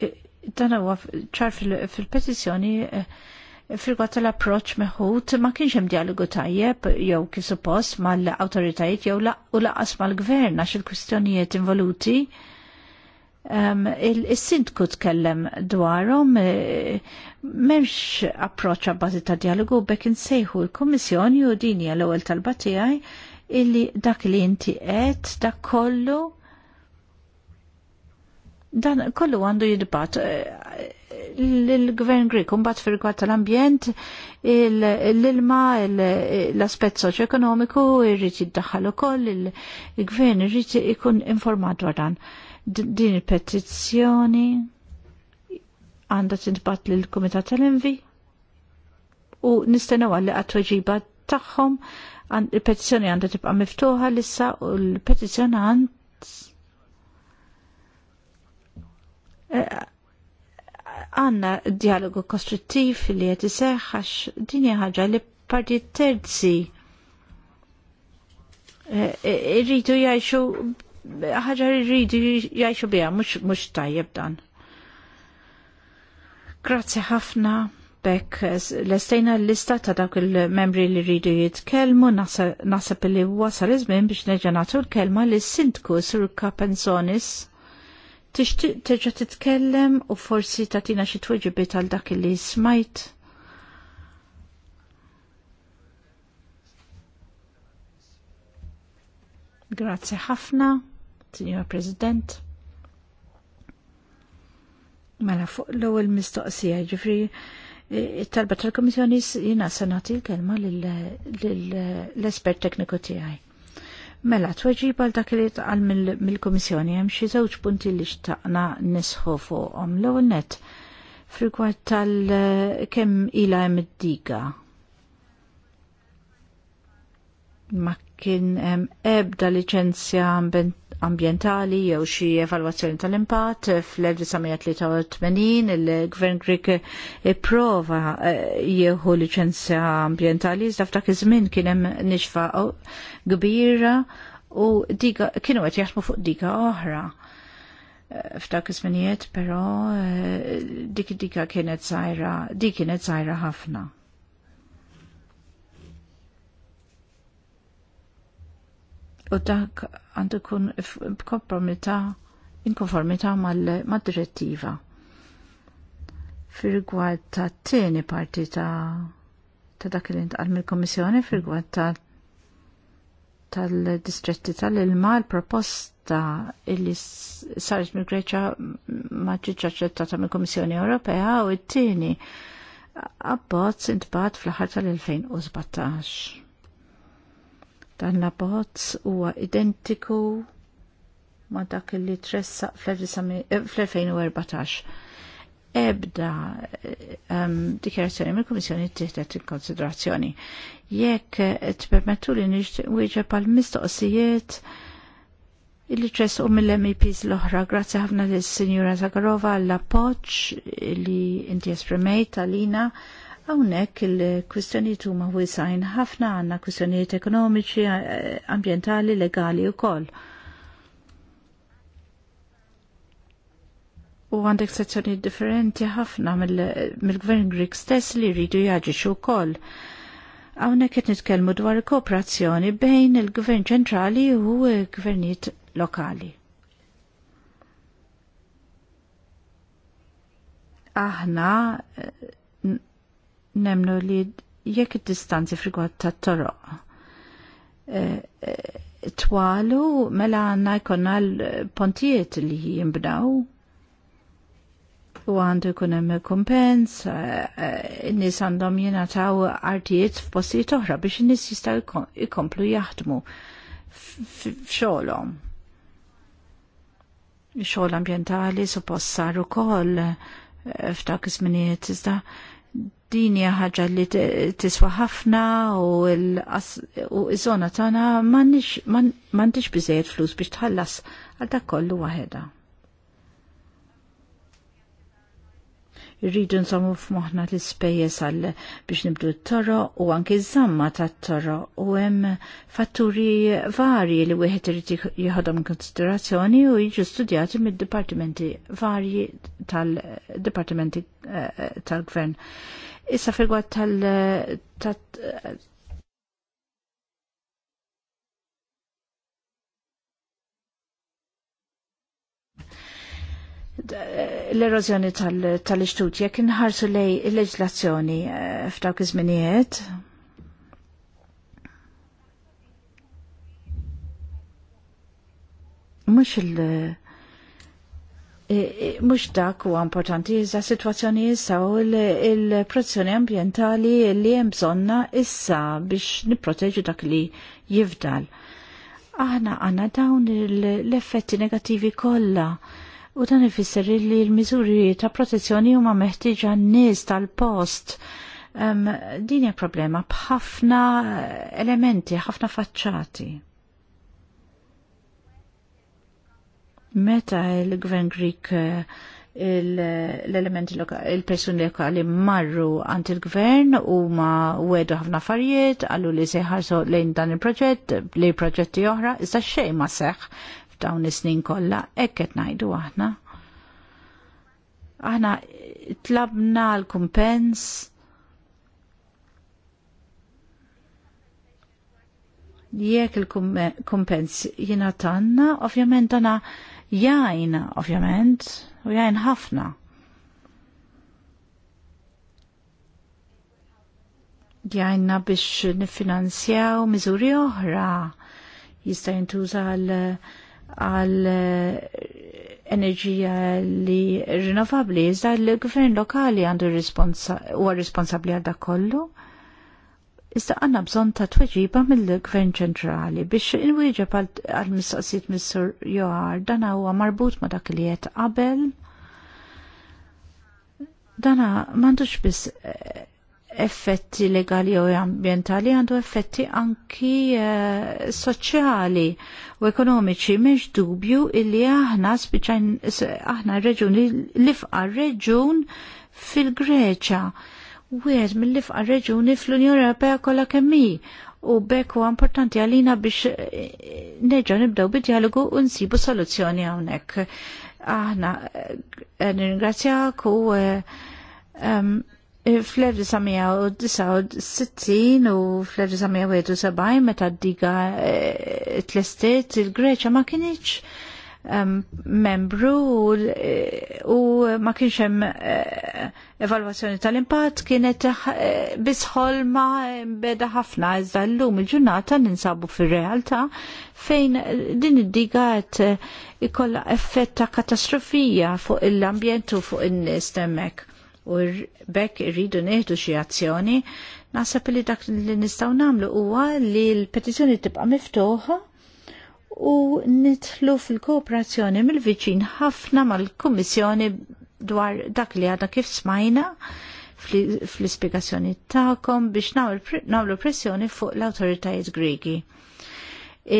eh, eh, huwa ċar fil-petizzjoni fil Firgħat l-approċ meħut ma kienx hemm dialogu tajjeb jew kif suppost mal-awtoritajiet jew u laqas mal-gvern għax il-kwistjonijiet involuti. Um, Il-sindku tkellem dwarhom e, m'hemmx approċċ għabbażi ta' dialogu bekk insejħu l-Kummissjoni u din hija l-ewwel talba tiegħi illi dak li inti qed dak kollu dan kollu għandu jidbat e, l-gvern grek, mbagħad fil tal-ambjent, l-ilma, l-aspett soċ-ekonomiku, irrid jiddaħħal ukoll, il-gvern irrit ikun informat dwar dan. Din il-petizzjoni għandha tintbat lill-Kumitat tal-Envi u nistennew għalli għat-tweġiba tagħhom il-petizzjoni għandha tibqa' miftuħa lissa u l-petizzjonant eh, għanna dialogu kostruttiv li għet seħħax din ħaġa li parti terzi eh, eh, irridu jgħajxu ħaġa irridu jgħajxu biha mhux tajjeb dan. Grazzi ħafna bekk l-estejna l-lista ta' dawk il-membri li rridu jitkellmu nasa li wasal iż-żmien biex neġanatu nagħtu l-kelma li sintku Sur Kapenzonis tixtieq terġa' titkellem u forsi tagħtina xi tweġibiet għal dak li smajt. Grazzi ħafna, Signor President. Mela fuq l-ewwel mistoqsija ġifri it-talba tal-Komissjoni jina senati l-kelma l-espert tekniku tiegħi. Mela, tweġi bħal dak li tqal mill-Komissjoni hemm xi żewġ punti li xtaqna nisħu fuqhom. L-ewwel net frigward tal eh, kemm ilha hemm id-diga. Ma kien ebda liċenzja bent ambientali jew xi evalwazzjoni tal-impatt fl-1983 il-Gvern Grik ipprova eh, jieħu liċenzja ambientali iżda f'dak iż-żmien kien hemm nixfa kbira u diga kienu qed jaħdmu fuq diga oħra. Eh, f'dak iż-żminijiet però eh, dik id-dika kienet sajra, dik kienet sajra ħafna. u dak għandu kun b'kompromita inkonformita ma' direttiva Fir-rigward ta' t-tieni parti ta' ta' dak li ntqal mill komissjoni fir ta' tal-distretti tal-ilma l-proposta illi sarġ mill-Greċa ma ġiġ aċċettata mill-Kommissjoni Ewropea u t-tieni abbozz intbat fl-ħar tal-2017 Dan la abbozz huwa identiku ma dak li tressaq eh, fl-2014. Ebda um, eh, dikjarazzjoni mill komissjoni tiħdet in konsiderazzjoni Jekk eh, t-permettu li wieġeb għal mistoqsijiet illi tressqu mill-MEPs l-oħra, grazzi ħafna lis sinjura Zagarova l-appoċ li inti esprimejt għalina. Hawnhekk il-kwistjonijiet huma wisajn ħafna għandna kwistjonijiet ekonomiċi, ambjentali, legali wkoll. U għandek sezzjoni differenti ħafna mill-gvern Grik stess li jridu jaġixxu wkoll. Hawnhekk qed nitkellmu dwar kooperazzjoni bejn il-gvern ċentrali u gvernijiet lokali. Aħna eh, nemnu li jekk id-distanzi frigwat ta' toroq eh, eh, twalu mela għanna jkonna l-pontijiet li jimbnaw u għandu jkun hemm kumpens, n eh, nis għandhom jingħataw artijiet f'postijiet oħra biex n-nis jistaw jkomplu jaħdmu f'xogħolhom. Xogħol ambjentali suppost sar ukoll f'dak iż-żminijiet iżda din hija ħaġa li tiswa ħafna u l-żona tagħna m'għandix biżejjed flus biex tħallas għal dak kollu waħedha. rridu nżommu f'moħħna l-ispejjeż għal biex nibdu t-toro u anke ż-żamma tat-toro u hemm fatturi varji li wieħed irid jieħodhom konsiderazzjoni u jiġu studjati mid-dipartimenti varji tal-dipartimenti eh, eh, tal-gvern. Issa fil tal l-erozjoni tal-istut, jekk inħarsu lej il-leġlazzjoni eh, f'dawk iż-żminijiet. Mhux il- eh, eh, Mux dak huwa importanti, iżda situazzjoni issa u l-protezzjoni ambientali li hemm bżonna issa biex nipproteġu dak li jifdal. Aħna għandna dawn l-effetti negattivi kollha U dan ifisser li l-miżuri ta' protezzjoni huma meħtieġa n-nies tal-post. Um, din hija problema b'ħafna elementi, ħafna faċċati. Meta il-Gvern Grik eh, l-elementi il-persuni lokali marru għand il-gvern u ma wedu ħafna affarijiet għallu li seħarsu lejn dan il-proġett, li proġetti oħra, iżda xej ma seħ dawn is-snin kollha, hekk qed ngħidu aħna. Aħna tlabna l-kumpens jekk il-kumpens jina tanna, ovvjament għana jajna, ovvjament, u jajn ħafna. Jajna biex nifinanzjaw miżuri oħra jista' jintuża l uh, għal eh, enerġija li rinnovabli, iżda l-gvern lokali għandu huwa responsabli għal kollu. Iżda għanna bżon ta' tweġiba mill-gvern ċentrali biex inwieġeb għal-mistoqsijiet Mr. Johar dan huwa marbut ma' dak li qed qabel. Dana m'għandux biss eh, effetti legali u ambientali għandu effetti anki uh, soċjali u ekonomiċi mhux dubju illi aħna spiċajn aħna reġun l-ifqa reġun fil-Greċa u mill lifqa reġuni fl-Unjoni Ewropea kollha kemm u bekk huwa importanti għalina biex eh, neġgħu nibdew bid-dialogu u nsibu soluzzjoni hawnhekk. Aħna eh, nirringrazzjak u um, fl-1969 u fl-1971 meta d-diga eh, tlestet il-Greċa ma kienieċ ehm, membru eh, u, ma kienx hemm eh, evalwazzjoni tal-impatt kienet bisħolma beda ħafna iżda llum il-ġurnata ninsabu fir-realtà fejn din id-diga qed ikollha effett ta' katastrofija fuq l-ambjent u fuq in-nies hemmhekk u bekk irridu neħdu xi azzjoni, naħseb li dak li nistgħu nagħmlu huwa li l-petizzjoni tibqa' miftuħa u nitlu fil-kooperazzjoni mill-viċin ħafna mal-Kummissjoni dwar dak li għadha kif smajna fl ispjegazzjoni tagħkom biex nagħmlu pressjoni fuq l-awtoritajiet Gregi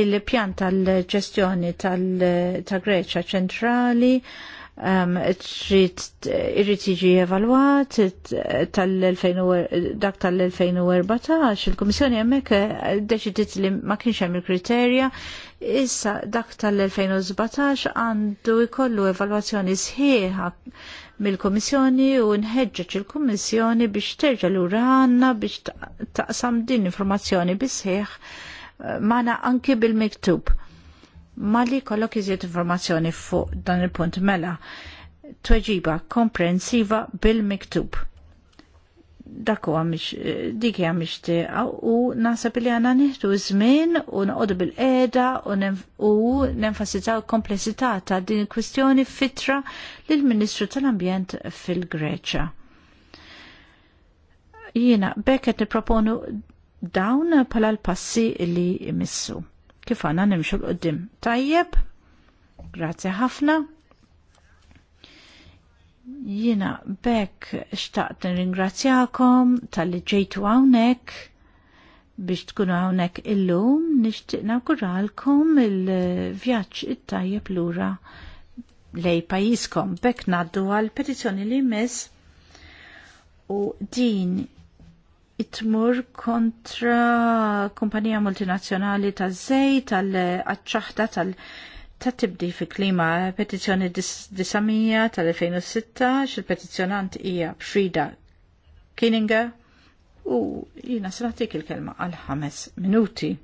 il-pjan tal-ġestjoni tal-Greċa ċentrali trid irrid jiġi evalwat dak tal-2014 il-Kummissjoni hemmhekk eh, deċidiet li ma kienx hemm il-kriterja issa dak tal-2017 għandu jkollu evalwazzjoni sħiħa mill-Komissjoni u nħeġġeġ il-Komissjoni biex terġa' lura għandna biex taqsam din informazzjoni bisħiħ eh, mana anki bil-miktub li kollok iżjed informazzjoni fuq dan il-punt mela. Tweġiba komprensiva bil-miktub. Dak huwa mhix dik hija u naħseb li għandna nieħdu żmien u noqogħdu bil-qiegħda u nenfasizzaw il-komplessità ta' din il-kwistjoni fitra lill-Ministru tal-Ambjent fil-Greċja. Jiena bekk qed nipproponu dawn bħala l-passi li jmissu kif għanna nimxu l-qoddim. Tajjeb, grazzi ħafna. Jina bekk xtaqt nirringrazzjakom tal-li ġejtu għawnek biex tkunu għawnek illum nishtiq nawguralkom il-vjaċ it-tajjeb lura lej pajiskom bekk naddu għal petizjoni li mis u din itmur kontra kumpanija multinazzjonali taż Zej tal-aċċaħda tal- ta' tibdi fi klima petizjoni disamija tal 2006 xil petizjonant hija Frida Kininga u jina sratik il-kelma għal ħames minuti.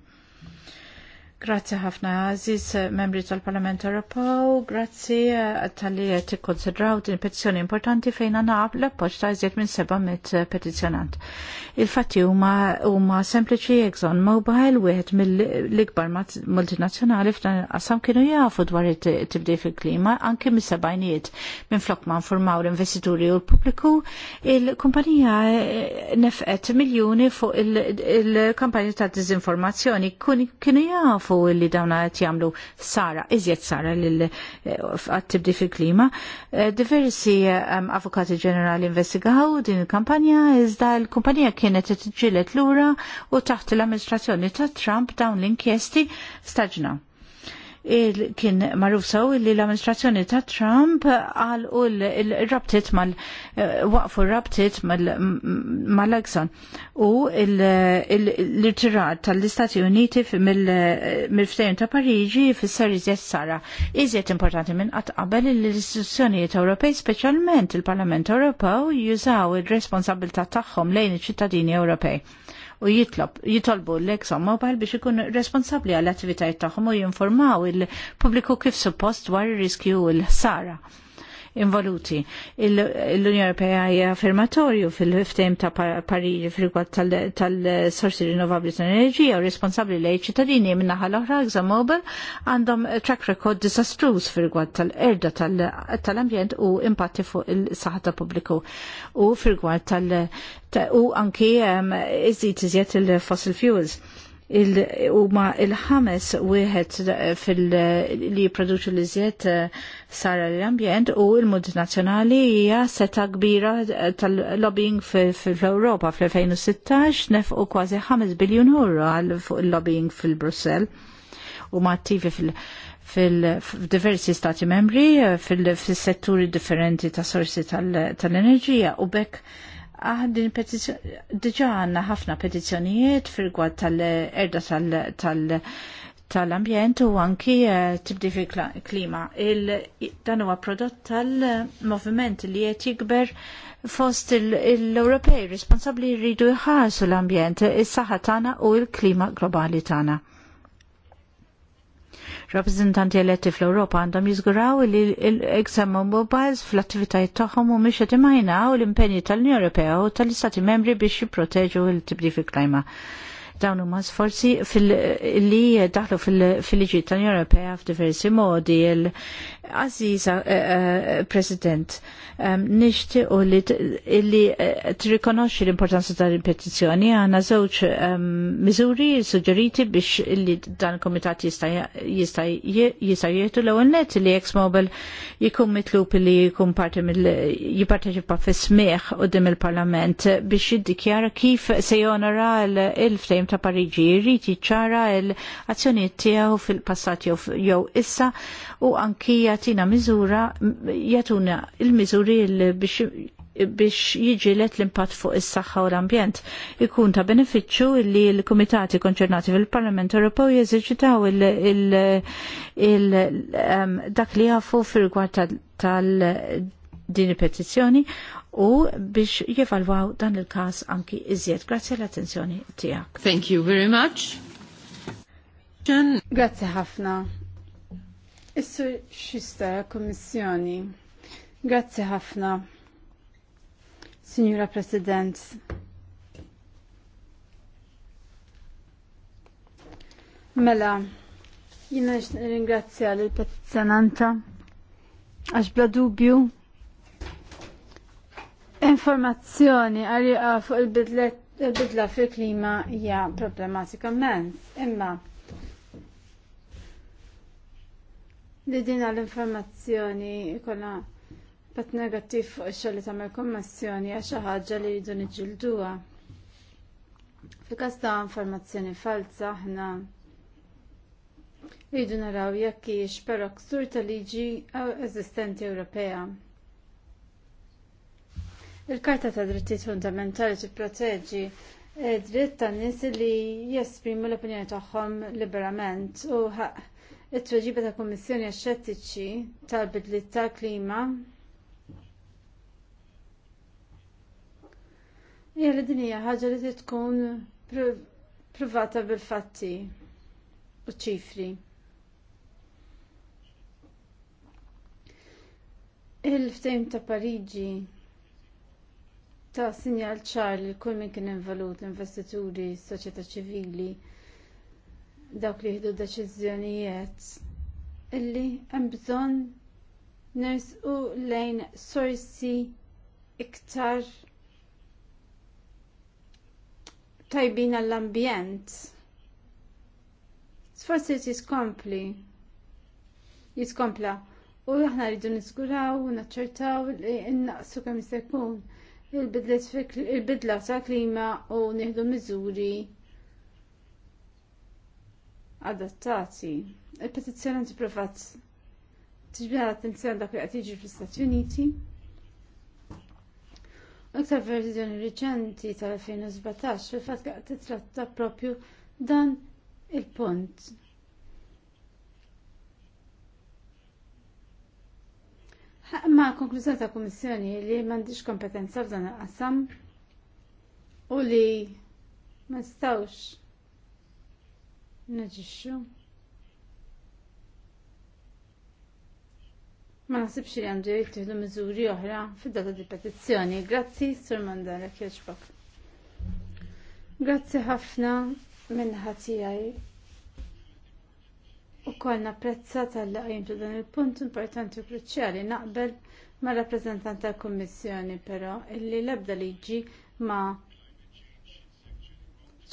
Grazzi ħafna, Aziz, membri tal-Parlament Ewropew, grazzi eh, tal-li tikkonsidraw din petizzjoni importanti fejn naf l-appoġġ ta' iżjed minn seba' mit eh, petizzjonant. Il-fatti huma huma sempliċi Exxon Mobile wieħed mill-ikbar multinazzjonali f'dan qasam kienu jafu dwar it-tibdil fil-klima anke mis-sebajnijiet minn flok ma informaw l-investituri u l-pubbliku, il-kumpanija eh, nefqet miljuni fuq il-kampanja ta' dizinformazzjoni kienu jafu nafu li dawna qed jagħmlu sara, iżjed sara lil eh, tibdi fil-klima. Eh, diversi eh, avukati ġenerali investigaw din il-kampanja iżda l-kumpanija kienet l lura u taħt l-amministrazzjoni ta' Trump dawn l-inkjesti staġna kien marruf sew li l-amministrazzjoni ta' Trump għal u l-rabtit mal eh, waqfu rabtit mal-Exxon u l-irtirar tal-Istati Uniti mill-ftejn ta' Pariġi fisser iżjed sara. Iżjed importanti minn qatt qabel l-istituzzjonijiet Ewropej, speċjalment il-Parlament Ewropew, jużaw ir responsabilità tagħhom lejn iċ-ċittadini Ewropej u jitlob, jitolbu l mobile biex ikun responsabli għall attivitajiet tagħhom u jinformaw il-pubbliku kif suppost dwar ir-riskju u l-ħsara involuti. L-Unjoni Ewropea hija affermatorju fil-ftehim ta' Parigi fil tal-sorsi rinnovabbli tal-enerġija u responsabbli lejn ċittadini minnaħa l-oħra mobil għandhom track record disastrus fil tal-erda tal-ambjent u impatti fuq il-saħħa ta' pubbliku u fil tal- u anki ehm, iżid iżjed il-fossil fuels il-huma il-ħames wieħed fil-li jipproduċu l iżjed eh, sara l-ambjent u il-multinazzjonali hija seta kbira eh, tal-lobbying fl-Ewropa fl-2016 nefqu kważi 5 biljun euro għal fuq il-lobbying fil-Brussell u ma attivi fil- fil-diversi stati membri eh, fil-setturi differenti ta' sorsi tal-enerġija u bekk Għaddin diġa għanna ħafna petizjonijiet fil-gwad tal-erda tal-ambjent u anki eh, tibdi fi klima. Dan huwa prodott tal-moviment li qed jikber fost l-Ewropej responsabli jridu jħarsu l-ambjent, is-saħħa tagħna u l-klima globali tagħna rappresentanti eletti fl-Ewropa għandhom jiżguraw li l-exam mobiles fl-attivitajiet tagħhom mhumiex qed imajnaw l-impenji tal-Unjoni Ewropea u tal-Istati Membri biex jipproteġu l tibdi fil-klajma. Dawn huma sforzi li daħlu fil-liġi tal-Ewropea f'diversi modi Aziza eh, eh, President, nishti u li t-rikonoxi eh, l-importanza tal ripetizjoni għana żewġ mizuri suġġeriti biex li dan komitat jista' jietu l ewwel net li ex-mobil jikun mitlub li jikun parti jiparteċipa fi smieħ u dim il-parlament biex jiddikjara kif se jonora l-ftejm ta' Parigi jrid jiċċara l-azzjonijiet tiegħu fil-passat jew issa u anki jagħtina miżura jagħtuna il-miżuri biex biex jiġilet l-impatt fuq is-saħħa u l-ambjent. Ikun ta' benefiċċju li l-Kumitati konċernati fil-Parlament Ewropew jeżeċitaw um, dak li jafu fil-rigward tal din il-petizzjoni u biex jevalwaw dan il-kas anki iżjed. Grazzi l-attenzjoni tijak. Thank you very much. Grazzi ħafna. Issu xista kommissjoni. Grazzi ħafna. Signora President. Mela, jina ringrazzja l-petizzjonanta għax bla dubju Informazzjoni għalli fuq il-bidla fil-klima hija problematika mens, imma li din l-informazzjoni kolla bat negattiv fuq ix ta' tagħmel kommissjoni għaxa xi ħaġa li jridu niġġilduha. Fikas ta' informazzjoni falsa aħna rridu naraw jekk hiex però ksur ta' liġi eżistenti Ewropea. Il-Karta ta' Drittijiet Fundamentali tipproteġġi dritt tan nies li jesprimu l-opinjoni tagħhom liberament u ħaq it-tweġiba ta' Kummissjoni Xettiċi tal bidlit tal klima hija li din hija ħaġa li tkun privata bil-fatti u ċifri. Il-ftejm ta' Pariġi ta' sinjal ċar li kull min kien involut l-investituri, s-soċjetà ċivili, dawk li jieħdu deċiżjonijiet illi hemm bżonn u lejn sorsi iktar tajbin għall-ambjent. Sforsi jiskompli, jiskompla, u aħna rridu niskuraw, naċċertaw li innaqsu kemm jista' jkun il-bidla ta' klima u nieħdu miżuri adattati. Il-petizzjoni tipprovat tiġbina l-attenzjoni dak li qed jiġi fl-Istati Uniti. Iktar verżjoni riċenti tal-2017 fil-fatt qed titratta propju dan il-punt Ma konklużjoni ta' kummissjoni li m'għandix kompetenza f'dan il-qasam u li ma stawx naġixxu. Ma nasibx li għandu jittieħdu miżuri oħra fid-data di petizzjoni. Grazzi, Sur Mandara, kieġbok. Grazzi ħafna minn ħatijaj u koll napprezza tal-laqjem ta' dan il-punt importanti u kruċjali naqbel ma' rappresentant tal-Kommissjoni però illi l-ebda liġi ma'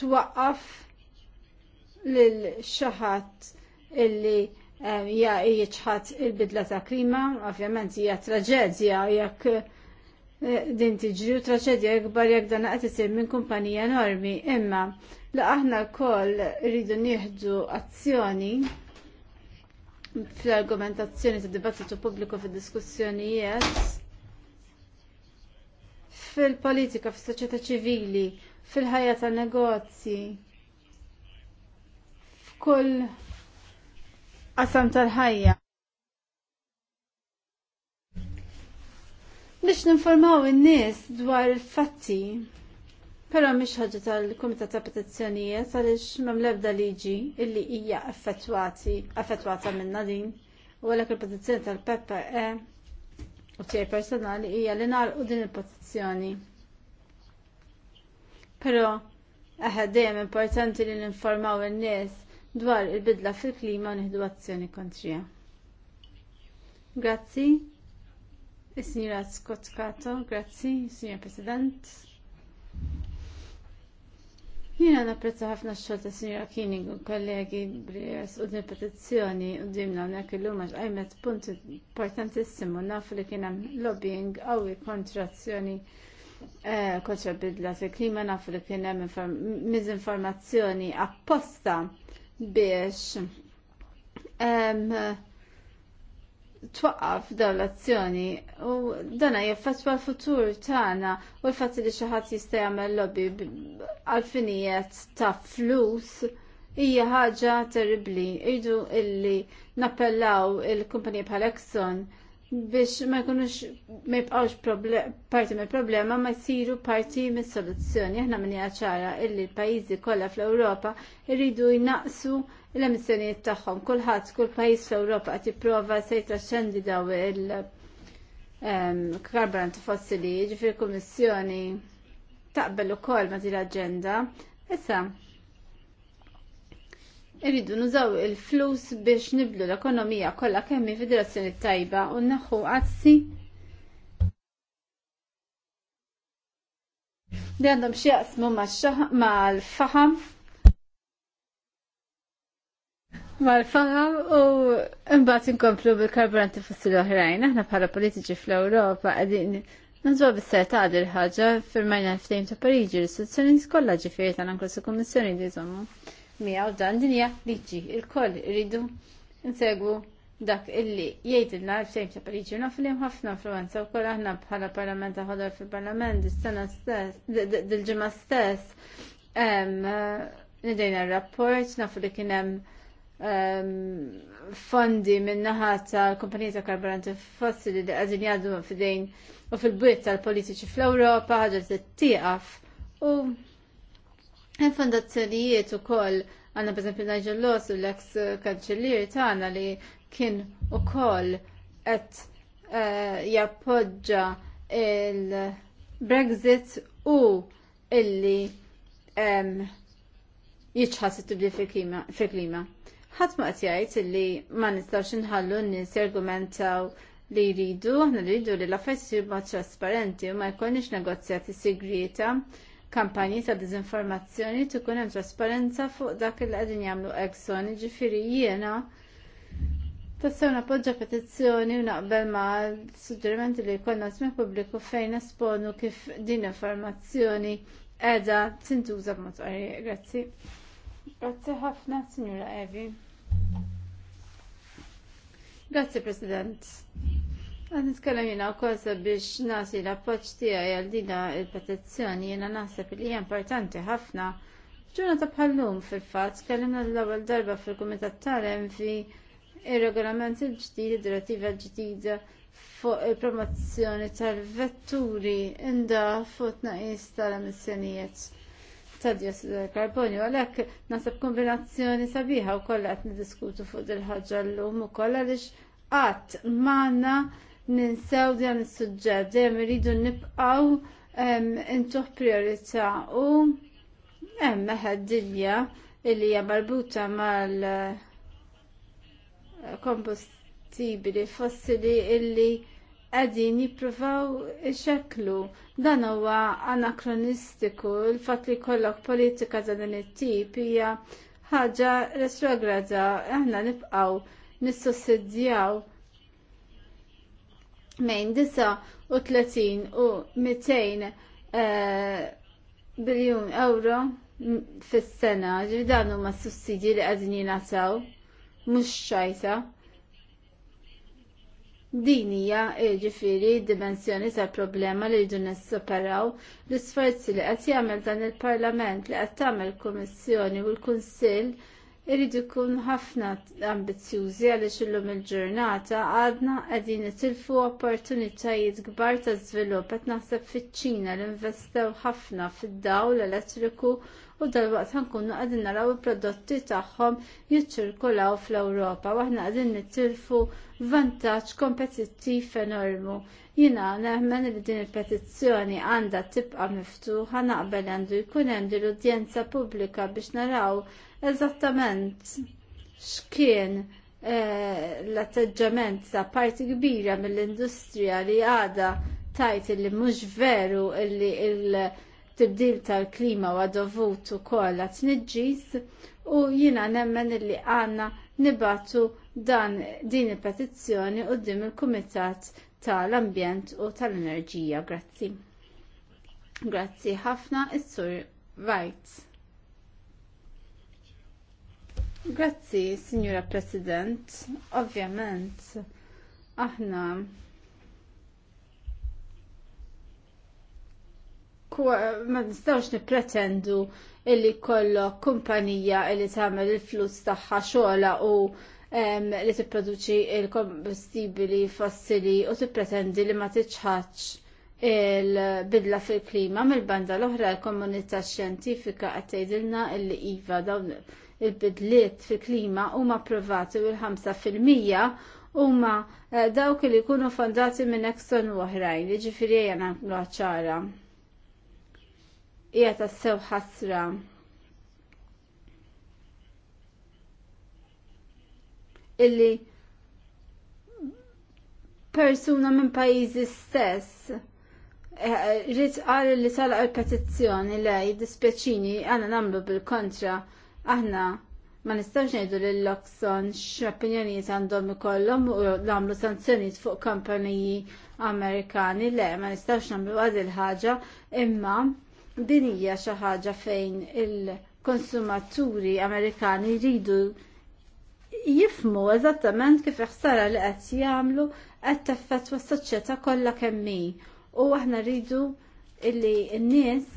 twaqqaf lil xaħat illi eh, ja jiċħat il-bidla ta' klima, ovvjament hija traġedja jekk eh, din tiġri u traġedja ikbar jekk dan qed isir minn kumpanija enormi, imma la aħna wkoll rridu nieħdu azzjoni fl-argumentazzjoni ta' dibattitu pubbliku fid-diskussjonijiet fil-politika, fis-soċjetà ċivili, fil-ħajja tan negozji, f'kull qasam tal-ħajja. Biex ninformaw in-nies dwar il-fatti Però mhix ħaġa tal-Kumitat ta' Petizzjonijiet għaliex m'hemm l-ebda liġi illi hija affettwati affettwata minn din u għalhekk il-petizzjoni tal-Peppa e u tiegħi personali hija li nagħlqu din il-petizzjoni. Però aħe dejjem importanti li ninformaw in-nies dwar il-bidla fil-klima u nieħdu azzjoni kontrija. Grazzi. Is-Sinjura Scott Cato, grazzi, Signor President. Jiena napprezza ħafna x-xogħol ta' Sinjora Kiening u kollegi b'rias u din petizzjoni u dimna hawnhekk illum għax għajmet punt importantissimu nafu li kien hemm lobbying qawwi kontrazzjoni eh, kontra bidla fil-klima nafu li kien hemm miżinformazzjoni apposta biex twaqqaf dawn l-azzjoni u dana jaffatwa l-futur tagħna u l fatti li xi ħadd jista' jagħmel lobby għalfinijiet ta' flus hija ħaġa terribli. Idu illi nappellaw il-kumpanija bħal Exxon biex ma jkunux ma jibqawx parti mill problema ma jsiru parti mis soluzzjoni Aħna minn ċara illi l-pajjiżi kollha fl-Ewropa jridu jnaqsu l-emissjonijiet tagħhom. Kulħadd kull pajjiż fl-Ewropa qed jipprova se jitraxxendi daw il- ehm, karburanti fossili, ġifir kummissjoni taqbel ukoll ma' din l agenda Issa, irridu nużaw il-flus biex niblu l-ekonomija kollha kemm fid-direzzjoni tajba u naħu għazzi Di għandhom xi jaqsmu mal-faham mal-faham u mbagħad inkomplu bil-karburanti fossili oħrajn. Aħna bħala politiċi fl-Ewropa qegħdin Nazwa bis-ser ta' għadir ħagġa firmajna ftejn ta' Pariġi l-istituzzjoni kollha ġifieri tagħna anke kummissjoni li jżommu miegħu dan din hija liġi. Il-koll iridu nsegwu dak illi jgħidilna ftejn ta' Pariġi nof li ħafna influenza u wkoll aħna bħala parlament ħodor fil-parlament is-sena stess, dil-ġimgħa stess. Nidejna r-rapport, nafu li kienem fondi minnaħa tal kumpanija ta' karburanti fossili li għadin jgħadu fidejn u fil-bwiet tal-politiċi fl-Ewropa ħaġa tieqaf. u il-fondazzjonijiet ukoll għandna pereżempju Nigel Loss u l-eks kanċellier tagħna li kien ukoll qed eh, jappoġġa il-Brexit u illi jiċħas it-tibdil fil-klima. Ħadd ma qed jgħid illi ma nistgħux inħallu n-nies jargumentaw li jridu, aħna li jridu li l-affarijiet isiru ma' trasparenti u ma jkollniex negozjati segreta, kampanji ta' diżinformazzjoni tkun hemm trasparenza fuq dak li qegħdin jagħmlu Exxon, jiġifieri jiena Tassew napoġġa petizzjoni u naqbel ma' suġġerimenti li jkollna żmien pubbliku fejn esponu kif din informazzjoni qiegħda tintuża b'mod Grazzi. Grazzi ħafna, Sinjura Evi. Grazzi President. Għan nitkellem jina kosa biex nasi l-appoċ tiegħi għal dina il-petizzjoni jiena naħseb li hija importanti ħafna. ta' bħallum fil-fat, kellimna l-ewwel darba fil-Kumitat tal-Em fi ir-regolament il-ġdid, id-direttiva ġdida fuq il-promozzjoni tal-vetturi inda fuq tnaqis tal-emissjonijiet ta' diossidu ta' karbonju, għalhekk nasab kombinazzjoni sabiħa wkoll qed niddiskutu fuq dil-ħaġa llum ukoll għaliex qatt m'għandna ninsew dan is-suġġett dejjem iridu nibqgħu ehm, intuħ priorità u hemm meħed dinja illi hija marbuta mal-kompostibili eh, fossili illi għadin jipruvaw ixeklu. Dan huwa anakronistiku, il-fat li kollok politika ta' dan it-tip hija ħaġa retrograda, aħna nibqaw nissussidjaw mejn 39 u 200 eh, biljun euro fis-sena, ġi dan huma s sussidji li qegħdin jingħataw mhux xajta. Din hija eh, ġifieri dimensjoni tal-problema li jridu nissuperaw l-isforzi li qed jagħmel dan il-Parlament li qed tagħmel kummissjoni u l-Kunsill iridu jkun ħafna ambizzjużi għaliex illum il-ġurnata għadna qegħdin nitilfu opportunitajiet kbar ta' żvilupp qed naħseb fiċ-Ċina li investew ħafna fid-dawl elettriku u dal-waqt ħankunu għadin naraw il-prodotti tagħhom jiċċirkulaw fl-Ewropa u aħna qegħdin nittilfu vantaġġ kompetittiv enormu. Jiena neħmen li din il-petizzjoni għandha tibqa' miftuħa naqbel għandu jkun hemm l-udjenza pubblika biex naraw eżattament x'kien eh, l-atteġġament ta' parti kbira mill-industrija li għada tajt li mhux veru li il- tibdil tal-klima u dovut ukoll kolla t u jina nemmen li għanna nibatu dan din il-petizzjoni u dim il-Kumitat tal-Ambjent u tal-Enerġija. Grazzi. Grazzi ħafna is-sur Wright. Grazzi, Signora President. Ovvjament, aħna ma nistawx nippretendu illi kollok kumpanija illi tagħmel il-flus tagħha xogħla u li tipproduċi il-kombustibili fossili u tippretendi li ma tiċħaċ il-bidla fil-klima mill-banda l-oħra l-komunità xjentifika qed tgħidilna illi iva dawn il-bidliet fil-klima huma provati u l-5 fil-mija huma eh, dawk li jkunu fondati minn ekson u oħrajn, jiġifieri jena ċara hija sew ħasra. Illi persuna minn pajjiżi stess eh, rrit qal li sala petizzjoni le jiddispjaċini għana nagħmlu bil-kontra aħna ma nistax ngħidu lil Loxon x'opinjonijiet għandhom ikollhom u nagħmlu sanzjonijiet fuq kampaniji Amerikani le ma nistax nagħmlu għad il-ħaġa imma din hija xi ħaġa fejn il-konsumaturi Amerikani jridu jifmu eżattament kif iħsara li qed jagħmlu qed teffettwa s-soċjetà kollha kemm U aħna rridu illi n-nies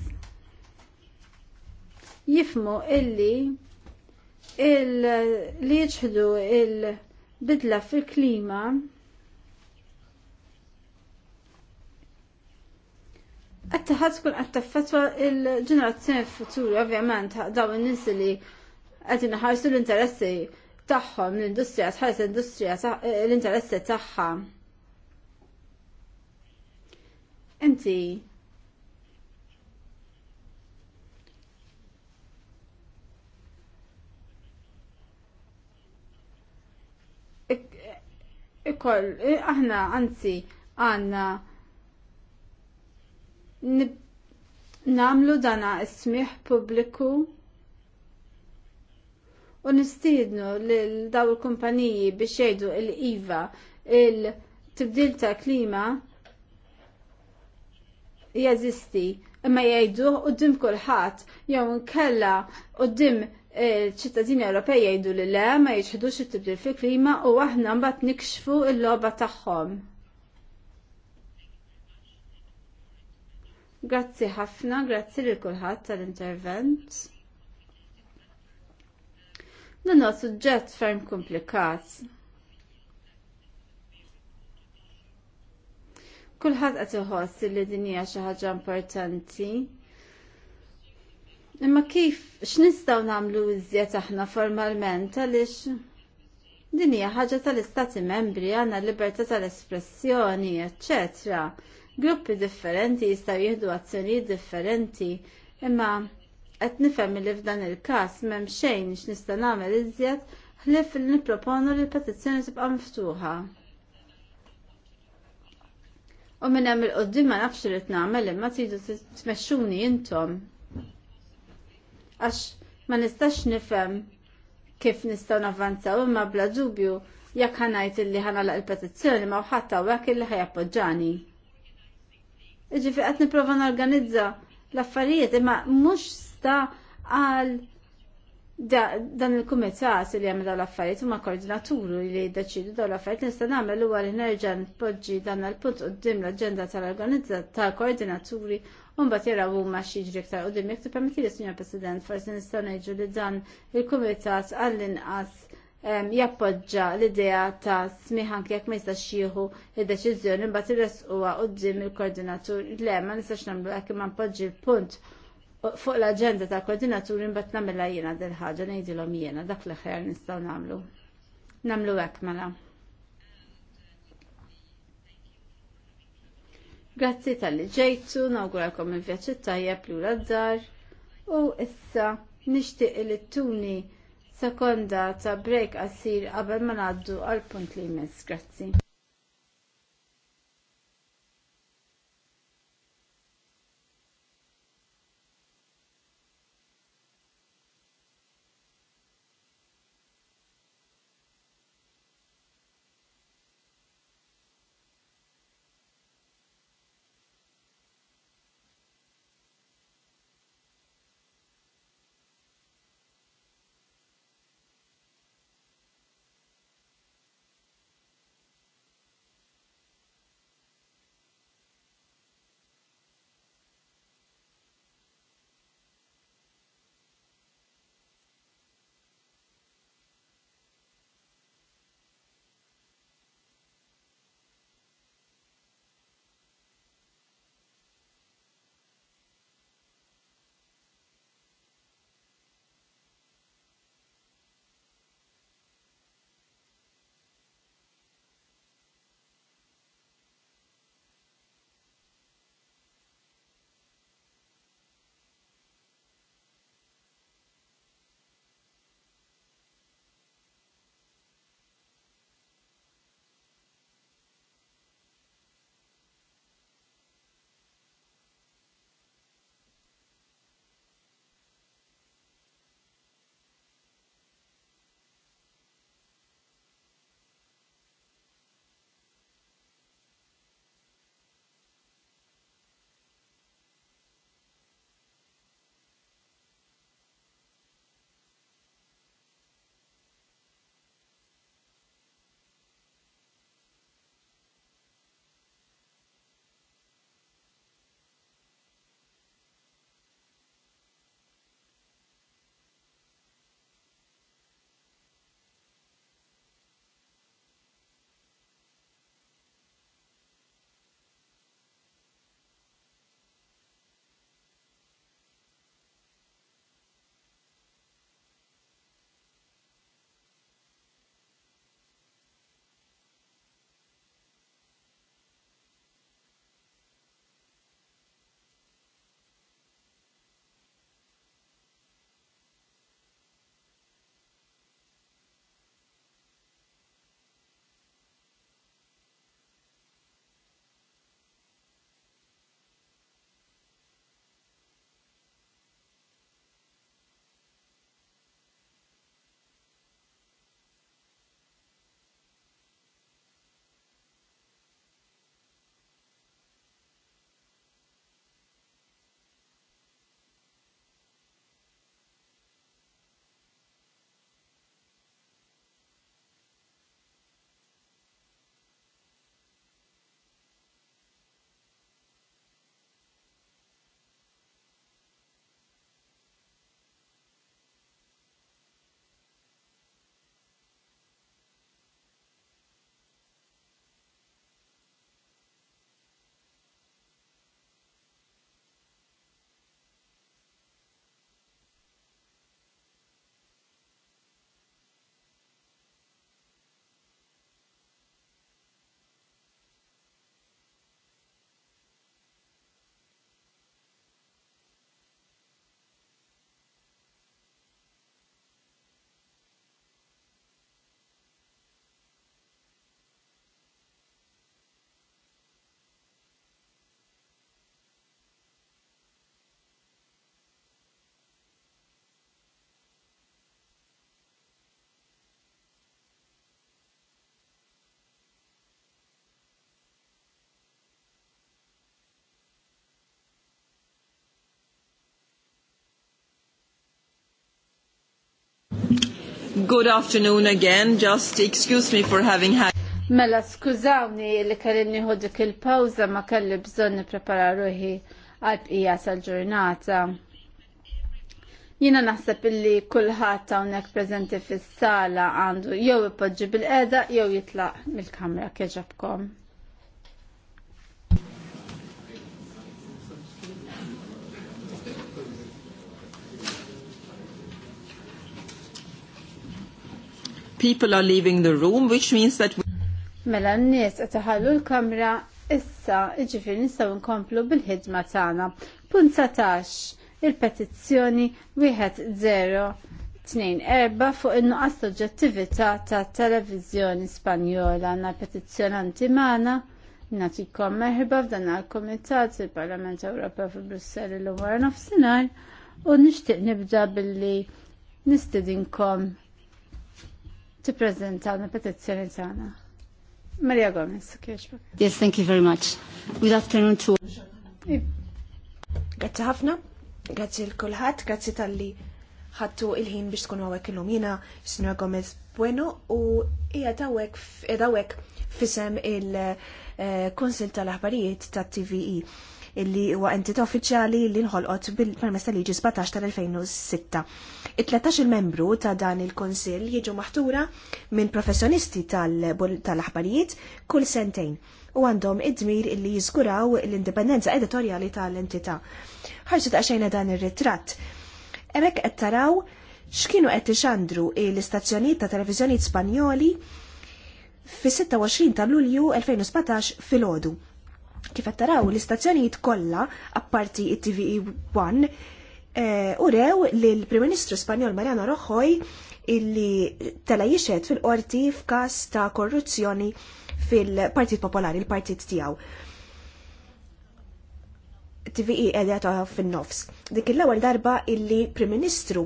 jifmu illi il li jiġħdu il-bidla fil-klima għattaħat tkun għattaffetwa il-ġenerazzjoni futuri, ovvjament, daw n-nis li għatin ħarsu l-interessi taħħom, l-industrija, tħares l-industrija, eh, l-interessi taħħa. Inti, ikoll, eh, aħna, anzi, għanna, namlu dana ismiħ publiku u nistidnu lil daw il-kumpaniji biex jgħidu il-IVA il-tibdil ta' klima jeżisti imma jgħidu dim kulħadd jew nkella qudiem eh, ċittadini Ewropej jgħidu li le ma jiġħidux it-tibdil fil-klima u aħna mbagħad nikxfu l-logħba tagħhom. Grazzi ħafna, grazzi li kulħadd tal-intervent. Dan huwa suġġett ferm komplikat. Kulħadd qed iħoss li din hija xi ħaġa importanti. Imma kif x'nistgħu nagħmlu iżjed aħna formalment għaliex din hija ħaġa tal-istati membri għandna libertà tal-espressjoni, eċċetera gruppi differenti jistgħu jieħdu azzjonijiet differenti imma qed nifhem li f'dan il-każ m'hemm xejn nista' nagħmel iżjed ħlif li nipproponu li l-petizzjoni tibqa' miftuħa. U minn hemm il qudiem ma nafx li nagħmel imma tridu tmexxuni intom. Għax ma nistax nifhem kif nistgħu navvanzaw imma bla dubju jekk ħanajt illi ħanalaq il-petizzjoni ma wħadd hawnhekk illi ħajappoġġjani. Ġifi qed nipprova norganizza l-affarijiet imma mhux sta għal dan il-kumitat li jagħmel dawn l-affarijiet huma koordinatur li jiddeċidu dawn l-affarijiet nista' nagħmel huwa li nerġa' npoġġi dan il-punt quddiem l-aġenda tal-organizza tal-koordinaturi u mbagħad jaraw huma xi jiġri aktar qudiem jekk tippermetti li Sinjor President forsi nistgħu ngħidu li dan il-kumitat għall-inqas jappoġġa l-idea ta' anke jekk ma jistax jieħu id-deċiżjoni mbagħad irresquha quddiem il-koordinatur le ma nistax nagħmlu hekk imma npoġġi l-punt fuq l-aġenda tal koordinatur imbagħad nagħmilha jiena din ħaġa ngħidilhom jiena dak l-aħjar nistgħu nagħmlu. Nagħmlu hekk mela. Grazzi tal-li ġejtu, nawguralkom il-vjaċċi tajjeb lura d-dar u issa nixtieq li tuni sekonda ta' break qasir qabel ma ngħaddu għall punt li jmiss. Grazzi. Good afternoon again. Just excuse me for having had. Mela skużawni li kelli nieħu dik il pawza ma kelli bżonn nipprepara ruħi għal bqija tal-ġurnata. Jiena naħseb illi kulħadd hawnhekk preżenti fis-sala għandu jew ipoġġi bil-qiegħda jew jitlaq mill-kamra kieġabkom. people are leaving the room, which means that... Mela n-nies taħallu l-kamra issa iġifir nistaw nkomplu bil-ħidma tagħna. Punt satax il-petizzjoni 1024 fuq in-nuqqas soġġettività ta' televiżjoni Spanjola għandna petizzjonanti magħna nagħtikom merħba f'dan għal-Kumitat il-Parlament Ewropew fi Brussell il wara nofsinhar u nixtieq nibda billi nistidinkom tippreżentawna petizzjoni tagħna. Maria Gomez, kieċbak. Yes, thank you very much. Good afternoon to Grazzi ħafna, grazzi l-kulħat, grazzi tal-li ħattu il-ħin biex tkunu għawek il-lum Gomez Bueno, u jgħadawek fisem il-Konsil eh, tal-Aħbarijiet tat-TVE illi huwa entità uffiċjali li nħolqot bil-permess tal-liġi 17 tal-2006. It-13 il-membru ta' dan il konsil jiġu maħtura minn professjonisti tal-aħbarijiet kull sentejn u għandhom id-dmir illi jiżguraw l-indipendenza editorjali tal-entità. Ħarsu xejna dan ir-ritratt. Emek qed taraw x'kienu qed ixandru l-istazzjonijiet ta' televiżjonijiet Spanjoli fi 26 ta' Lulju 2017 fil-ħodu. Kif qed taraw l-istazzjonijiet kollha apparti it tv 1 e eh, u rew li l-Prim Ministru Spanjol Mariano Rajoy illi tela jixed fil-qorti f'każ ta' korruzzjoni fil-Partit Popolari, il-partit tiegħu. TVE edha ta' fin-nofs. Dik il-ewwel darba illi Prim Ministru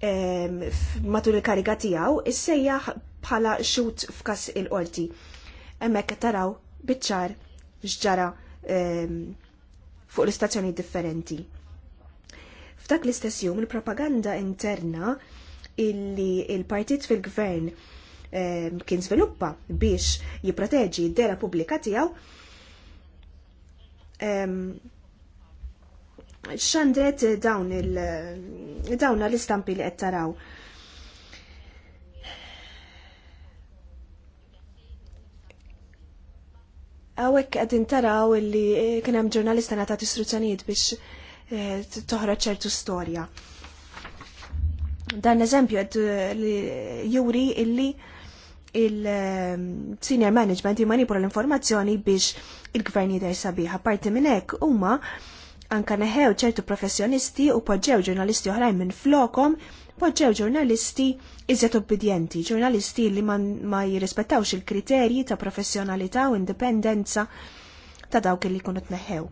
ehm, matul il-kariga tiegħu issejjaħ bħala xut f'każ il-qorti. Hemmhekk taraw biċ-ċar x'ġara ehm, fuq l-istazzjoni differenti. F'dak l-istess jum il-propaganda interna illi il-partit fil-gvern ehm, kien sviluppa biex jipproteġi d-dera pubblika tiegħu ehm, xandret dawn il dawn l-istampi li qed taraw. Għawek għedin taraw illi eh, kien hemm ġurnalista eh, t istruzzjonijiet biex toħroġ ċertu storja. Dan eżempju għed eh, juri illi il-senior ehm, management jimanipura l-informazzjoni biex il-gvern jidher sabiħa. Parti minn hekk huma anka neħew ċertu professjonisti u poġġew ġurnalisti oħrajn minn flokom poġġew ġurnalisti iżjed obbedjenti, ġurnalisti li ma, ma jirrispettawx il-kriterji ta' professjonalità u indipendenza ta' dawk li kunu tneħħew.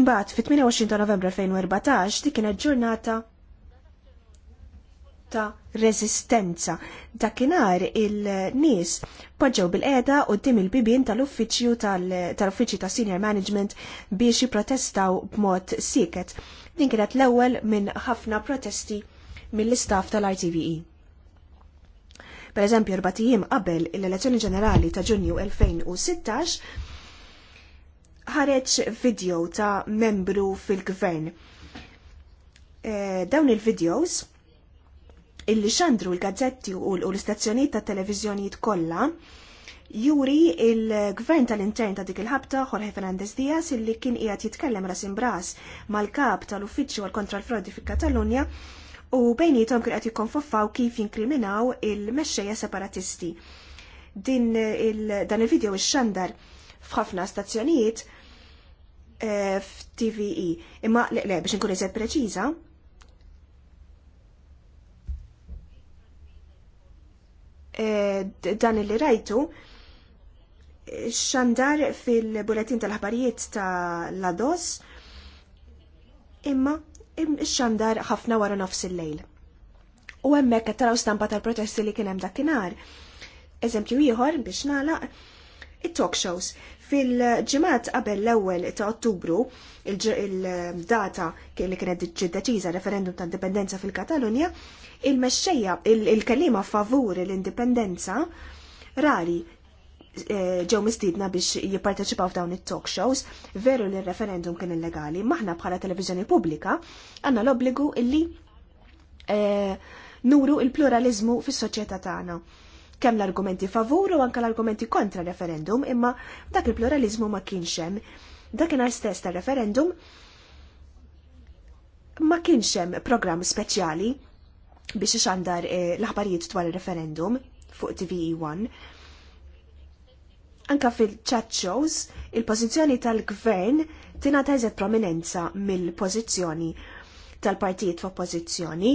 Imbagħad fit-28 ta' Novembru 2014 dik kienet ġurnata ta' resistenza. Dakinar il-nies poġġew bil-qeda u dim il-bibin tal-uffiċju tal-uffiċju ta' senior management biex jiprotestaw b'mod siket. Din kienet l-ewwel minn ħafna protesti mill-istaff tal-ITVE. Per eżempju, erbatijiem qabel l-elezzjoni ġenerali ta' ġunju 2016, ħareġ video ta' membru fil-gvern. E, dawn il-videos illi xandru l-gazzetti u l-istazzjoniet ta' televizjoniet kollha juri il-gvern tal-intern ta' dik il-ħabta Jorge Fernandez Diaz illi kien qiegħed jitkellem ras imbras mal-kap tal-uffiċċju għal kontra l-frodi fi Katalunja u bejnietom kien qed jikkonfoffaw kif jinkriminaw il-mexxejja separatisti. Din il dan il-video ix-xandar f'ħafna stazzjonijiet eh, f'TVE. Imma le, le biex nkun iżed preċiża, eh, dan li rajtu xandar fil bulletin tal-ħbarijiet ta' Lados imma xandar ħafna wara nofs il-lejl. U hemmhekk qed taraw stampa tal-protesti li kien hemm dakinhar. Eżempju ieħor biex nagħlaq it-talk shows. Fil-ġimgħat qabel l-ewwel ta' Ottubru, il-data li kienet ġiddeċiża referendum ta' indipendenza fil-Katalunja, il-mexxejja il-kelima favur l-indipendenza rari Eh, ġew mistidna biex jipparteċipaw f'dawn it-talk shows, veru li r-referendum kien illegali, maħna bħala televiżjoni pubblika għandna l-obbligu illi eh, nuru il-pluralizmu fis-soċjetà tagħna. Kemm l-argumenti favur u anke l-argumenti kontra referendum, imma dak il-pluralizmu ma kienx hemm. Dakinhar stess tar-referendum ma kienx hemm programm speċjali biex ixandar eh, l-aħbarijiet dwar ir referendum fuq TV1 e Anka fil-chat shows, il-pożizzjoni tal-gvern tingħata tajzet prominenza mill-pożizzjoni tal-partijiet f'oppożizzjoni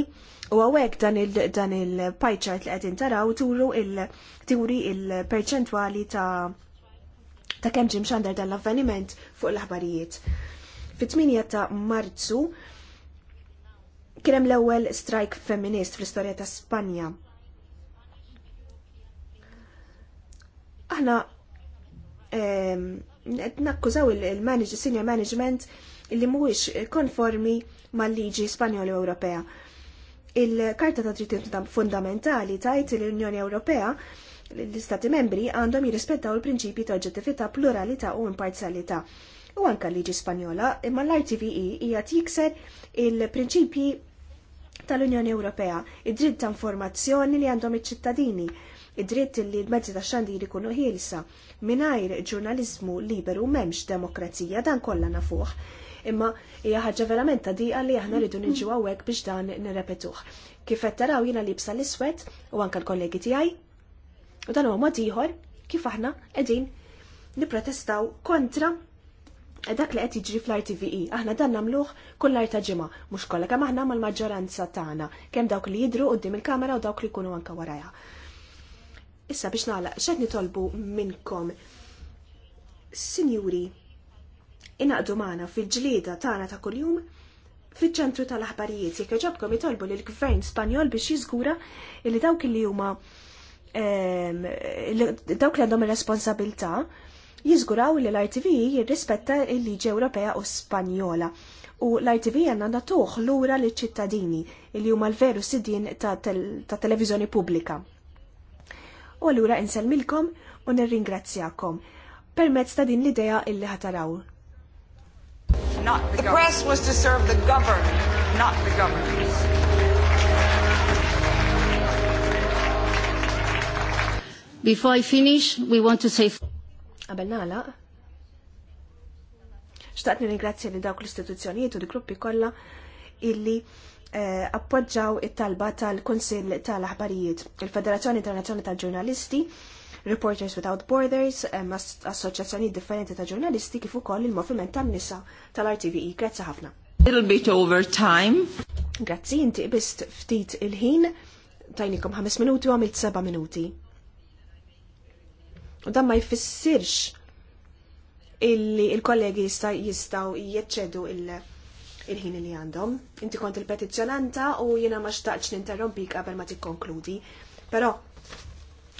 u għawek dan il-pie chart li għedin taraw turu il-turi il-perċentwali ta' ta' kemm ġim xandar dan l-avveniment fuq l-aħbarijiet. Fit-8 ta' Marzu kienem l-ewwel strajk feminist fl-istorja ta' Spanja. Aħna nakkużaw il-manager, senior management li mhuwiex konformi mal-liġi Spanjoli Ewropea. Il-Karta ta' Dritti Fundamentali tajt l-Unjoni Ewropea l-Istati membri għandhom jirrispettaw il-prinċipji ta' oġġettività, pluralità u imparzjalità. U anka l-liġi Spanjola, imma l-RTVE hija jikser il-prinċipji tal-Unjoni Ewropea, id-dritt ta' informazzjoni li għandhom iċ-ċittadini id-dritt li l-mezzi ta' xandir ikunu ħielsa, Minajr ġurnalizmu liberu memx demokrazija dan kollha nafuħ. Imma hija ħaġa verament ta' diqa li aħna rridu niġu hawnhekk biex dan nirrepetuh. Kif qed taraw jiena libsa l-iswed u anke l-kollegi tiegħi. U dan huwa mod ieħor kif aħna qegħdin nipprotestaw kontra dak li qed jiġri fl-RTVE. Aħna dan nagħmluh kull ta' ġimgħa, mhux kollha kemm aħna mal-maġġoranza tagħna, kemm dawk li jidru qudiem il-kamera u dawk li jkunu anke warajha. Issa biex nagħlaq xed nitolbu minnkom. Sinjuri, inaqdu magħna fil-ġlieda tagħna ta' kuljum fiċ-ċentru tal-aħbarijiet jekk ġobkom jitolbu lill gvern Spanjol biex jiżgura li dawk li huma ehm, dawk li għandhom ir-responsabilità jiżguraw li l-ITV jirrispetta l-liġi Ewropea u Spanjola u l-ITV għanna nagħtuh l-ura li ċittadini li huma l-veru sidin ta', televiżjoni televizjoni pubblika u għallura insemmilkom u nirringrazzjakom permezz ta' din l-idea illi ħataraw. Not the, the press was to serve the governed, not the governors. Before I finish, we want to say... Qabel nagħlaq. Xtaqt nirringrazzja li dawk l-istituzzjonijiet u l-gruppi kolla illi eh, appoġġaw it-talba tal-Kunsill tal-Aħbarijiet. Il-Federazzjoni Internazzjonali tal-Ġurnalisti, Reporters Without Borders, assoċjazzjoni differenti ta' ġurnalisti kif ukoll il-Moviment tan-nisa tal-RTVE. Grazzi ħafna. Little bit over time. Grazzi, inti qbist ftit il-ħin, tajnikom 5 minuti u għamilt 7 minuti. U dan ma jfissirx illi il-kollegi jistaw jieċedu il-, -il il-ħin li għandhom. Inti kont il-petizzjonanta u jiena ma xtaqx ninterrompi qabel ma tikkonkludi. Però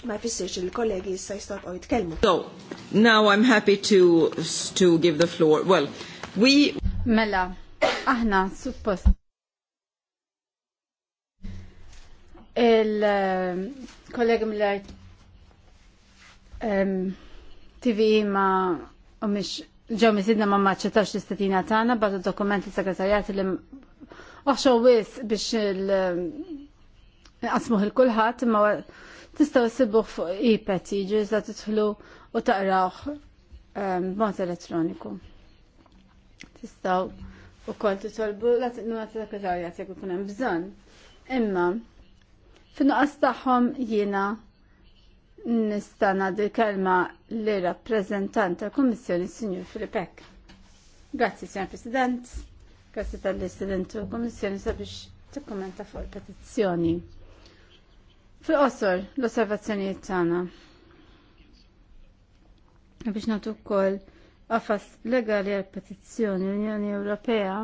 ma jfissirx il-kollegi issa jistgħu jitkellmu. So, now I'm happy to to give the floor. Well, we Mela, aħna suppost il ehm, kollegi mill-art ehm, TV ma u mish ġew misidna ma maċċetax l-istatina tagħna batu dokument li segretarjat li oħxow wis biex nqasmuh il kulħadd imma tistgħu ssibuh fuq ipet jiġu iżda tidħlu u taqrawh ehm, b'mod elettroniku. Tistgħu wkoll titolbu l-għatnuna segretarjat jekk ikun hemm bżonn. Imma fin-nuqqas tagħhom jiena Nista' di kelma li rappreżentant tal-Kummissjoni Sinjur Filipek. Grazzi, Signor President. Grazie tal-istudentu l-Kummissjoni sabiex tikkumenta fuq il-petizzjoni. fil l-osservazzjonijiet tagħna. Biex nagħtu wkoll qafas legali għal petizzjoni l-Unjoni Ewropea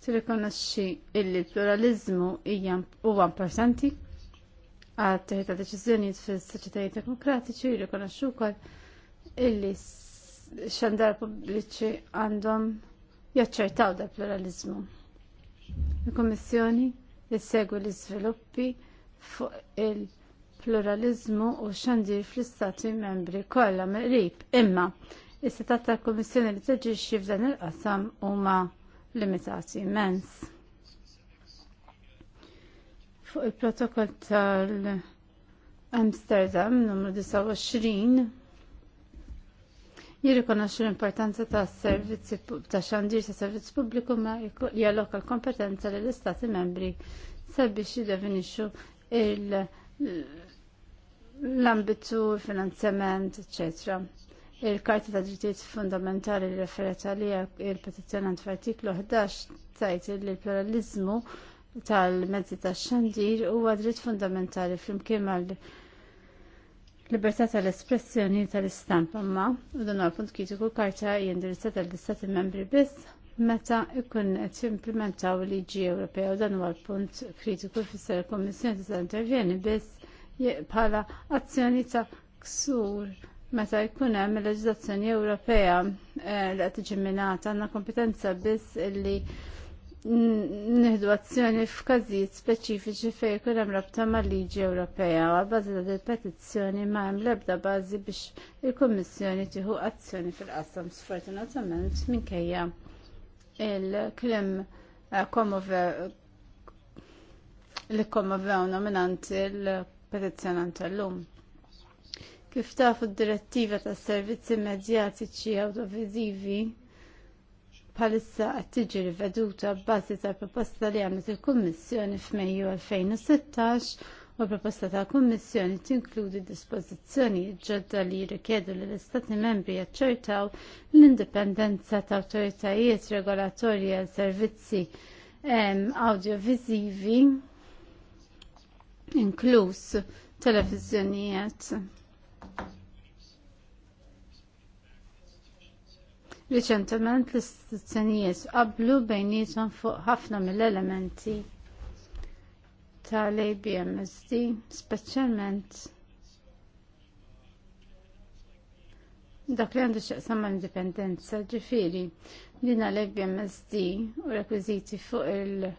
tirrikonoxxi illi l-pluralizmu huwa importanti għad teħita deċizjoniet fil-soċetajiet demokratiċi jirrikonoxxu wkoll illi xandar pubbliċi għandhom jaċċertaw da pluralizmu. Il-Kommissjoni jissegwi l-iżviluppi fuq il-pluralizmu u xandir fl-istati membri kollha meqrib. Imma, is-setat tal-Kommissjoni li teġixxi f'dan il-qasam huma limitati immens fuq il-protokoll tal-Amsterdam numru 29 jirrikonoxxu l-importanza ta' servizzi ta' xandir ta' servizz pubbliku ma jalloka l-kompetenza lill istati membri sabiex jiddefinixxu l-ambitu, finanzjament, eccetera il-Karta ta' Drittijiet Fundamentali li referet għalija il-petizzjonant f'artiklu 11 tajt li l-pluralizmu tal-mezzi tax-xandir huwa dritt fundamentali flimkien mal libertà tal-espressjoni tal-istampa ma u dan punt kritiku karta jindirizzata l-istati membri biss meta ikkun qed jimplementaw liġi Ewropea u dan huwa l-punt kritiku fisser il-Kummissjoni tista' intervjeni biss bħala azzjoni ta' ksur meta jkun hemm il leġiżlazzjoni Ewropea eh, li qed tiġi minata għandna kompetenza biss illi nieħdu azzjoni f'każijiet speċifiċi fejn jkun hemm rabta mal-liġi Ewropea u bażi ta' petizzjoni ma hemm l-ebda bażi biex il-Kummissjoni tieħu azzjoni fil-qasam sfortunatament minkejja il-klim eh, li kommovewna minant il-petizzjonant tal-lum. Kif tafu d-direttiva tas servizzi medjatiċi audiovisivi palissa qed tiġi riveduta b'bażi tal-proposta li għamlet il-Kummissjoni f'Mejju 2016 u l-proposta tal kummissjoni tinkludi dispożizzjonijiet ġodda li jirrikjedu li l-Istati membri jaċċertaw l-indipendenza ta' awtoritajiet regolatorji għal servizzi audiovisivi inkluż televiżjonijiet. Riċentement l-istituzzjonijiet qablu bejnietom fuq ħafna mill-elementi tal-ABMSD, speċjalment dak li għandu xaqsam ma' indipendenza ġifiri din l-ABMSD u rekwiziti fuq il-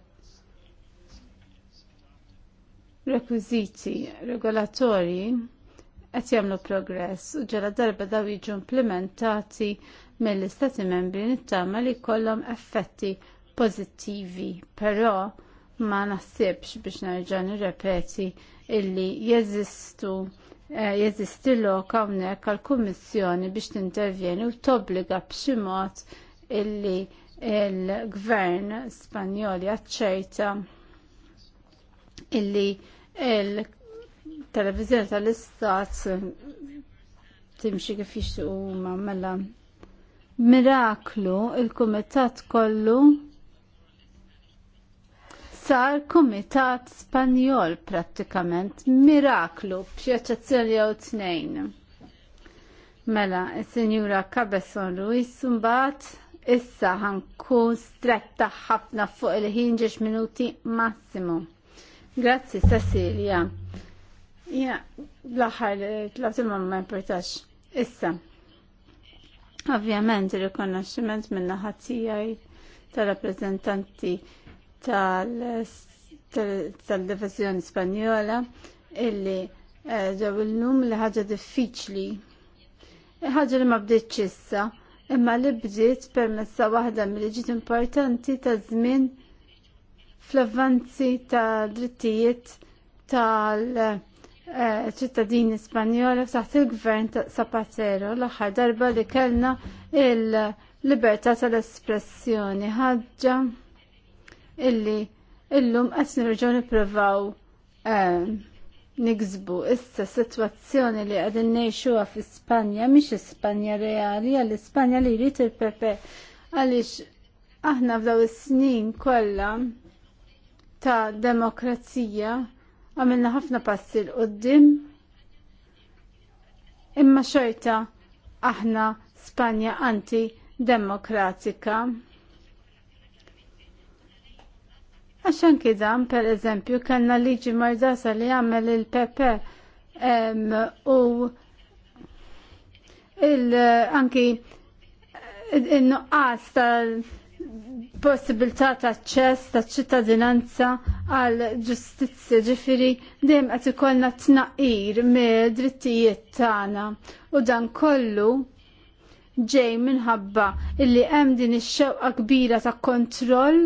rekwiziti regolatorji qed jagħmlu progress u ġara darba daw jiġu implementati mill-Istati membri nittama li jkollhom effetti pożittivi, però ma naħsibx biex nerġa' nirrepeti illi jeżistu eh, jeżisti lok hawnhekk għall-Kummissjoni biex tintervjeni u tobbliga b'xi mod illi il-Gvern Spanjoli aċċerta illi il-Televizjoni tal-Istat timxi kif jixtiequ mela miraklu il-kumitat kollu sar kumitat Spanjol prattikament, miraklu, b'xeċezzjoni jew tnejn. Mela, il-Sinjura Cabezon Ruiz mbagħad issa ħankun stretta ħafna fuq il-ħin ġex minuti massimo. Grazzi Cecilia. Ja, l-aħħar il-mamma ma importax. Issa, Ovvjament ir-rikonoxximent minna ħattijaj tal-rappreżentanti tal-Divizjoni Spanjola illi eh, ġew illum li ħaġa diffiċli. E ħaġa li ma bdietx issa, imma li bdiet permessa waħda mill-ġiet importanti ta' żmien fl-avvanzi ta' drittijiet tal- Eh, ċittadini Spanjoli saħt il-gvern Zapatero l-aħħar darba li kellna il-libertà tal-espressjoni ħaġa illi illum qed nirġgħu nippruvaw eh, nigżbu issa sitwazzjoni li qegħdin ngħixuha fi Spanja mhix Ispanja reali għal Ispanja li jrid il-Pepe għaliex aħna f'daw is-snin kollha ta' demokrazija għamilna ħafna passi l-qoddim imma xorta aħna Spanja anti-demokratika. Għaxan kidan, per eżempju, kanna liġi mardasa li għamel il-PP u il-anki il-nuqqas tal- possibilità ta' ċess ta' ċittadinanza għal ġustizzja ġifiri dejjem qed ikollna tnaqir mid-drittijiet tagħna u dan kollu ġej minħabba illi hemm din ix-xewqa kbira ta' kontroll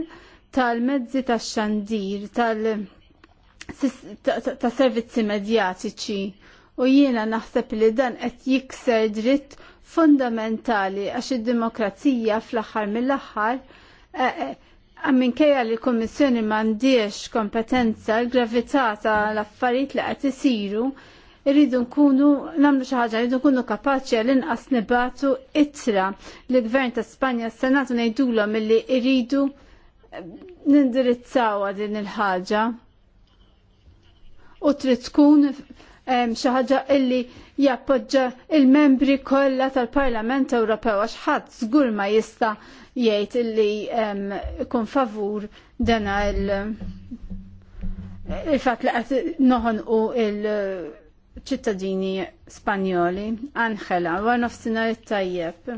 tal-mezzi tax-xandir tal- ta' servizzi medjatiċi u jiena naħseb li dan qed jikser dritt fundamentali għax id-demokrazija fl-aħħar mill-aħħar Eh, eh, kajja li l-Kommissjoni mandiex kompetenza l-gravità ta' l-affarijiet li qed isiru, irridu nkunu nagħmlu xi ħaġa, irridu nkunu kapaċi għal inqas nibatu ittra li gvern ta' Spanja s-Senatu ngħidulhom milli rridu eh, nindirizzaw din il-ħaġa. U trid tkun xi ħaġa illi jappoġġa il-membri kollha tal-Parlament Ewropew għax ħadd żgur ma jista' jgħid illi kun favur dana il- il-fat li għat noħonqu il-ċittadini spanjoli Anħela, ufsina il tajjeb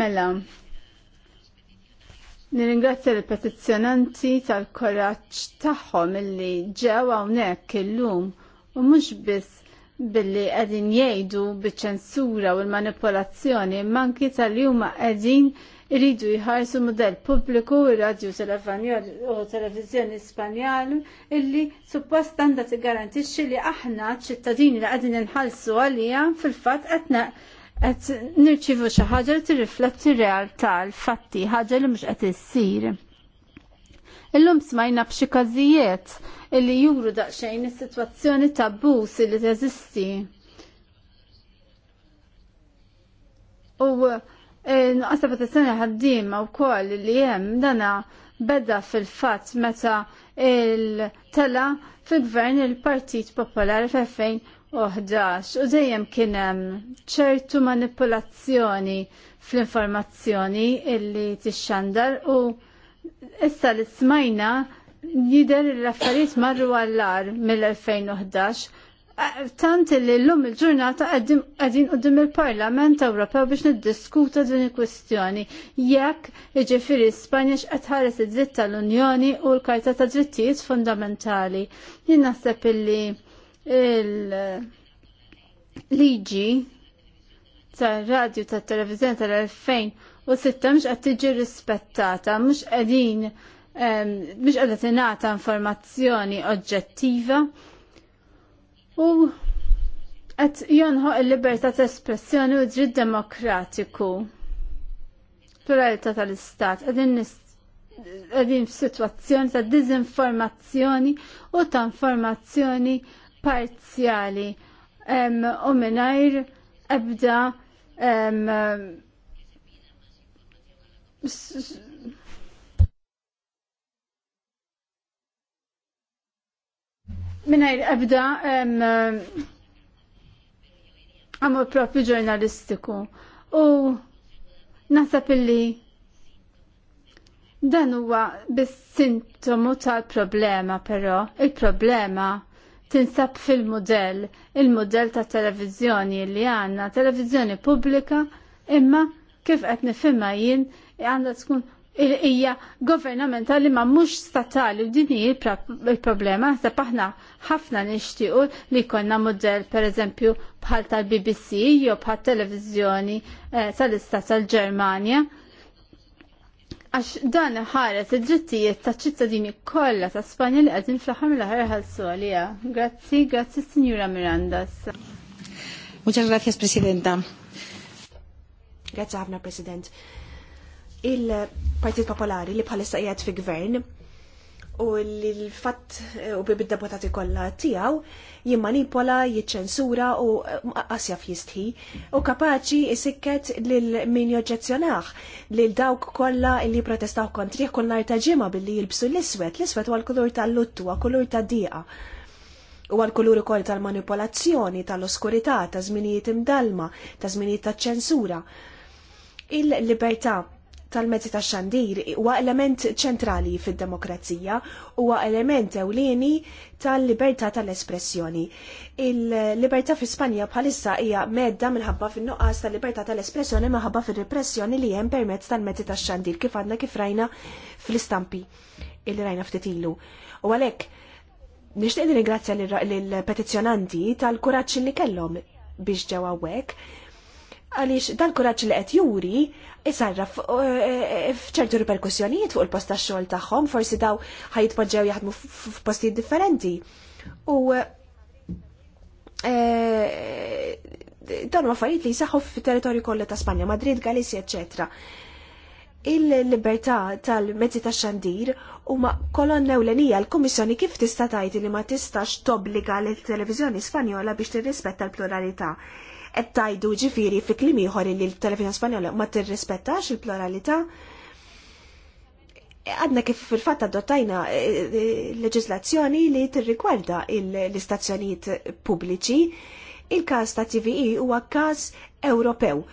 Mela, nirringrazzja l-petizzjonanti tal-koraċ tagħhom illi ġew hawnhekk illum u mhux biss billi qegħdin jgħidu biċ-ċensura u l-manipolazzjoni manki tal-jum qegħdin iridu jħarsu model pubbliku ir-radju Spanjol u televizjoni Spanjali illi suppost għandha tigarantixxi li aħna ċittadini li qegħdin inħallsu għalija fil-fatt qed għet nirċivu xi ħaġa li t r-realtà l-fatti, ħaġa li mhux qed issir. Illum smajna b'xi każijiet illi juru daqsxejn is-sitwazzjoni ta' illi li teżisti. U Eh, s-sena protezzjoni ħaddiema wkoll li hemm dana beda fil-fatt meta il-tela fil-gvern il-Partit Popolari f-2011 u dejjem kien hemm ċertu manipulazzjoni fl-informazzjoni illi t-xandar u issa l smajna jider l-affarijiet marru għallar mill-2011 tant li l-lum il-ġurnata għadin dim il-Parlament Ewropew biex niddiskuta din il-kwestjoni. Jekk iġifiri Spanja x'qed id-dritt tal-Unjoni u l-Karta ta' Drittijiet Fundamentali. Jien naħseb illi l liġi tar-radju tat televizjoni tal-2006 mhux qed tiġi rispettata, mhux qegħdin mhux qiegħda tingħata informazzjoni oġġettiva u qed jonħoq il-libertà ta' espressjoni u dritt demokratiku. Pluralità tal-istat qegħdin qegħdin f'sitwazzjoni ta' diżinformazzjoni u ta' informazzjoni parzjali u mingħajr ebda minnajr ebda għamur propju ġurnalistiku u nasab illi dan huwa bis sintomu tal-problema però il-problema tinsab fil-modell il-modell ta' televizjoni li għanna televizjoni pubblika imma kif qed nifhimha jien għandha tkun ija governamental li ma mhux statali u din il-problema ħseb aħna ħafna nixtiequ li jkollna mudell pereżempju bħal tal-BBC jew bħal televiżjoni eh, tal-Istat tal-Ġermanja. Għax dan ħares id-drittijiet ta' ċittadini kollha ta' Spanja li qegħdin fl ħam mill-aħħar ħalsu għalija. Grazzi, grazzi Signora Mirandas. Muchas gracias, Presidenta. Grazzi ħafna, President il-Partit Popolari li bħalissa qiegħed fi gvern u li l-fatt eh, u bi bid-deputati kollha tiegħu jimmanipola, jiċċensura u eh, qasja fjistħi u kapaċi isikket lil min joġġezzjonah lil dawk kollha li protestaw kontrih kull nhar ta' ġimgħa billi jilbsu l-iswed, l-iswed huwa l-kulur tal-luttu, huwa kulur tad diqa u għal-kulur koll tal-manipolazzjoni, tal-oskurità, ta' żminijiet imdalma, ta' żminijiet ta' ċensura. Il-libertà tal-mezzi ta' xandir huwa element ċentrali fid-demokrazija, huwa element ewlieni tal-libertà tal-espressjoni. Il-libertà fi Spanja bħalissa hija medda minħabba fin-nuqqas tal-libertà tal-espressjoni minħabba fir-repressjoni li hemm permezz tal-mezzi ta' xandir kif għandna kif rajna fl-istampi il rajna ftit ilu. U għalhekk nixtieq nirringrazzja lill-petizzjonanti tal-kuraġġ li kellhom biex ġew hawnhekk għaliex dan kuraġġ li qed juri isarra e, e, f'ċertu riperkussjonijiet fuq il posta tax-xogħol tagħhom, forsi daw ħajitpoġġew jaħdmu f'postijiet differenti. U e, dan ma affarijiet li jisaħħu fit-territorju kollha ta' Spanja, Madrid, Galizja, eċetra. Il-libertà tal-mezzi tax xandir huma kolonna ewlenija l-Kummissjoni kif tista' tgħid li ma tistax tobbliga l-Televiżjoni Spanjola biex tirrispetta l-pluralità qed tajdu ġifiri fi klim ieħor li l-televizjoni Spanjola ma tirrispettax il-pluralità. Għadna kif fil-fatt adottajna eh, eh, leġislazzjoni li tirrigwarda l-istazzjonijiet pubbliċi, il-każ ta' TVI e huwa każ Ewropew.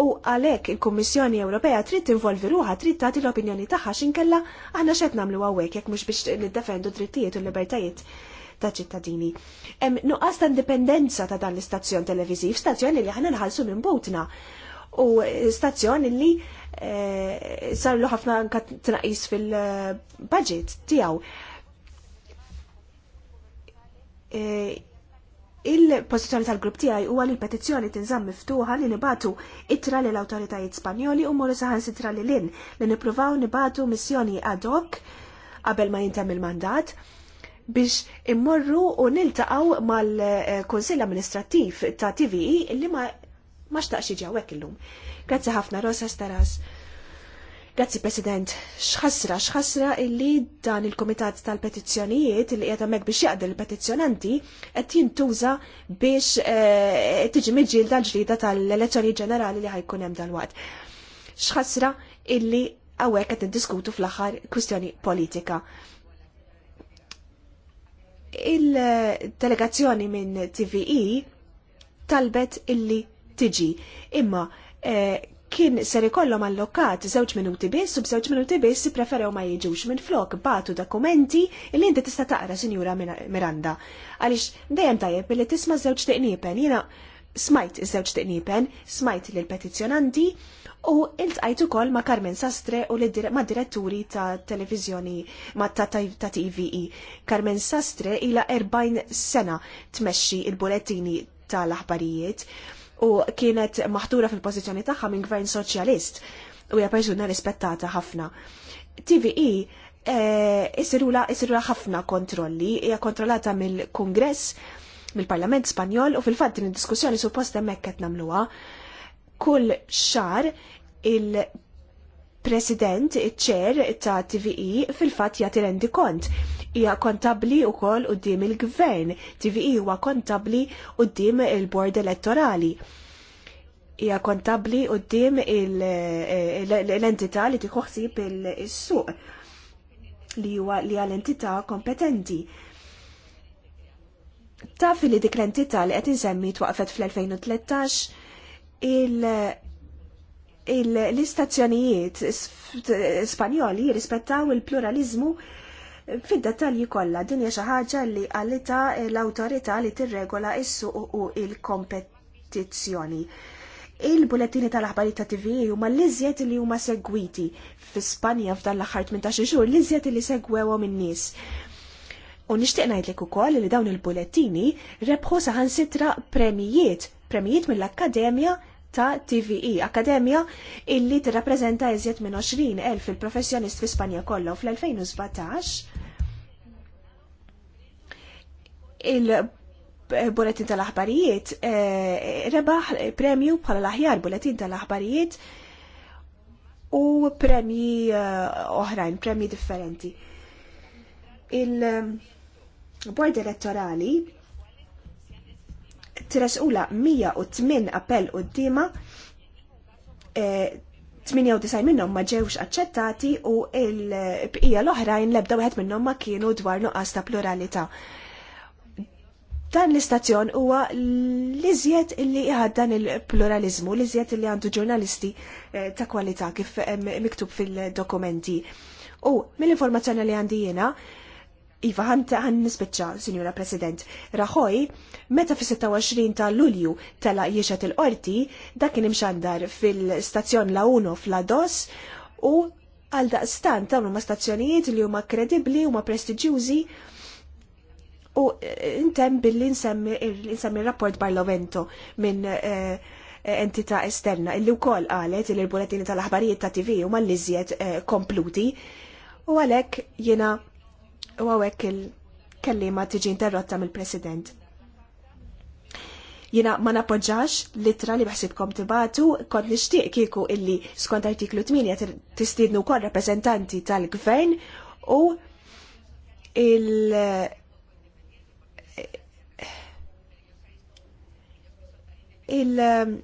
U għalek il-Kommissjoni Ewropea trid tinvolvi ruħa trid tagħti l-opinjoni tagħha x'inkella aħna x'qed nagħmlu hawnhekk jekk mhux biex niddefendu drittijiet u libertajiet ta' ċittadini. nuqqas ta' indipendenza ta' dan l-istazzjon televiżiv, stazzjoni li aħna nħallsu minn botna u stazzjoni li eh, sarlu ħafna anka tnaqis fil-budget tiegħu eh, il-pozizjoni tal-grupp tiegħi huwa li l-petizzjoni tinżamm miftuħa li nibatu ittra l awtoritajiet Spanjoli u morru saħan sitra lil in li nippruvaw nibatu missjoni ad hoc qabel ma jintemm il-mandat biex immorru u niltaqaw mal konsell Amministrattiv ta' TVI e li ma ma xtaqx iġi għawek illum. Grazzi ħafna, Rosa Staras. Grazzi President, xħasra, xħasra illi dan il-Komitat tal-Petizzjonijiet li qiegħed hemmhekk biex jaqdi il petizzjonanti qed jintuża biex eh, tiġi miġġiel dal ġlida tal-elezzjoni ġenerali li ħajkun hemm dal-waqt. Xħasra illi hawnhekk qed diskutu fl-aħħar kwistjoni politika il-delegazzjoni minn TVE talbet illi tiġi. Imma eh, kien ser ikollhom allokat żewġ minuti biss u b'żewġ minuti biss preferew ma jiġux minn flok batu dokumenti illi inti tista' taqra Sinjura Miranda. Għaliex dejjem tajjeb billi tisma' żewġ teqniepen jiena smajt iż-żewġ tiqnipen, smajt lil petizzjonanti u iltqajt ukoll ma' Carmen Sastre u ma' diretturi ta' televiżjoni ma' ta' ta' TVE. Carmen Sastre ila 40 sena tmexxi il-bulettini tal-aħbarijiet u kienet maħtura fil-pożizzjoni tagħha minn gvern soċjalist u hija persuna rispettata ħafna. TVE eh, isirula ħafna kontrolli, hija kontrollata mill-Kongress mill-Parlament Spanjol u fil-fatt din id-diskussjoni suppost hemmhekk qed nagħmluha. Kull xar il-President, iċ-ċer ta' TVI e fil-fatt jagħti rendi kont. Hija kontabli wkoll quddiem il-Gvern. TVI e huwa kontabli quddiem il-Bord Elettorali. Hija kontabli quddiem eh, l-entità li tieħu ħsieb is-suq li huwa li għal entità kompetenti. Taf li dik l entita li qed insemmi twaqfet fl-2013 l-istazzjonijiet spanjoli jirrispettaw il-pluralizmu fid-dettalji kollha din hija xi ħaġa li għalita l-awtorità li tirregola s-suq u il-kompetizzjoni. Il-bulettini tal-aħbarijiet ta' TV e huma l-iżjed li huma segwiti fi Spanja f'dan l-aħħar 18 xhur l-iżjed li segwewhom in-nies. U nixtieq ngħidlek ukoll li dawn il-bulettini rebħu saħansitra premijiet, premijiet mill-Akkademja ta' TVE, Akkademja illi tirrappreżenta iżjed minn 20 elf il-professjonist fi Spanja kollha fl-2017 il-bulettin tal-aħbarijiet eh, rebaħ premju bħala l-aħjar bulettin tal-aħbarijiet u premji eh, oħrajn, premji differenti. il- Bord elettorali tresqula 108 appell d-dima 98 eh, minnhom ma ġewx aċċettati u l-bqija l-oħrajn lebda wieħed minnhom ma kienu dwar nuqqas ta' pluralità. Dan l-istazzjon huwa l-iżjed li jħad dan il-pluralizmu, l-iżjed li għandu ġurnalisti eh, ta' kwalità kif eh, miktub fil-dokumenti. U mill-informazzjoni li għandi jiena, Iva, ħanta għan nisbitċa, Sinjura President, Raħoj, meta fi 26 ta' Lulju tela jiexet il-qorti, dakin imxandar fil-stazzjon La Uno fla DOS, u għal daqstan ta' ma' stazzjonijiet li huma kredibli huma prestiġjużi u eh, intem billi nsemmi rapport Barlovento minn eh, entità esterna illi wkoll qalet li l-bulettini tal-aħbarijiet ta' TV huma l-iżjed eh, kompluti u għalhekk jiena u għawek il-kellima tiġi interrotta mill-President. Jina ma napoġġax litra li baħsibkom tibatu kod nishtiq kiku illi skont artiklu 8 tistidnu kol rappresentanti tal-gvern u il- il-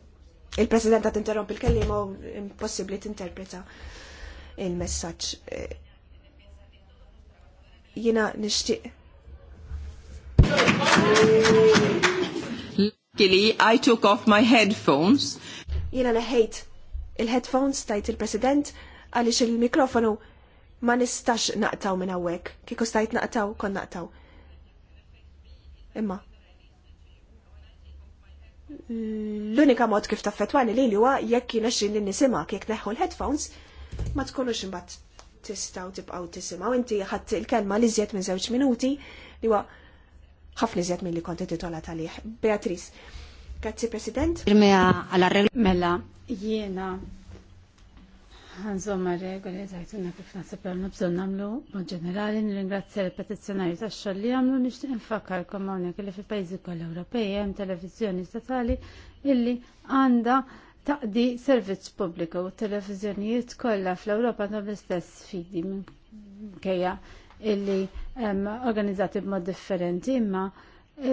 il-president għat interrompi il-kellima u impossibli t-interpreta il-messagġ jina nishtiq. Luckily, I took off my headphones. Jina neħejt il-headphones tajt il-president għalix il-mikrofonu ma nistax naqtaw minn hawnhekk. Kiku stajt naqtaw, kon naqtaw. Imma. L-unika mod kif taffetwani li li huwa jekk jina xin nisima jekk neħu l-headphones ma tkunux imbagħad tistaw tibqaw tisimaw. Inti ħadd il-kelma li żjed minn żewġ minuti li huwa ħafna iżjed milli konti titola talih. Beatriz, grazzi President. Irmija għala mela jiena Għanżomma regoli zaħtuna kif nasib għamlu bżon nagħmlu. mod ġenerali nirringrazzja l-petizjonari ta' xoll li għamlu nishtiq nfakkar għonek li fi pajzi kollha Ewropej hemm televizjoni statali illi għanda taqdi servizz pubbliku u televizjonijiet kollha fl-Ewropa għandhom l-istess sfidi kejja illi organizzati b'mod differenti imma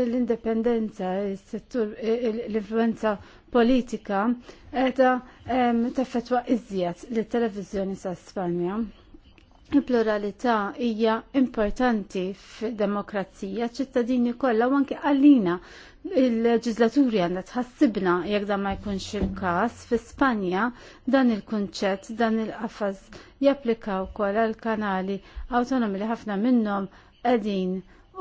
l-indipendenza, settur l-influenza politika edha teffetwa iżjed li televizjoni sa' Spanja. Il-pluralità hija importanti f'demokrazija, ċittadini kollha u anke għalina il-leġislaturi għandha tħassibna jekk dan ma jkunx il-każ fi Spanja dan il-kunċett dan il-qafas japplika wkoll għal kanali awtonomi li ħafna minnhom qegħdin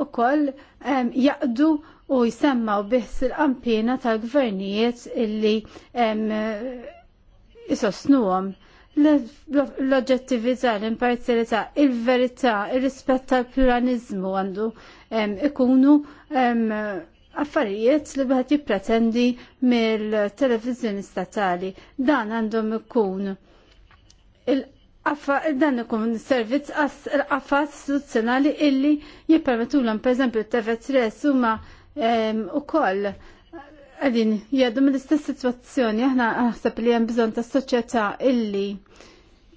ukoll ehm, jaqdu u jsemmaw biss il-qampina tal-gvernijiet illi ehm, isostnuhom. Um, l-oġġettività, l-imparzjalità, il-verità, il-rispett tal-pluralizmu għandu ikunu affarijiet li bħat jippretendi mill-televizjoni statali. Dan għandhom ikun dan ikun servizz għaffat istituzzjonali illi per esempio, t-TV3 huma u koll għadin jgħaddu mill-istess situazzjoni, aħna naħseb li hemm bżonn ta' soċjetà illi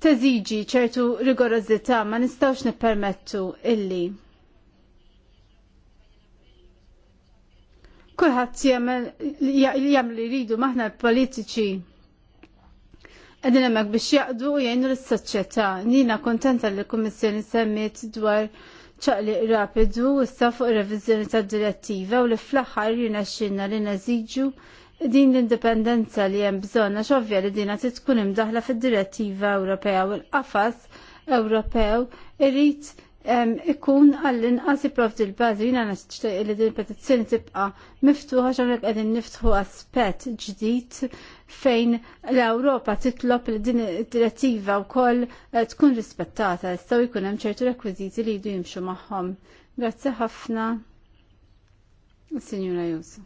teżiġi ċertu rigorożità ma nistgħux nippermettu illi kulħadd jagħmel li jridu maħna l-politiċi qegħdin hemmhekk biex jaqdu u jgħinu lis-soċjetà. Nina kontenta li l-Kummissjoni semmiet dwar ċaqli rapidu issa fuq revizjoni tad direttiva u li fl-aħħar jinaxxinna li nażiġu din l-indipendenza li hemm bżonn għax ovvja li dina qed tkun imdaħla fid-direttiva Ewropea u l-qafas Ewropew irid ikun għallin inqas prof dil bazi jina nistaqi li din petizzjoni tibqa miftuħa xan qegħdin niftħu aspett ġdid fejn l-Ewropa titlob li din id-direttiva wkoll eh, tkun rispettata jistgħu jkun hemm ċertu rekwiżiti li jdu jimxu magħhom. Grazzi ħafna. Signora Jusu.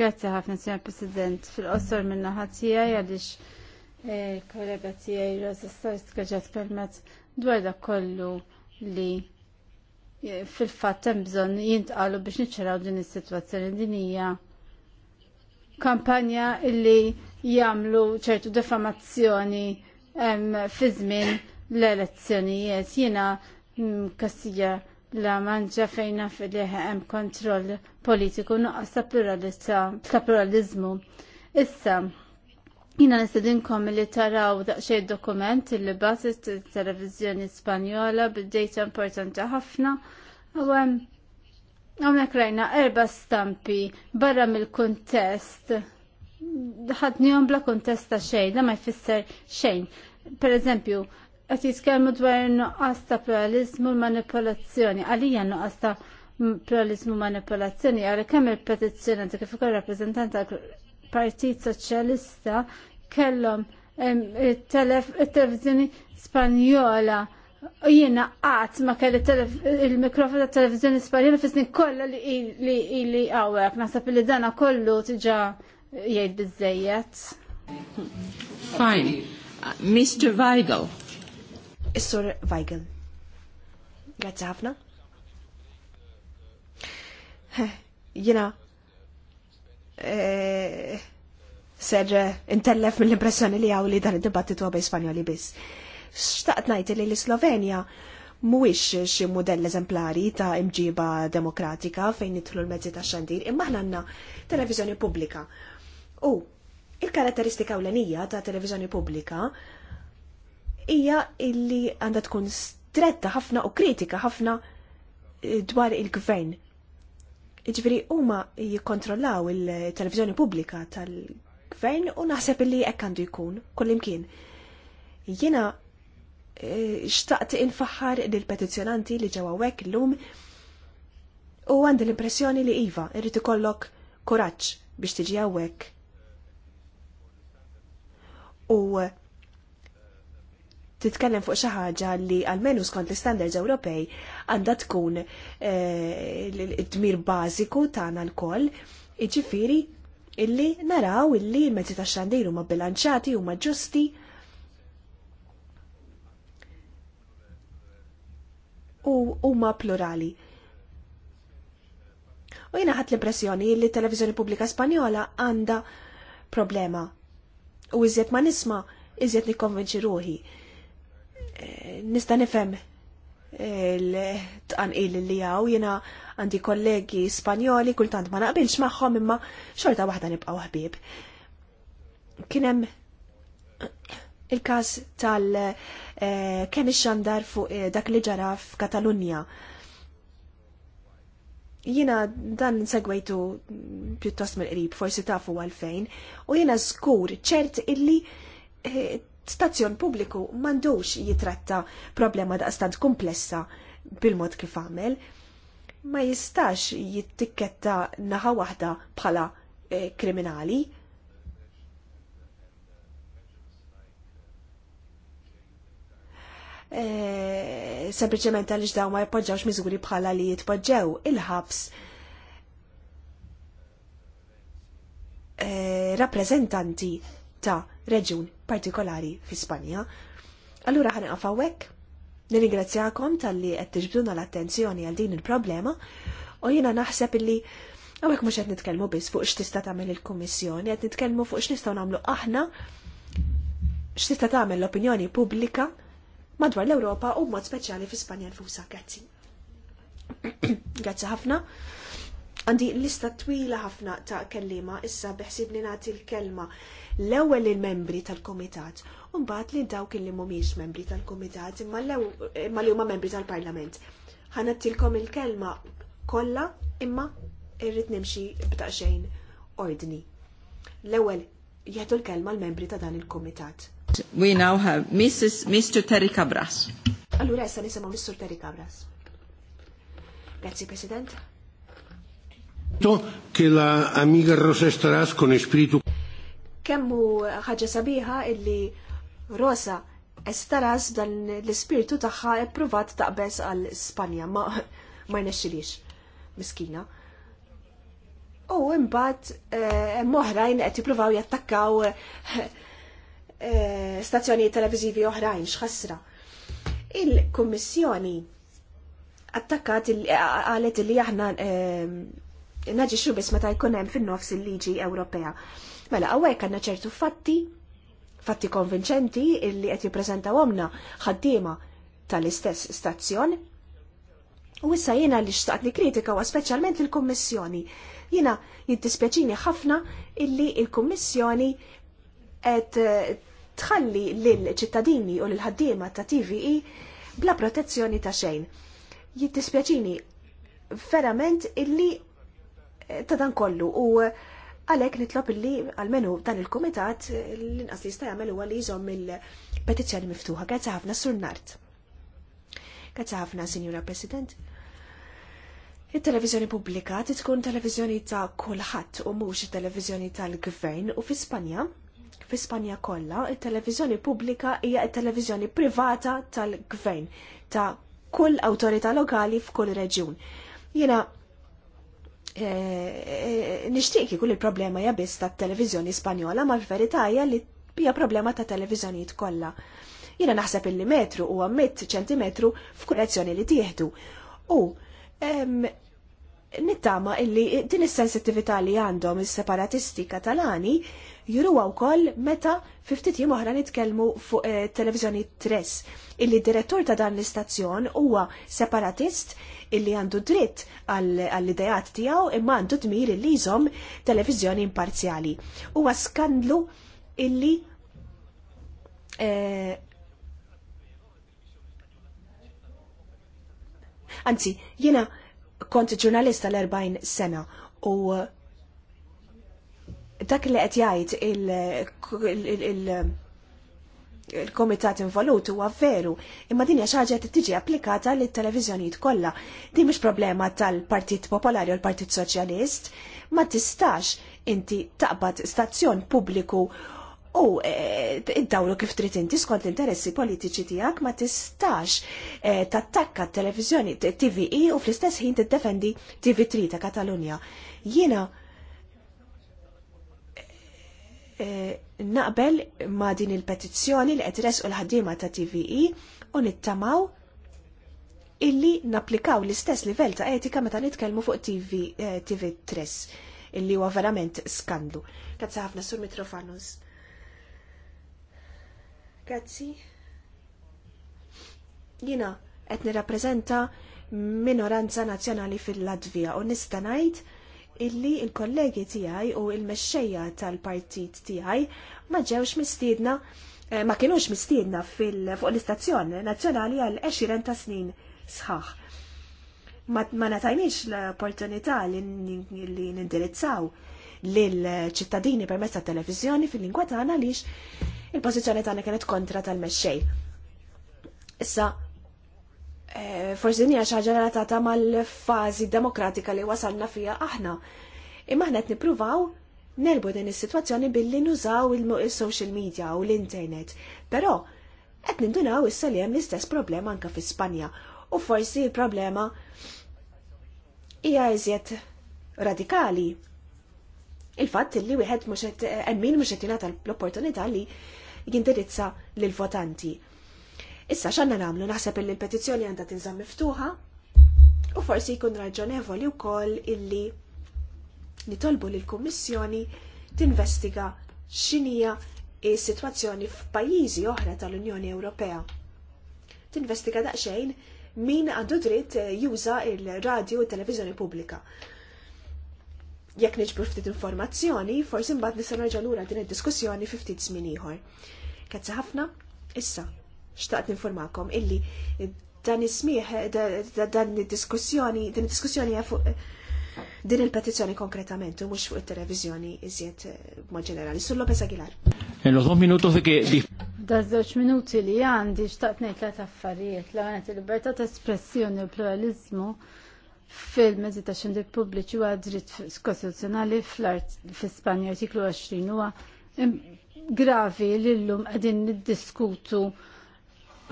Grazzi ħafna, Signora President, fil-qosor minna ħatija għaliex eh, kollega tiegħi Rosa Storska ġat dwar da kollu li e, fil-fatt hemm bżonn jintqalu biex niċċaraw din is-sitwazzjoni din hija kampanja illi jagħmlu ċertu defamazzjoni fi żmien l-elezzjonijiet. Jiena mm, kassija la manġa fejna fil-liħ hemm kontroll politiku nuqqas ta' pluralizmu. Issa, Jina nistedinkom li taraw daqxej dokument li batit televizjoni spanjola bid-data importanti ħafna. Għawem, rajna erba stampi barra mill-kontest. ħadnijom bla kontesta xejn, da ma jfisser xejn. Per eżempju, għat jiskelmu dwar nuqqas ta' pluralizmu manipolazzjoni. Għalija nuqqas ta' pluralizmu manipolazzjoni, għal kemm il-petizzjoni kif ukoll rappresentanta partit Soċjalista kellhom il-televizjoni Spanjola u jiena qatt ma kelli il-mikrofon tat televizjoni Spanjola fis snin kollha li ili hawnhekk naħseb li dana kollu tiġa jgħid biżejjed. Fine. Mr. Weigel. Is-sur Weigel. Grazie ħafna. Jena Eh, ser intellef mill-impressjoni li għaw li dan id-dibattitu għabej Spanjoli biss. Xtaqt najti li l-Slovenja mhuwiex xi mudell eżemplari ta' imġiba demokratika fejn nidħlu l-mezzi ta' xandir, imma ħnanna televiżjoni pubblika. U il-karatteristika ewlenija ta' televiżjoni pubblika hija illi għandha tkun stretta ħafna u kritika ħafna eh, dwar il-gvern Iġveri, huma jikkontrollaw il-televizjoni pubblika tal-gvern u naħseb li hekk għandu jkun, kullimkien. Jiena eh, xtaqt infaħħar lil petizzjonanti li ġewwa hekk illum u għandu l-impressjoni li iva, irrid ikollok kuraġġ biex tiġi hawnhekk. U titkellem fuq xi ħaġa li għalmenu skont l istandards Ewropej għandha tkun id-dmir eh, bażiku tagħna lkoll, jiġifieri illi naraw illi l-mezzi tax-xandir huma bilanċati huma ġusti. u huma plurali. U jiena ħadd l-impressjoni li t-Televiżjoni pubblika Spanjola għandha problema. U iżjed ma nisma, iżjed nikkonvinċi ruħi nista nifhem l-tqanqil li jaw jena għandi kollegi spanjoli kultant ma naqbilx magħhom imma xorta waħda nibqgħu ħbieb. Kien hemm il-każ tal eh, kemm ix-xandar fuq eh, dak li ġara f'Katalunja. Jiena dan segwejtu pjuttost mill-qrib, forsi tafu għalfejn, u jiena skur ċert illi eh, stazzjon pubbliku mandux jitratta problema daqstant komplessa bil-mod kif għamel, ma jistax jittikketta naħa waħda bħala eh, kriminali. Eh, Sempliċement għaliex dawn ma jpoġġawx miżuri bħala li jitpoġġew il-ħabs eh, rappreżentanti ta' reġun partikolari fi Spanja. Allura ħan għafawek, nirigrazzjakom tal-li għed l-attenzjoni għal din il-problema u jina naħseb illi għawek mux għed nitkelmu bis fuq x'tista' tagħmel il-Kummissjoni, għed nitkelmu fuq x'nistgħu nagħmlu aħna x'tista' tagħmel l-opinjoni pubblika madwar l-Ewropa u mod speċjali fi Spanja nfusa. Grazzi. (clears throat) Grazzi ħafna. Għandi lista twila ħafna ta' kellima, issa beħsibni nagħti l-kelma l-ewwel il-membri tal-Kumitat u mbagħad li dawk li mhumiex membri tal-Kumitat imma li huma membri tal-Parlament. Ħanattilkom il-kelma kollha imma irrid nimxi b'daqsxejn ordni. L-ewwel jieħdu l-kelma l-membri ta' dan il-Kumitat. We now have Mrs. Mr. Terry Cabras. Allura issa nisimgħu Mr. Terry Cabras. Grazzi, President. che la amiga Rosa con spirito kemmu ħaġa sabiħa illi Rosa Estaras dan l-ispirtu tagħha provat taqbeż għal Spanja ma ma jnexilix, Miskina. U imbat eh, hemm oħrajn qed jippruvaw jattakkaw eh, stazzjonijiet televiżivi oħrajn x'ħasra. Il-Kummissjoni attakkat qalet li aħna eh, naġi biss meta jkun hemm fin-nofs il-liġi Ewropea. Mela, għawaj kanna ċertu fatti, fatti konvinċenti illi qed jiprezenta għomna ħaddiema tal-istess stazzjon. U issa jiena li xtaqt kritika u speċjalment il-Kummissjoni. Jiena jittispjaċini ħafna illi il-Kummissjoni qed eh, tħalli l ċittadini u l ħaddiema ta' TVE bla protezzjoni ta' xejn. Jittispjaċini verament illi eh, ta' dan kollu u eh, Għalek nitlob li għalmenu dan il-komitat l-inqas li jista' jagħmel huwa li jżomm il-petizzjoni miftuħa. Grazzi ħafna Sur Nart. Grazzi ħafna Sinjura President. Il-televizjoni pubblika tkun televizjoni ta' kulħadd u mhux it-televizjoni tal-gvern u fi Spanja fi Spanja kollha, it-televizjoni pubblika hija t-televizjoni privata tal-gvern ta' kull awtorità lokali f'kull reġjun. Jiena Eh, eh, nixtieq kull il-problema hija biss tat-televiżjoni Spanjola ma l-verità hija li hija problema ta' televiżjonijiet kollha. Jiena naħseb illi metru huwa mitt ċentimetru f'kurazzjoni li tieħdu. U nittama illi din is sensitività li għandhom is-separatistika tal-għani juruwa wkoll meta 50 jiem oħra nitkellmu fuq eh, televizjoni tres. tress illi direttur ta' dan l-istazzjon huwa separatist illi għandu dritt għall-idejat tiegħu imma għandu dmir illi jżom televiżjoni imparzjali. Huwa skandlu illi eh, Anzi, jiena kont ġurnalista l-40 sena u dak li qed jgħid il-komitat involut huwa veru, imma din hija xi ħaġa qed tiġi applikata lit televiżjonijiet kollha. Din mhux problema tal-Partit Popolari u l-Partit Soċjalist, ma tistax inti taqbad stazzjon pubbliku u e, iddawlu kif trid inti skont l-interessi politiċi tiegħek ma tistax e, tattakka t-televiżjoni TVE u fl-istess ħin tiddefendi TV3 ta' Katalunja. Jiena Eh, naqbel ma' din il-petizzjoni li għedres u l-ħaddiema ta' TVE u nittamaw illi napplikaw l-istess livell ta' etika meta nitkellmu fuq TV eh, TV3 illi huwa verament skandlu. Grazzi ħafna sur Mitrofanus. Grazzi. Jina qed nirrappreżenta minoranza nazzjonali fil-Latvija u nista' ngħid illi il-kollegi tiegħi u il-mexxejja tal-partit tiegħi ma ġewx mistiedna eh, ma kienux mistiedna fuq l-istazzjon nazzjonali għal 20 ta' snin sħaħ. Ma natajniex l-opportunità li nindirizzaw lill-ċittadini permezz tat-televiżjoni fil-lingwa tagħna għaliex il-pożizzjoni tagħna kienet kontra tal-mexxej. Issa Eh, forsi dinja xaġa relatata mal-fazi demokratika li wasalna fija aħna. Imma ħna qed nippruvaw nelbu din is-sitwazzjoni billi nużaw il-social media u l-internet. Però qed nindunaw issa li hemm l-istess problema anke fi Spanja. U forsi il-problema hija iżjed radikali. Il-fatt li wieħed mhux qed emmin eh, mhux qed jingħata l-opportunità li jindirizza lill votanti Issa xanna namlu naħseb illi l-petizzjoni għandha tinżam miftuħa u forsi jkun raġonevoli wkoll illi nitolbu lill kummissjoni tinvestiga x'inhija is-sitwazzjoni f'pajjiżi oħra tal-Unjoni Ewropea. Tinvestiga daqsxejn min għandu dritt eh, juża il-radio u televiżjoni pubblika. Jekk niġbru ftit informazzjoni, forsi mbagħad nisa nerġa' lura din id-diskussjoni fi ftit żmien ieħor. Kezza ħafna, issa xtaqt informakom illi dan ismiħ, dan diskussjoni, din diskussjoni fuq din il-petizjoni konkretament, mux fuq il-televizjoni iżjed eh, ma ġenerali. Sullo Lopez Aguilar. Lo zon minuto fi que... Da zoċ minuti li għandi xtaqt nejt la taffariet, la għanet il-libertà ta' espressjoni u pluralizmu fil-mezzi ta' xindi pubbliċi u għadrit kostituzzjonali fl-Spanja artiklu 20 huwa gravi li l-lum għadin niddiskutu diskutu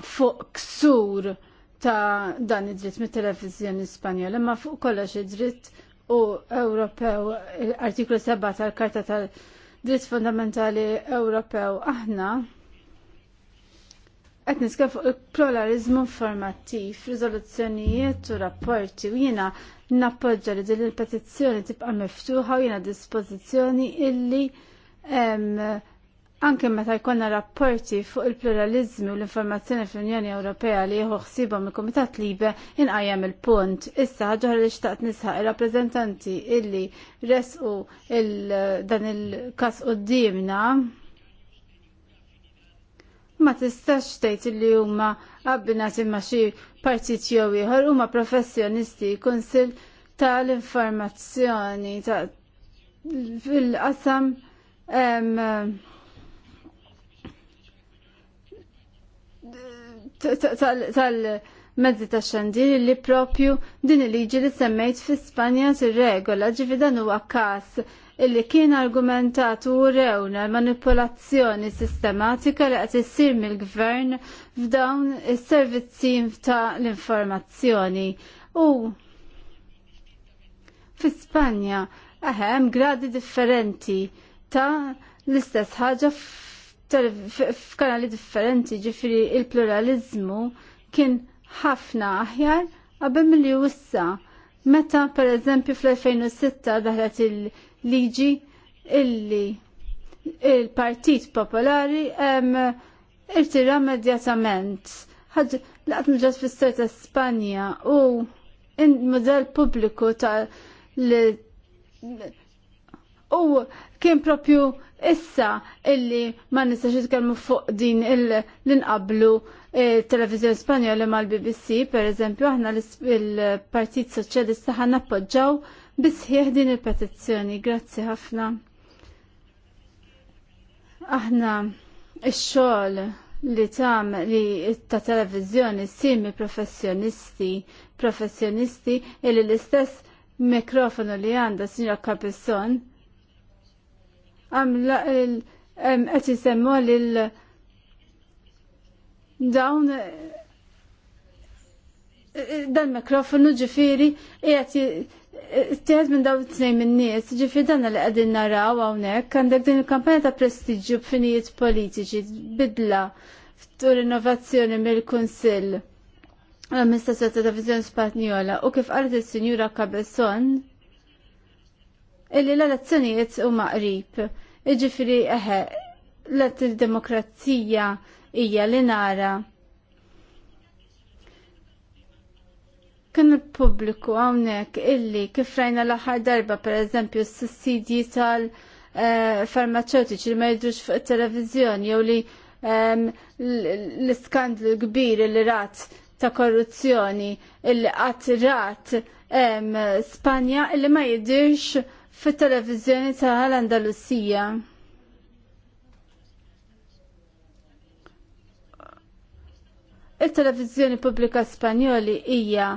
fuq ksur ta' dan id-dritt mit televizjoni Spanjola, imma fuq kollox id-dritt u Ewropew, l-artiklu 7 tal-Karta tal-Dritt Fundamentali Ewropew, aħna qed niska fuq il-pluralizmu informattiv, riżoluzzjonijiet u rapporti u jiena nappoġġa li din il-petizzjoni tibqa' miftuħa u jiena dispożizzjoni illi Anke meta jkollna rapporti fuq il pluralizmi u l-informazzjoni fl-Unjoni Ewropea li jieħu ħsibhom il-Kumitat Libe inqajjem il-punt. Issa ħaġa li xtaqt nisħaq ir-rappreżentanti illi resqu il dan il-każ qudiemna ma tistax tgħid li huma abbinat imma xi partit jew ieħor huma professjonisti kunsil tal-informazzjoni ta' fil-qasam tal-mezzi ta' xandir li propju din il-liġi li semmejt fi Spanja si regola ġifi dan huwa każ illi kien argumentat u rewna manipolazzjoni sistematika li qed issir mill-gvern f'dawn is-servizzi ta' l-informazzjoni. U fi Spanja aħem gradi differenti ta' l-istess ħaġa f'kanali differenti ġifiri il-pluralizmu kien ħafna aħjar qabel mill-li wissa. Meta per eżempju fl-2006 daħlet il-liġi illi il-Partit Popolari irtira immedjatament. Ħad laqt mġat fis-ser ta' Spanja u il-modell pubbliku ta' li u kien propju issa illi ma nistax nitkellmu fuq din l-inqablu eh, televizjoni Spanjola mal-BBC, per eżempju, aħna l partit Soċjalista ħan appoġġaw bisħieħ din il-petizzjoni. Grazzi ħafna. Aħna ix-xogħol li tam li ta' televizjoni simi professjonisti, professjonisti illi l-istess mikrofonu li għanda signor Capisson għamla qed isemmu lil dawn eh, eh, dan mikrofonu ġifiri qiegħed eh, tieħed minn dawn it-tnejn min-nies, ġifieri dan li qegħdin naraw hawnhekk għandek din il-kampanja ta' prestiġġju b'finijiet politiċi bidla ftur innovazzjoni mill-Kunsill l-amministrazzjoni ta' Divizjoni Spagnola u kif qalet is-Sinjura Cabezon illi l-elezzjonijiet huma qrib. Iġifiri eħe l-demokrazija hija li nara Kan il-pubbliku hawnhekk illi kif rajna l-aħħar darba pereżempju s-sussidji tal-farmaceutiċi eh, li ma jidrux fuq it-televiżjoni jew li ehm, l-iskandlu kbir li rat ta' korruzzjoni il qatt rat ehm, Spanja illi ma jidirx fit-televizjoni ta' l-Andalusija. Il-televizjoni pubblika Spanjoli hija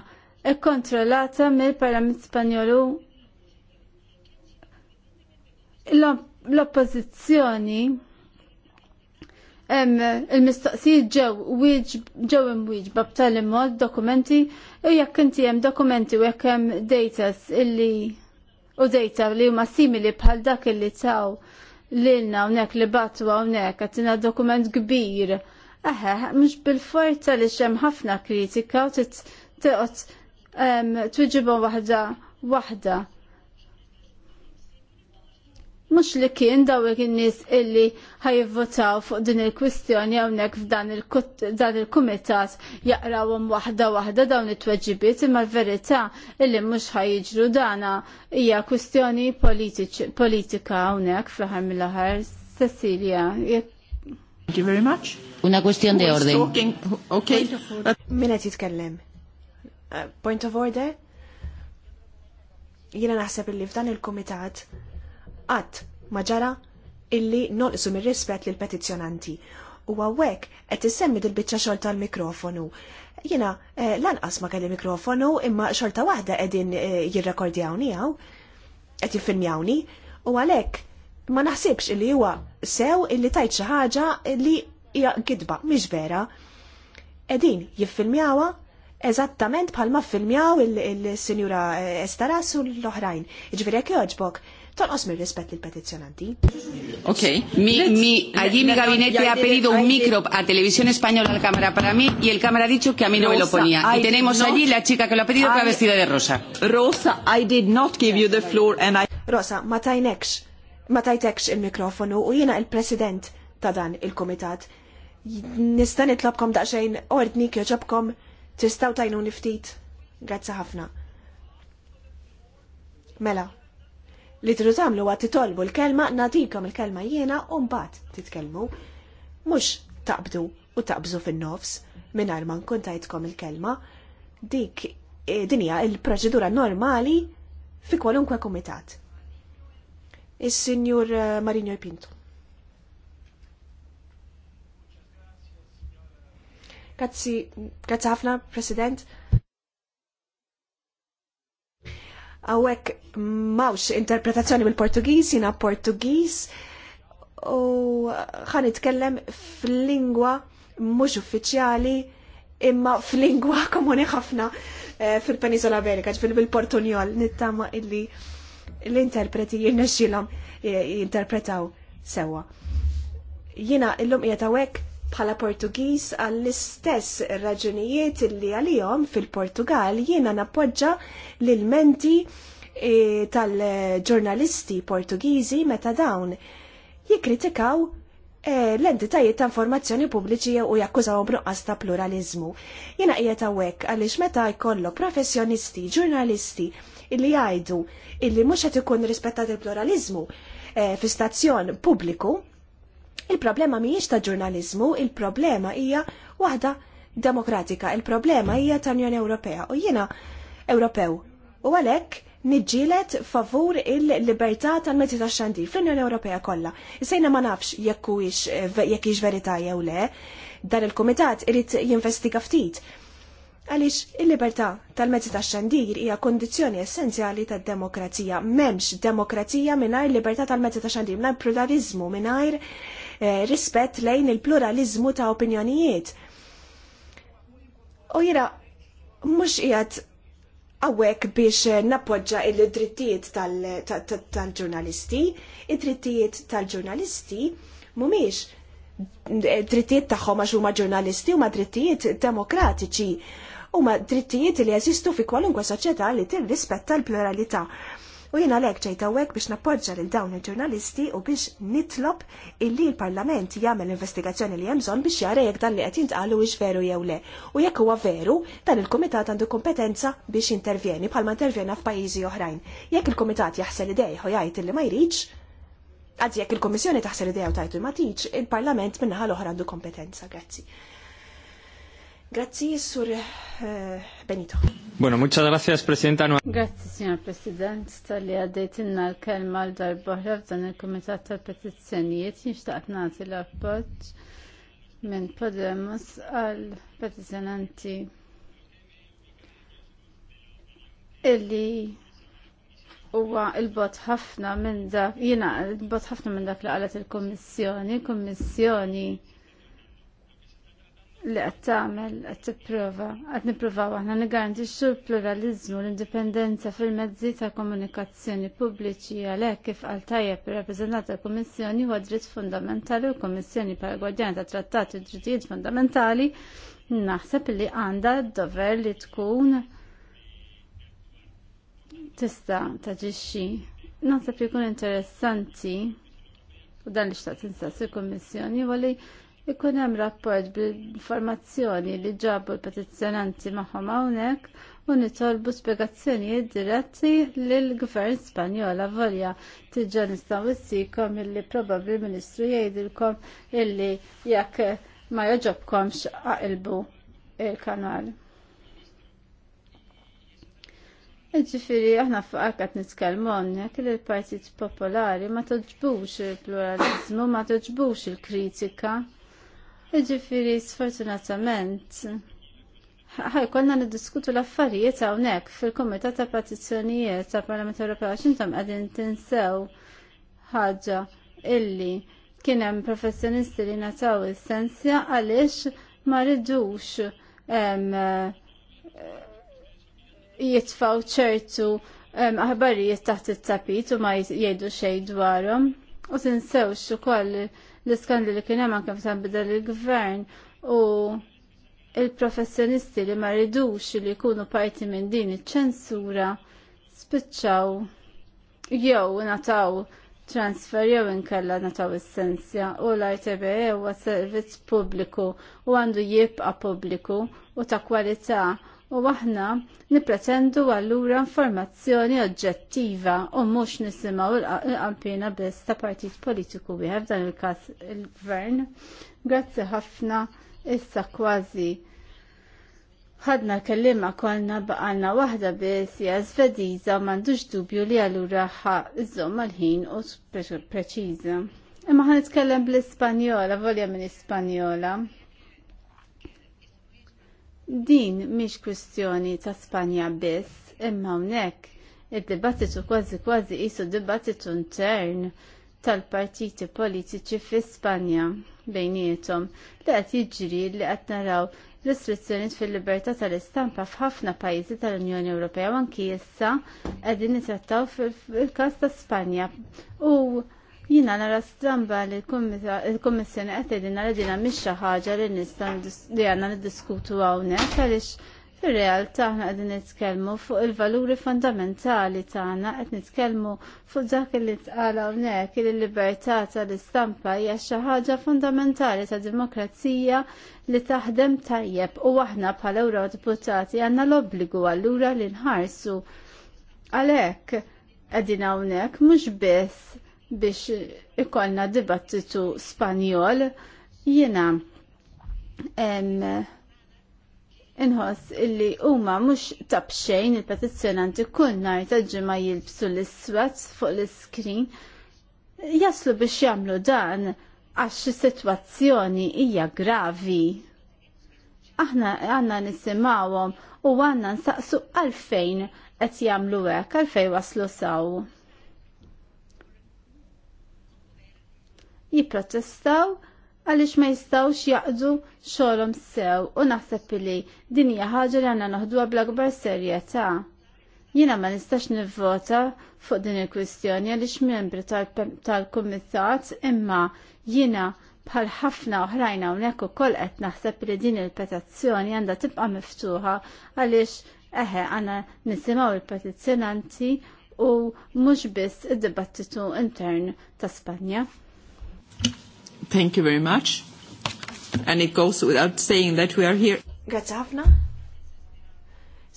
kontrollata mill-Parlament Spanjolu l-oppożizzjoni il-mistoqsijiet ġew ġew imwieġba b'tali mod dokumenti u jekk inti hemm dokumenti u jekk hemm datas illi u dejta li huma simili bħal dak li taw lilna hawnhekk li batwa hawnhekk għatina dokument kbir. Aha, mhux bil-forza li xem ħafna kritika u titqot twiġibhom waħda waħda mux li kien dawek in-nies illi ħajvotaw fuq din il-kwistjoni hawnhekk f'dan il-kumitat jaqrawhom waħda waħda dawn it-tweġibiet imma l-verità illi mhux ħajġru dana hija kwistjoni politika hawnhekk fl-aħħar mill-aħħar. Cecilia, Thank you very much. Una kwestjon di ordin. Okay. Min jitkellem? Uh, point of order? Jiena naħseb illi f'dan il-kumitat qatt ma ġara illi nolqsu mir-rispett lil petizzjonanti. U għawek qed isemmi dil-biċċa xorta tal-mikrofonu. Jiena eh, lanqas ma kelli mikrofonu imma xorta waħda qegħdin eh, jirrekordjawni hawn qed jiffilmjawni u għalhekk ma naħsibx illi huwa sew illi tajt xi ħaġa li hija gidba mhix vera. Qegħdin jiffilmjawha eżattament bħalma ffilmjaw il-Sinjura eh, Estaras u l-oħrajn. Ġifieri jekk joġbok, tonqos mir rispett lil petizzjonanti. Ok, mi, mi, allí mi gabinete ha pedido un micro a Televisión Española la cámara para mí y el cámara ha dicho que a mí no me lo ponía. Y tenemos allí la chica que lo ha pedido que ha vestido de rosa. Rosa, I did not give you the floor and I... Rosa, ma tajnekx, ma tajtekx il-mikrofonu u jena il-president ta' dan il-komitat. Nista' nitlobkom daqsxejn ordni kjoġobkom tistaw tajnu niftit. Grazzi ħafna. Mela, li tridu tagħmlu huwa titolbu l-kelma, nagħtikom il-kelma jiena u mbagħad titkellmu. Mhux taqbdu u taqbżu fin-nofs mingħajr ma nkun tajtkom il-kelma. Dik e, din hija il-proċedura normali fi kwalunkwe kumitat. Is-Sinjur eh, Marinjo Pinto. Grazzi ħafna, President. Għawek mawx interpretazzjoni bil-Portugiż, jina Portugiż, u ħan itkellem fil-lingwa mhux uffiċjali imma fil-lingwa (laughs) komuni ħafna eh, fil-Penisola Amerika, fil bil-Portunjol, nittama illi l-interpreti jirnexxilhom eh, jinterpretaw sewa. Jina illum qiegħed hawnhekk bħala Portugiż għall-istess raġunijiet li għalihom fil-Portugal jiena nappoġġa l-menti eh, tal-ġurnalisti Portugiżi meta dawn jikkritikaw eh, l-entitajiet ta' informazzjoni pubbliċi u jakkużawhom b'nuqqas ta' pluralizmu. Jiena qiegħed hawnhekk għaliex meta jkollok professjonisti, ġurnalisti illi jgħidu illi mhux qed ikun rispettat il-pluralizmu eh, fi stazzjon pubbliku, Il-problema mhijiex ta' ġurnaliżmu, il-problema hija waħda demokratika, il-problema hija tal-Unjoni Ewropea u jiena Ewropew. U għalhekk niġġielet favur il-libertà tal-mezzi ta' xandir fl-Unjoni Ewropea kollha. Sejna ma nafx jekk jekk hix verità jew le, dan il-kumitat irid jinvestiga ftit. Għaliex il-libertà tal-mezzi ta' xandir hija kondizjoni essenzjali tad-demokrazija. M'hemmx demokrazija mingħajr libertà tal-mezzi ta' xandir, mingħajr pluralizmu, mingħajr Eh, rispett lejn il-pluralizmu ta' opinjonijiet. U jira, mux jgħat għawek biex nappoġġa il-drittijiet tal-ġurnalisti, il drittijiet tal-ġurnalisti mumiex drittijiet tagħhom għax huma ġurnalisti huma drittijiet demokratiċi huma drittijiet li jeżistu fi kwalunkwe soċjetà li tirrispetta l-pluralità. U jina lek ġejta wek biex nappoġġa lil dawn il-ġurnalisti u biex nitlob illi l-Parlament jagħmel investigazzjoni li hemm bżonn biex jara jekk dan li qed jintqalu wiex veru jew le. U jekk huwa veru, dan il-kumitat għandu kompetenza biex intervjeni bħalma intervjena f'pajjiżi oħrajn. Jekk il-kumitat jaħsel idej u jgħid illi ma jridx, Għadzi, jekk il-Komissjoni taħsel idea u tajtu ma tiġ, il-Parlament minnaħal l-oħra għandu kompetenza, grazzi. Grazzi, Sur eh, Benito. Bueno, muchas gracias, Presidenta. Grazzi, Signor President, tal-li għaddejtinna l-kelma l-darbohra f'dan il-Komitat tal-Petizzjonijiet, nishtaqt nagħti l-appoġġ minn Podemos għal petizzjonanti illi huwa il-bot ħafna minn dak jina il-bot ħafna minn dak li qalet il-Kummissjoni, Kummissjoni li qed tagħmel qed tipprova qed nippruvaw aħna nigarantixxu l-pluralizmu l-indipendenza fil-mezzi ta' komunikazzjoni pubbliċi għalhekk kif qal tajjeb irrappreżentat tal kummissjoni huwa dritt fundamentali u l-Kummissjoni bħala Gwardjan ta' Trattati u Drittijiet Fundamentali naħseb li għandha d-dover li tkun tista' taġixxi. Naħseb li jkun interessanti u dan li xtaqt insassi il-Kummissjoni huwa li ikun hemm rapport bl-informazzjoni li ġabu l-petizzjonanti magħhom hawnhekk u nitolbu spjegazzjonijiet diretti lill gvern Spanjol volja tiġa nistgħu issikom illi probabbli l-Ministru jgħidilkom illi jekk ma joġobkomx aqilbu il-kanal. Ġifiri, aħna fuqa għat nitkelmu għonnek li l-partit popolari ma toġbux il-pluralizmu, ma toġbux il-kritika. Ġifiri, sfortunatament, ħaj, konna niddiskutu l-affarijiet hawnhekk fil-Kumitat ta' Petizzjonijiet ta' Parlament Ewropew għax intom qegħdin tinsew ħaġa illi kien hemm professjonisti li nataw is-sensja għaliex ma ridux jitfaw ċertu ħabarijiet taħt it-tapit u ma jgħidu xejn dwarhom u tinsewx ukoll l-iskandli li kien hemm anke meta bidel il-gvern u il-professjonisti li ma ridux li jkunu parti minn din iċ-ċensura spiċċaw jew nataw transfer jew inkella nataw essenzja u l itb e huwa servizz pubbliku u għandu jibqa' pubbliku u ta' kwalità u aħna nipretendu allura informazzjoni oġġettiva u mhux nisimgħu l qalpina biss ta' partit politiku wieħed dan il-każ il-gvern. Grazzi ħafna issa kważi ħadna kellima kolna baqalna waħda biss hija u m'għandux dubju li allura ħa iżomm ħin u preċiża. Imma ħan nitkellem bl-Ispanjola, volja minn Ispanjola. Din mhix kwistjoni ta' Spanja biss, imma hawnhekk id-dibattitu kważi kważi qisu dibattitu intern tal-partiti politiċi fi Spanja bejnietom li qed jiġri li qed naraw restrizzjonijiet fil-libertà tal-istampa f'ħafna pajjiżi tal-Unjoni Ewropea u anki issa qegħdin nitrattaw fil-każ ta' Spanja u Jina nara stramba li l-Kommissjoni qed li nara dina misċa ħaġa li nistan li għandna niddiskutu hawnhekk għaliex fir-realtà aħna qegħdin nitkellmu fuq il-valuri fondamentali tagħna qed nitkellmu fuq dak li tqal hawnhekk li l-libertà tal-istampa hija xi ħaġa fundamentali ta' demokrazija li taħdem tajjeb u aħna bħala deputati għandna l-obbligu allura li nħarsu għalhekk qegħdin hawnhekk mhux biss biex ikollna dibattitu Spanjol jiena inħoss illi huma mhux tabxejn il-petizzjonanti kull nar ta' ġimgħa jilbsu l-iswed fuq l-iskrin jaslu biex jagħmlu dan għax is-sitwazzjoni hija gravi. Aħna għandna nisimgħuhom u għandna nsaqsu għalfejn qed jagħmlu hekk għalfejn waslu saw. jipprotestaw għaliex ma jistawx jaqdu xolom sew u naħseb li din hija ħaġa li għandna noħduha bl-akbar serjetà. Jiena ma nistax nivvota fuq din il-kwistjoni għaliex membri tal-kumitat imma jiena bħal ħafna oħrajn hawnhekk ukoll qed naħseb li din il-petizzjoni għandha tibqa' miftuħa għaliex eħe għanna nisimgħu il-petizzjonanti u mhux biss id-dibattitu intern ta' Spanja. Thank you very much. And it goes without saying that we are here. Grazie ħafna.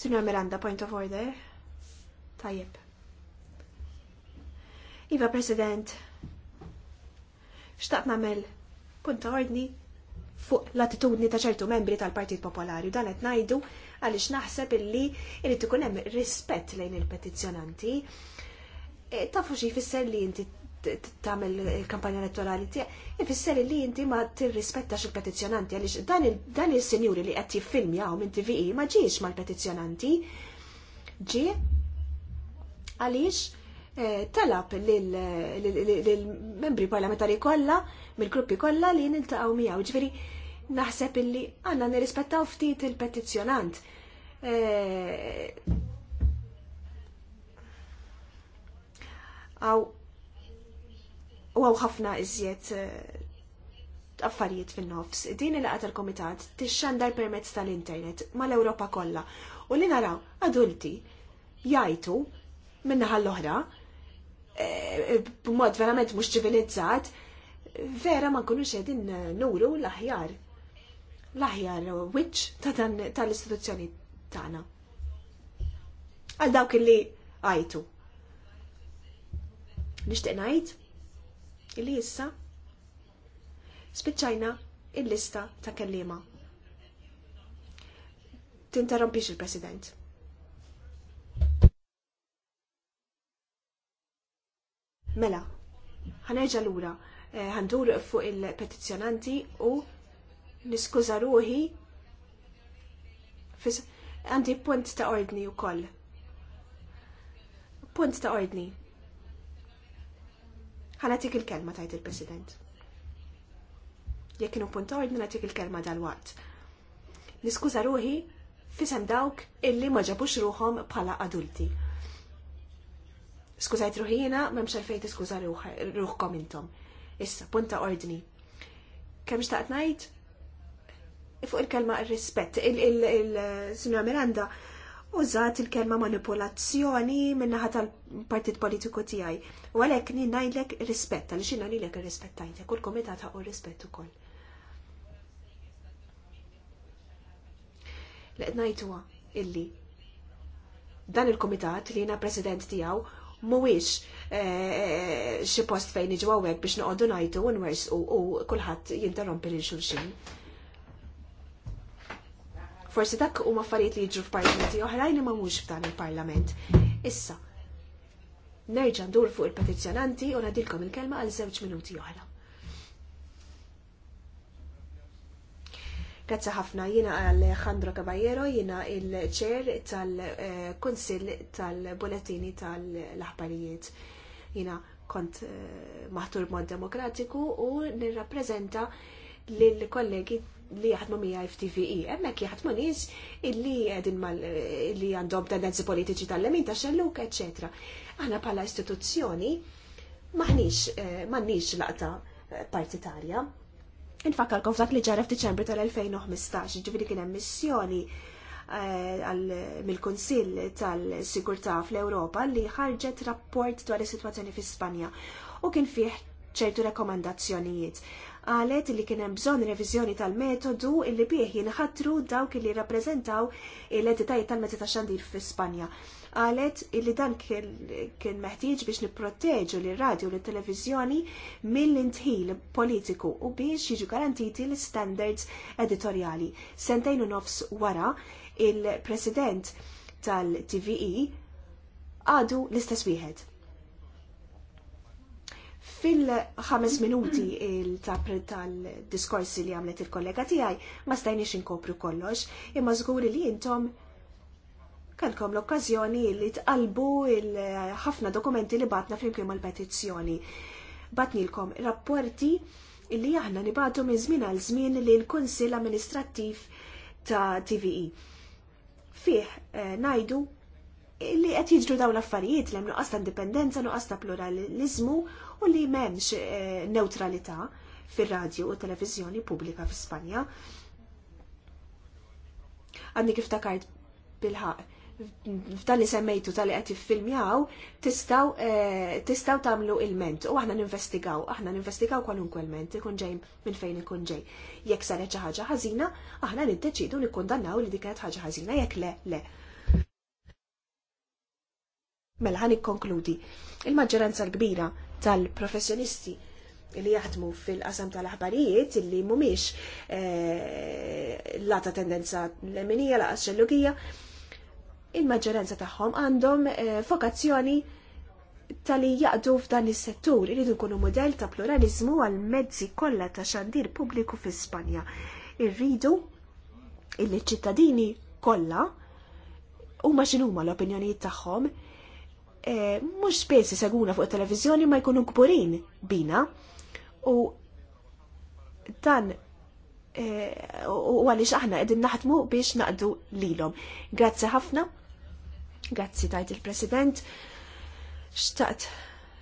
Signor Miranda, point of order. Tajjeb. Iva, President, Xtaq namel punta ordni fuq l-attitudni ta' ċertu membri tal-Partit Popolari. Dan qed ngħidu għaliex naħseb illi irid ikun hemm rispett lejn il-petizzjonanti. E, tafu xi jfisser li inti tagħmel il-kampanja elettorali tiegħek, ifisser li inti ma tirrispettax il-petizzjonanti għaliex dan il-sinjuri li qed jiffilmjaw minn TV e ma ġiex mal-petizzjonanti. Ġi għaliex eh, talab lill-membri parlamentari kollha, mill-gruppi kollha li niltaqgħu miegħu. Ġifieri naħseb illi għandna nirrispettaw ftit il-petizzjonant. Għaw eh, u għaw ħafna iżjed eh, affarijiet fin-nofs. Din il tal komitat tixxandar permezz tal-internet mal-Ewropa kollha u li naraw adulti jajtu minnaħa l-oħra eh, b'mod verament mhux ċivilizzat vera ma nkunux qegħdin nuru l-aħjar l-aħjar wiċċ ta' dan tal-istituzzjoni tagħna. Għal dawk illi għajtu. Nixtieq ngħid illi issa spiċċajna il-lista ta' kellima. Tinterrompix il-President. Mela, ħanerġa lura, eh, ħandur fuq il-petizjonanti u niskuża ruħi għandi punt ta' ordni u koll. Punt ta' ordni ħanatik il-kelma tajt il-President. Jekk kienu punt ordni il-kelma dal wat Niskuza ruħi fisem dawk illi ma ġabux ruħom bħala adulti. Skużajt ruħina, memx għalfejt tiskuża ruħkom intom. Issa, punta ordni. Kemm xtaqt ngħid? Fuq il-kelma il rispett il sinja Miranda użat il-kelma manipolazzjoni minnaħa tal-partit politiku tijaj. U għalek ni najdlek rispetta, li xina nilek rispettajtek, u l-komitat u rispettu kol. Leq najtuwa illi dan il-komitat li jina president tijaw muwix eh, xie post fejn iġu għawek biex noqoddu najtu u u kullħat jinterrompi l-xulxin. Forsi dak huma affarijiet li jiġru f'parlamenti oħrajn li ma mhux f'dan il-parlament. Issa, nerġa' ndur fuq il-petizzjonanti u nadilkom il-kelma għal żewġ minuti oħra. Grazzi ħafna, jina Alejandro Caballero, jina il-ċer tal-Kunsill tal-Bullettini tal-Aħbarijiet. Jina kont eh, maħtur mod demokratiku u nirrappreżenta lill-kollegi li jaħdmu mija FTVE, emmek jaħdmu nis illi għedin mal illi għandhom tendenzi politiċi tal-lemin ta' xelluk, ecc. Aħna pala istituzzjoni maħnix eh, maħnix laqta eh, partitarja. Infakkarkom f'dak li ġara f'Diċembru tal-2015, ġifiri kien hemm missjoni eh, mill-Kunsill tal-Sigurtà fl-Ewropa li ħarġet rapport dwar is-sitwazzjoni fi Spanja u kien fih ċertu rekomandazzjonijiet għalet li kienem bżon revizjoni tal-metodu illi bieħ jinħatru dawk li rappresentaw l-entitajiet tal metodu ta' xandir fi Spanja. Għalet illi dan kien meħtieġ biex niprotteġu li radio u televizjoni mill-intħil politiku u biex jiġu garantiti l-standards editoriali. Sentejn u nofs wara il-president tal-TVE għadu l-istess wieħed Fil-5 minuti il-tapret tal-diskorsi li għamlet il-kollega tijaj, ma stajniex xinkopru kollox, imma zguri li jintom kalkom l-okkazjoni li tqalbu il-ħafna dokumenti li batna flimkien mal-petizzjoni. Batnilkom rapporti li aħna nibatu minn żmien għal żmien li l-Kunsill Amministrattiv ta' TVE. Fih eh, najdu li qed jiġru dawn l-affarijiet li hemm nuqqas ta' indipendenza, nuqqas ta' pluralizmu u li m'hemmx eh, neutralità fir-radju u televiżjoni pubblika fi Spanja. Għandi kif takart bil-ħaq f'dan li semmejtu tal-li qed tiffilmjaw tistaw eh, tistaw tagħmlu ilment u aħna ninvestigaw, aħna ninvestigaw kwalunkwe il-ment, ikun ġej minn fejn ikun ġej. Jekk saret xi ħaġa ħażina, aħna niddeċidu nikkundannaw li dik kienet ħaġa ħażina jekk le le. Mela ħan ikkonkludi. Il-maġġoranza l-kbira tal-professjonisti li jaħdmu fil-qasam tal-aħbarijiet li mumiex eh, lata tendenza l-eminija la xellugija, il-maġġoranza tagħhom għandhom eh, vokazzjoni tal-li jaqdu f'dan is-settur iridu nkunu modell ta' pluralizmu għal mezzi kollha ta' xandir pubbliku fi Spanja. Irridu il-ċittadini kollha huma x'inhuma l-opinjonijiet tagħhom Eh, mhux spess seguna fuq it ma jkunu kburin bina u dan eh, u għaliex aħna qegħdin naħdmu biex naqdu lilhom. Grazzi ħafna. Grazzi tajt il-President. Xtaqt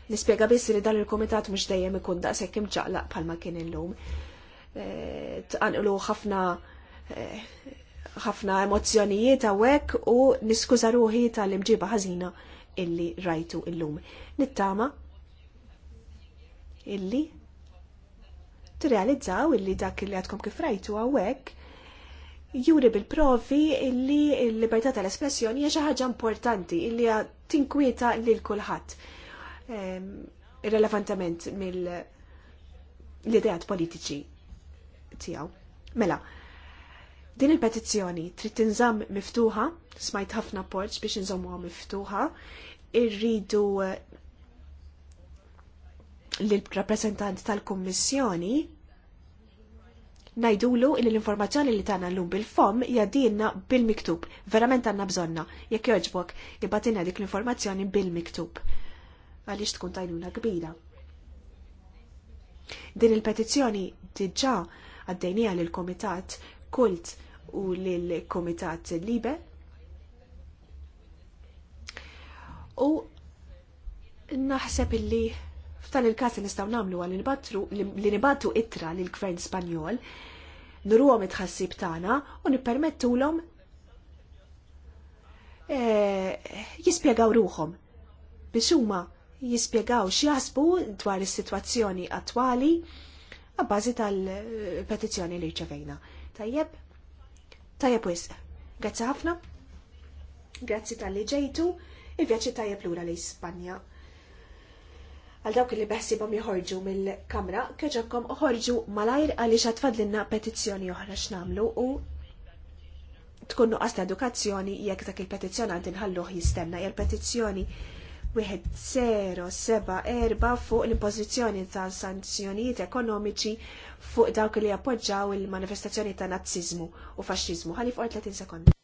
nispjega biss li dan il-Kumitat mhux dejjem ikun daqshekk imġaqlaq bħalma kien illum. Eh, tqanqlu ħafna ħafna emozjonijiet għawek u niskuża ruħi tal-imġiba ħażina illi rajtu illum. Nittama illi tirrealizzaw illi dak illi għadkom kif rajtu għawek juri bil-provi illi l-libertà tal-espressjoni hija xi ħaġa importanti illi tinkwieta lil kulħadd. Ehm, Irrelevantament mill ideat politiċi tiegħu. Mela, Din il-petizzjoni trid tinżamm miftuħa, smajt ħafna ports biex inżommuha miftuħa, irridu eh, l-rappresentant tal-Kummissjoni najdulu il l-informazzjoni li tagħna llum bil-fom jadinna bil-miktub, verament għandna bżonna, jekk joġbok jibatina dik l-informazzjoni bil-miktub. Għaliex tkun tajnuna kbira. Din il-petizzjoni diġà għaddejnija lill komitat kult u lill-Kumitat Libe. U naħseb illi f'tan il-każ nistgħu nagħmlu għal li nibattu ittra lill gvern Spanjol nruhom it-ħassib tagħna u nippermettulhom eh, jispjegaw ruhom biex huma jispjegaw x'jaħsbu dwar is-sitwazzjoni attwali għabbażi tal-petizzjoni li ċevejna. Tajjeb? Tajjeb wis. Grazzi ħafna. Grazzi tal-li ġejtu. Il-vjaċi tajjeb lura li Spanja. Għal dawk li beħsibhom joħorġu mill-kamra, keġobkom uħorġu malajr għaliex tfadlinna petizzjoni oħra x'namlu u tkun nuqqas ta' edukazzjoni jekk dak il-petizzjonant inħalluh jistenna. Il-petizzjoni Wieħed seba' erba' fuq l-impożizzjoni ta' sanzjonijiet ekonomiċi fuq dawk li appoġġaw il-manifestazzjoni ta' nazziżmu u faxxiżmu. Ħalli fuq 30 sekondi.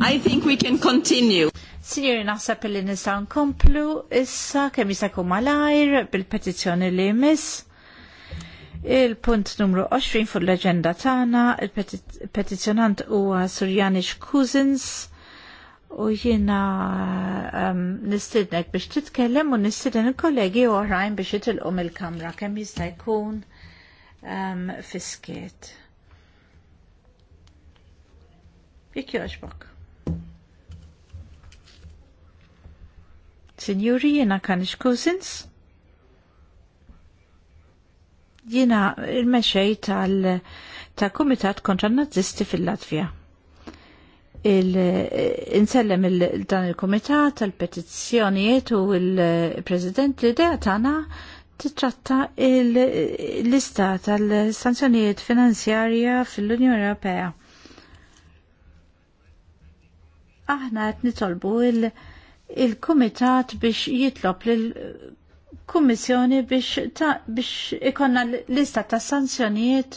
I think we can continue. Sinjuri naħseb li nistgħu nkomplu issa kemm jista' malajr bil-petizzjoni li jmiss. Il-punt numru 20 fuq l-aġenda tagħna, il-petizzjonant huwa Surjanish Cousins u jiena um, nistidnek biex titkellem u nistidnek il-kollegi għarajn biex jitilqu mill-kamra kemm jista' jkun um, fisket. Jekk jogħġbok. Signori, jiena kan cousins? Jiena il-mexej tal ta' Kumitat kontra Nazisti fil-Latvija. insellem il dan il-Kumitat tal-Petizzjonijiet u il-President l-idea tagħna titratta il-lista tal-sanzjonijiet finanzjarja fil-Unjoni Ewropea aħna qed nitolbu il-kumitat il biex jitlob l kummissjoni biex ta, biex ikonna lista ta' sanzjonijiet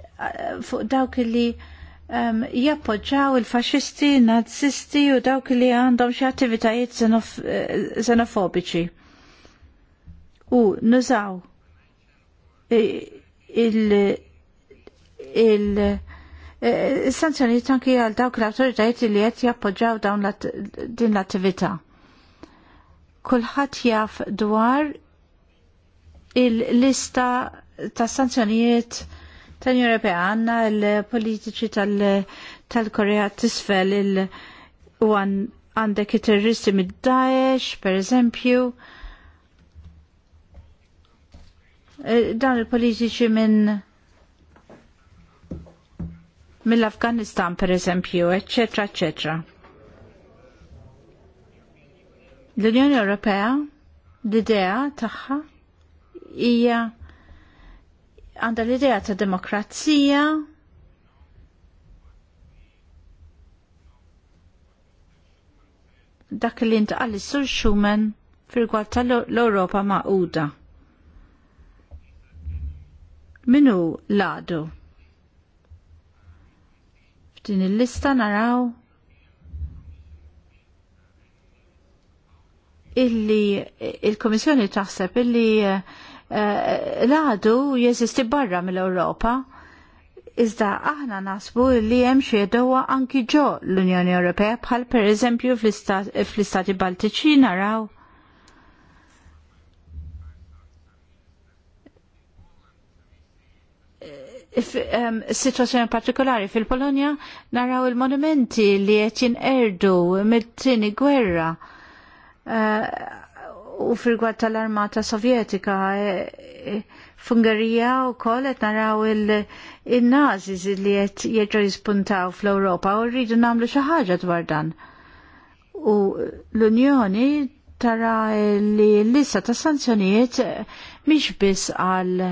eh, fuq dawk li um, jappoġġaw il-faxisti, nazisti u dawk li għandhom xi attivitajiet eh, xenofobiċi. U nużaw eh, il- il- Eh, sanzjonijiet anki għal dawk l-autoritajiet li qed jappoġġaw dawn din l-attività. Kulħadd jaf dwar il-lista ta' sanzjonijiet tal Ewropea għandna l-politiċi tal-Korea t-isfel il- u għandek it-terroristi mid-Daesh, per eżempju, eh, dan il-politiċi minn mill-Afganistan pereżempju, eċetera, eċetera. L-Unjoni Ewropea l-idea tagħha hija għandha l-idea ta' demokrazija dak li intqal sur Schumann fil ta' l europa uda. Minu ladu? F'din il-lista naraw illi il-Komissjoni taħseb illi eh, l-għadu jeżisti barra mill-Ewropa. Iżda aħna nasbu li hemm jedowa anki ġo l-Unjoni Ewropea bħal pereżempju fl-Istati Baltiċi naraw Um, situazzjoni partikolari fil-Polonja naraw il-monumenti li qed jinqerdu mit-tieni gwerra uh, u fil-gwad tal-armata sovjetika e, e, f'Ungerija u qed naraw il-nazis li qed jiġu jispuntaw fl-Ewropa u rridu nagħmlu xi ħaġa dwar dan. U l-Unjoni tara li l-lista ta' sanzjonijiet mhix biss għal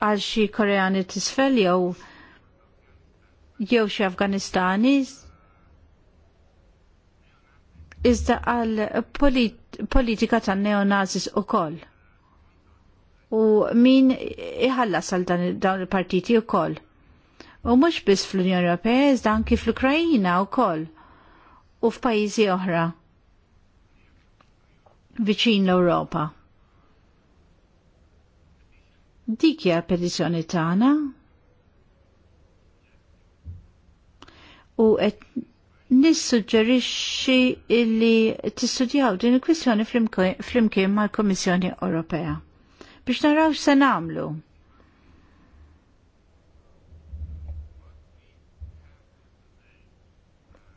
għal xi Koreani tisfel jew jew xi Afganistani iżda għal polit politika tan neonazis u koll. U min iħallas għal dawn il-partiti u koll. U mux bis fl-Unjoni Ewropea, iżda anki fl-Ukrajina u koll. U f'pajjiżi oħra. Viċin l ewropa Dik hija petizzjoni tagħna. U et nissuġġerixxi illi tistudjaw din il-kwistjoni flimkien mal-Kummissjoni Ewropea biex naraw se nagħmlu.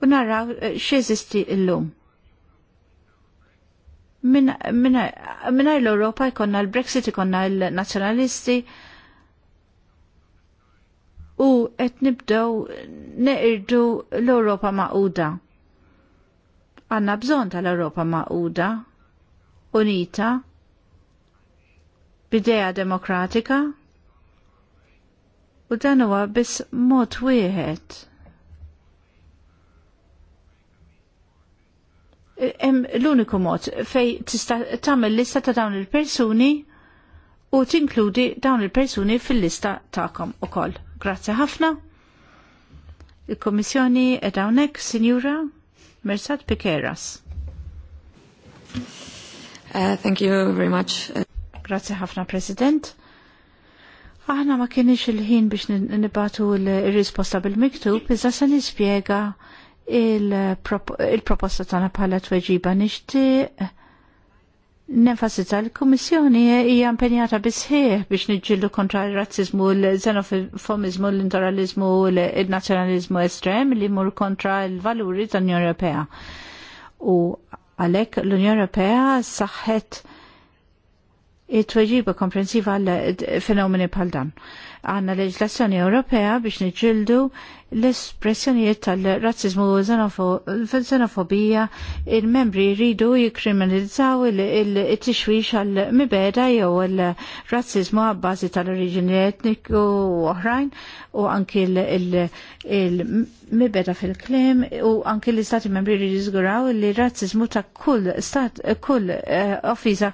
U naraw eh, x'eżisti llum. Minna l-Europa jkonna l-Brexit, jkonna l-nazjonalisti u qed nibdew neqirdu l-Europa maquda. Għanna bżon tal-Europa maquda, unita, bideja demokratika, u dan huwa biss mod wieħed l-uniku mod fej tista' tagħmel lista ta' dawn il-persuni u tinkludi dawn il-persuni fil-lista tagħkom ukoll. Grazzi ħafna. il komissjoni ed hawnhekk, Signora Mersad Pikeras. Uh, thank you very much. Grazie ħafna, President. Aħna ma kienix il-ħin biex nibatu l-risposta bil-miktub, iżda se nispjega il-proposta tagħna bħala tweġiba nixtieq nefasi l-Kummissjoni hija impenjata bisħieħ biex niġġieldu kontra r razzizmu l-xenofomizmu, l-intoralizmu, l-nazzjonaliżmu estrem li jmur kontra l-valuri tal-Unjoni Ewropea. U għalhekk l-Unjoni Ewropea saħħet it-tweġiba komprensiva għal fenomeni bħal dan għanna leġislazzjoni Ewropea biex niġildu l-espressjonijiet tal-razzizmu u xenofobija il-membri jridu jikriminalizzaw il-tixwix għal-mibeda jew il-razzizmu għabbażi tal-oriġini etniku u oħrajn u anki il-mibeda fil-klim u anki l-istati membri jridu jizguraw li razzizmu ta' kull stat kull eh, offiza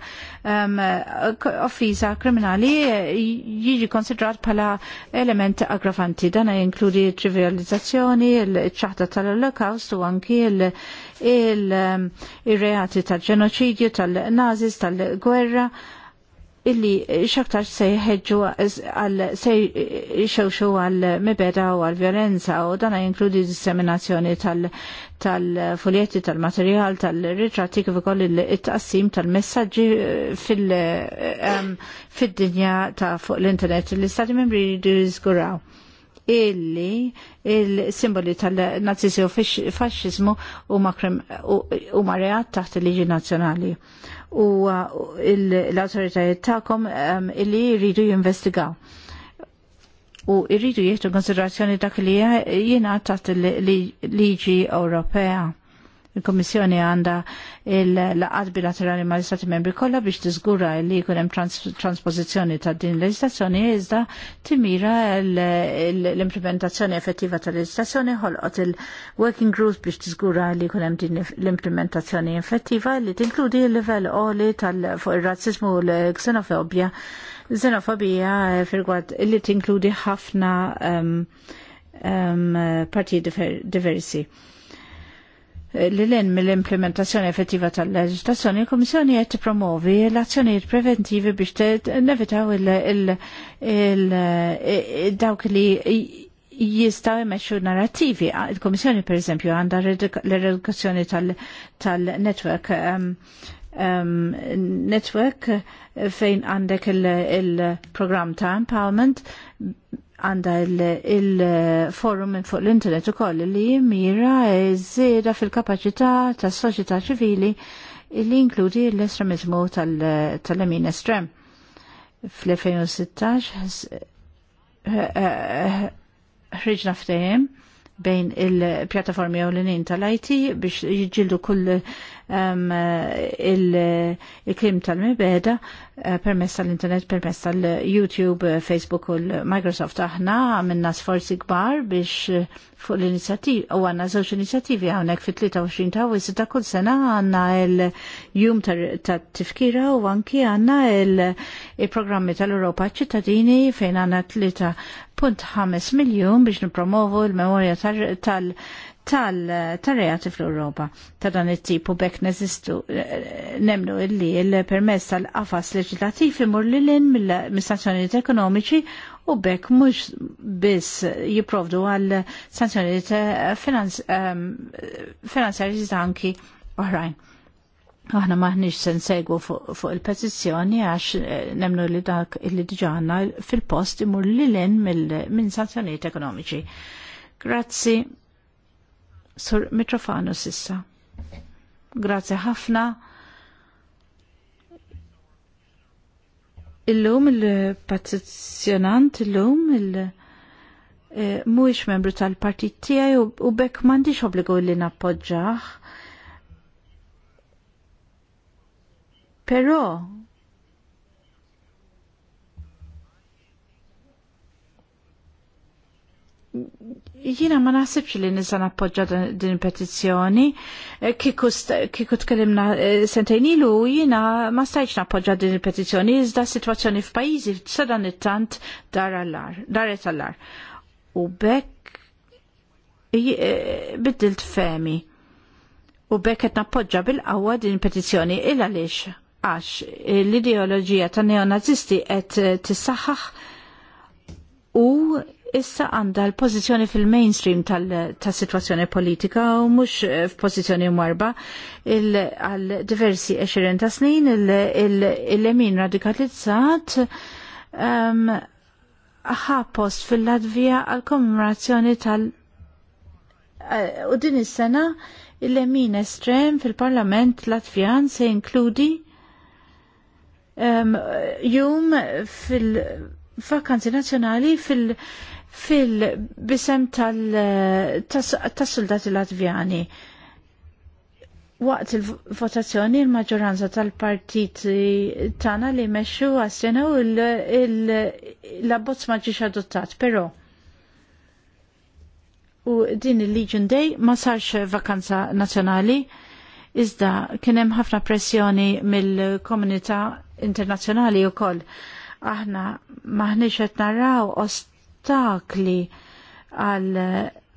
eh, offiza kriminali eh, jiġi konsidrat pala bħala element aggravanti. Dana jinkludi trivializzazzjoni, il ċaħta tal-Holocaust u anki um, il-reati tal-ġenoċidju, tal-nazis, tal-gwerra. tal ġenoċidju tal nazis tal gwerra illi xaktar se jħedġu għal se jxewxu għal mibeda u għal violenza u dana jinkludi disseminazzjoni tal-fuljetti, tal fuljetti tal tal-ritratti kif ukoll il-tqassim tal-messaġġi eh, fil-dinja ta' fuq l-internet li stati membri jridu jiżguraw illi il-simboli tal-nazizmu u fasċizmu u marreat taħt il-liġi nazjonali u l-autoritajiet tagħkom illi jridu jinvestigaw. U jridu jieħdu konsiderazzjoni dak li jiena taħt liġi Ewropea Il-Kommissjoni għanda il-laqat bilaterali ma' l-Istati membri kollha biex tiżgura li jkun hemm transpożizzjoni ta' din l-leġislazzjoni iżda timira l-implementazzjoni effettiva tal-leġislazzjoni ħolqot il-working group biex tiżgura li jkun hemm din l-implementazzjoni effettiva li tinkludi l-livell qoli tal-fuq ir-razzizmu u l xenofobija Xenofobija eh, firgwad li tinkludi ħafna um, um, partijiet diversi li l mill-implementazzjoni effettiva tal-leġislazzjoni, il-Komissjoni qed promovi l-azzjonijiet preventivi biex nevitaw il-dawk li jistaw jmexxu narrativi. Il-Komissjoni per eżempju għandha l-eredukazzjoni tal-network um, um, network fejn għandek il-programm ta' empowerment għanda il-forum minn fuq l-internet u koll li jimmira iż-żieda fil-kapacità tas soċjetà ċivili li inkludi l-estremizmu tal-emin estrem. Fl-2016 ħriġna ftehim bejn il-pjattaformi u l tal-IT biex jġildu kull Um, il-klim tal-mibeda uh, permess tal-internet, permess tal-YouTube, uh, Facebook u l-Microsoft. Aħna għamilna sforzi kbar biex uh, fuq l-inizjativi, u għanna zoċ inizjativi għawnek fit-23 ta' u ta' kull sena għanna il-jum ta' tifkira u anki għanna il-programmi tal-Europa ċittadini fejn għanna 3.5 miljon biex nipromovu il-memoria tal-, tal, tal tal-reati fl-Europa. Ta' dan it-tipu bekk neżistu eh, nemnu illi il-permess tal-qafas leġislativ imur li l-in mill-sanzjoniet ekonomiċi u bekk mux biss jiprovdu għal sanzjoniet eh, ehm, finanzjari zanki oħrajn. Aħna maħniġ sen segwu fuq il-petizjoni għax eh, nemnu li dak li diġanna fil-post imur li l-in mill-sanzjoniet ekonomiċi. Grazzi. Sur Mitrofanu sissa. Grazie ħafna. Illum il pazzizjonant illum il- eh, mhuwiex membru tal-partit tiegħi u bekk m'għandix obbligu li nappoġġah. Però Jiena ma naħsibx li nisa nappoġġa din petizzjoni. Eh, kiku tkellimna eh, sentejn ilu jiena ma stajx nappoġġa din il-petizzjoni iżda situazzjoni f'pajjiżi sadan it-tant dar allar, U bekk eh, biddilt femi. U bekk qed nappoġġa bil-qawwa din petizzjoni il għaliex għax l ideologija ta' neonazisti qed tissaħħaħ u issa għandha l-pożizzjoni fil-mainstream tal-situazzjoni tal politika u mhux eh, f'pożizzjoni marba għal diversi 20 ta' snin il-lemin il radikalizzat um, ehm, ħapost fil-Latvija għal kommemorazzjoni tal- eh, u din is-sena il emin estrem fil-Parlament Latvjan se inkludi um, jum fil- vakanzi nazjonali fil- fil-bisem tal-soldati latvjani. Waqt il-votazzjoni il-maġġoranza tal-partit tana li meċu għasjena u l-abbozz maġiġ adottat, pero u din il-Legion Day ma sarx vakanza nazjonali, iżda kienem ħafna pressjoni mill-komunità internazzjonali u koll aħna m'aħniex qed naraw ost ostakli għal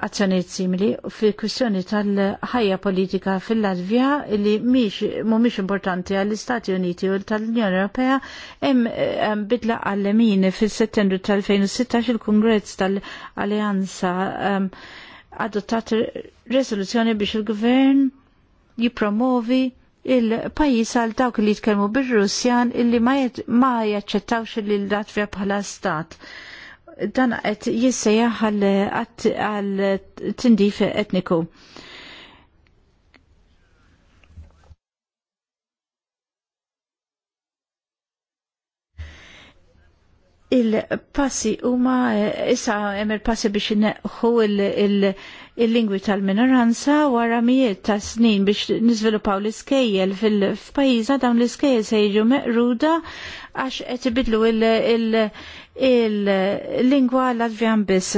azzjoniet simili fil kwistjoni tal-ħajja politika fil-Latvija li mhumiex importanti għall-Istati Uniti u tal-Unjoni Ewropea hemm bidla għall-emini fis-Settembru tal-2016 il-Kungrezz tal-Alleanza ehm, adottat resoluzzjoni biex il-Gvern jipromovi il-pajis għal dawk li jitkellmu bir-Russjan illi ma jaċċettawx li latvija bħala stat dan qed jissejjaħ għal tindif etniku. il-passi huma issa hemm il-passi biex neħħu il-lingwi tal-minoranza wara mijiet ta' snin biex niżviluppaw l-iskejjel fil-pajjiża dawn l-iskejjel se jiġu meqruda għax qed ibidlu il- il-lingwa Latvijan biss.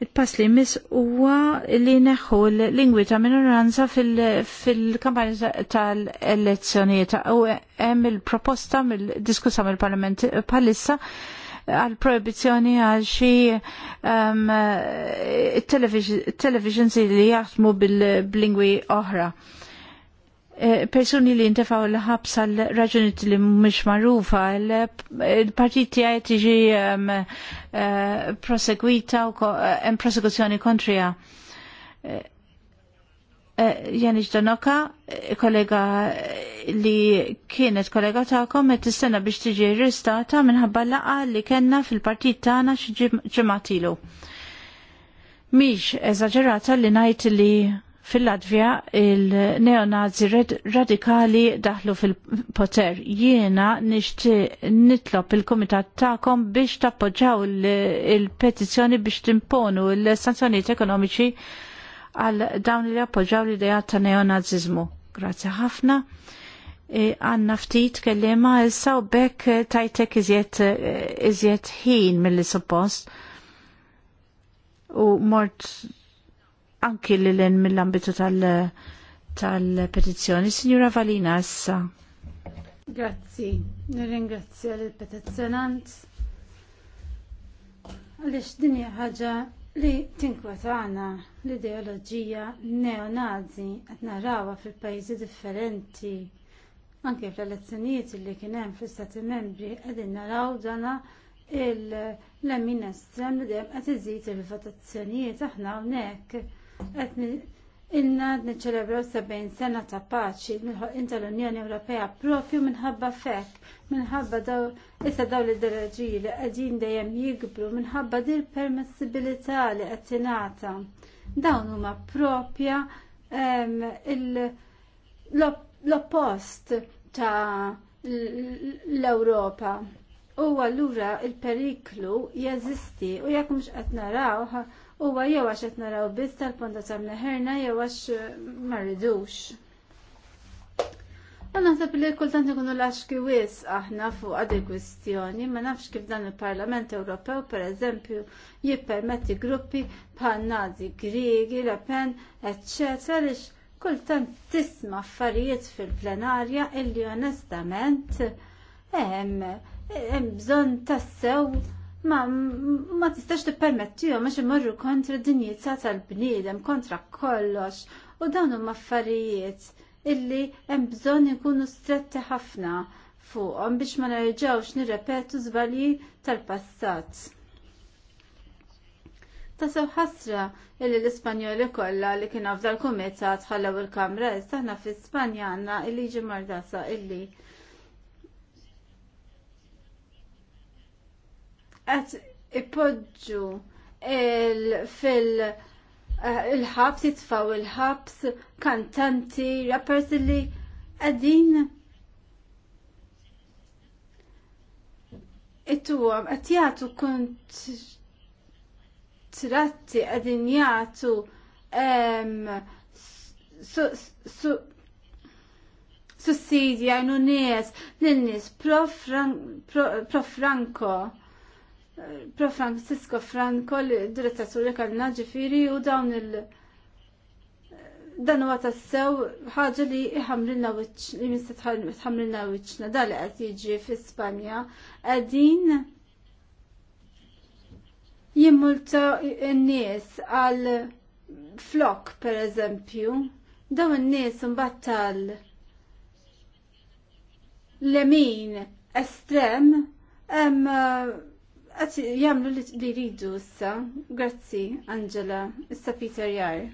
Il-pass li mis huwa li neħu l-lingwi ta' minoranza fil-kampanja tal-elezzjonijiet u hemm il-proposta mill-diskussa mill-Parlament palissa għal proibizjoni għal xi um, televisions li jaħdmu bil-lingwi oħra. Eh, persuni li intefaw l-ħabs għal raġunit li mhumiex magħrufa, eh, il-partit tiegħi tiġi ehm, eh, prosegwita u hemm prosekuzzjoni kontrija. Janiġ Danoka, kollega li kienet kollega ta'kom qed tistenna biex tiġi ta' minħabba laqa li kellna fil-partit tagħna xi ġimgħat ilu. Mhix eżaġerata li ngħid li fil-Latvja il-neonazi radikali daħlu fil-poter. Jiena nixti nitlob il-komitat ta'kom biex tappoġġaw il-petizjoni biex timponu il-sanzjoniet ekonomiċi għal dawn li appoġġaw l-ideja ta' neonazizmu. Grazie ħafna. E, għanna ftit kellima issa bekk tajtek iżjed ħin mill-suppost u mort anki li l mill-ambitu tal-petizzjoni. Tal Signora Valina, issa. Grazzi, nirringrazzja l-petizzjonant. Għalix dinja ħaġa li tinkwatana l-ideologija neonazi qed narawha fil-pajjiżi differenti. Anke fl-elezzjonijiet li kien hemm fl-Istati Membri qegħdin naraw dana l-lemin estrem li dejjem qed iżid il-votazzjonijiet aħna hawnhekk Ilna niċċelebraw 70 sena ta' paċi inta ħolqien tal-Unjoni Ewropea propju minħabba fek, minħabba daw issa daw li deraġiji li qegħdin dejjem jikbru minħabba dir permissibilità li qed Dawn huma propja l-oppost ta' l-Ewropa. U allura il-periklu jeżisti u jekk mhux qed narawha huwa jew għax qed naraw biss tal-ponta tal-neħerna jew għax eh, ma rridux. U naħseb li kultant ikunu laxki wis aħna fuq għadi kwistjoni, ma nafx kif dan il-Parlament Ewropew pereżempju jippermetti gruppi bħal Nazi, Griegi, Le Pen, eccetera lix kultant tisma affarijiet fil-plenarja illi onestament eh, eh, hemm bżonn tassew ma ma tistax tippermettihom għax imorru kontra d-dinjità tal-bniedem, kontra kollox u dawn huma affarijiet illi hemm bżonn ikunu stretti ħafna fuqhom biex ma nerġgħux nirrepetu żbalji tal-passat. Tasew ħasra illi l-Ispanjoli kollha li kien afdal kumitat ħallew il-Kamra issa aħna fi Spanja għandna illi liġi mardasa illi qed ipoġġu fil- eh, il-ħabs, jitfaw il-ħabs, kantanti, rappers li għadin it-tuwam, għatjatu kont tratti għadin ehm, sussidja għajnu nies, l-nies pro Franco. Prof. Francisco Franco, direttatur li kellna ġifiri u dawn il- dan huwa tassew ħaġa li iħamrilna wiċċ li mista tħamrilna wiċċna da li qed jiġi fi Spanja qegħdin jimmulta n-nies għal flok per eżempju daw n-nies mbagħad tal lemin estrem hemm għat jamlu li ridu issa. Grazzi, Angela, issa Peter Jar.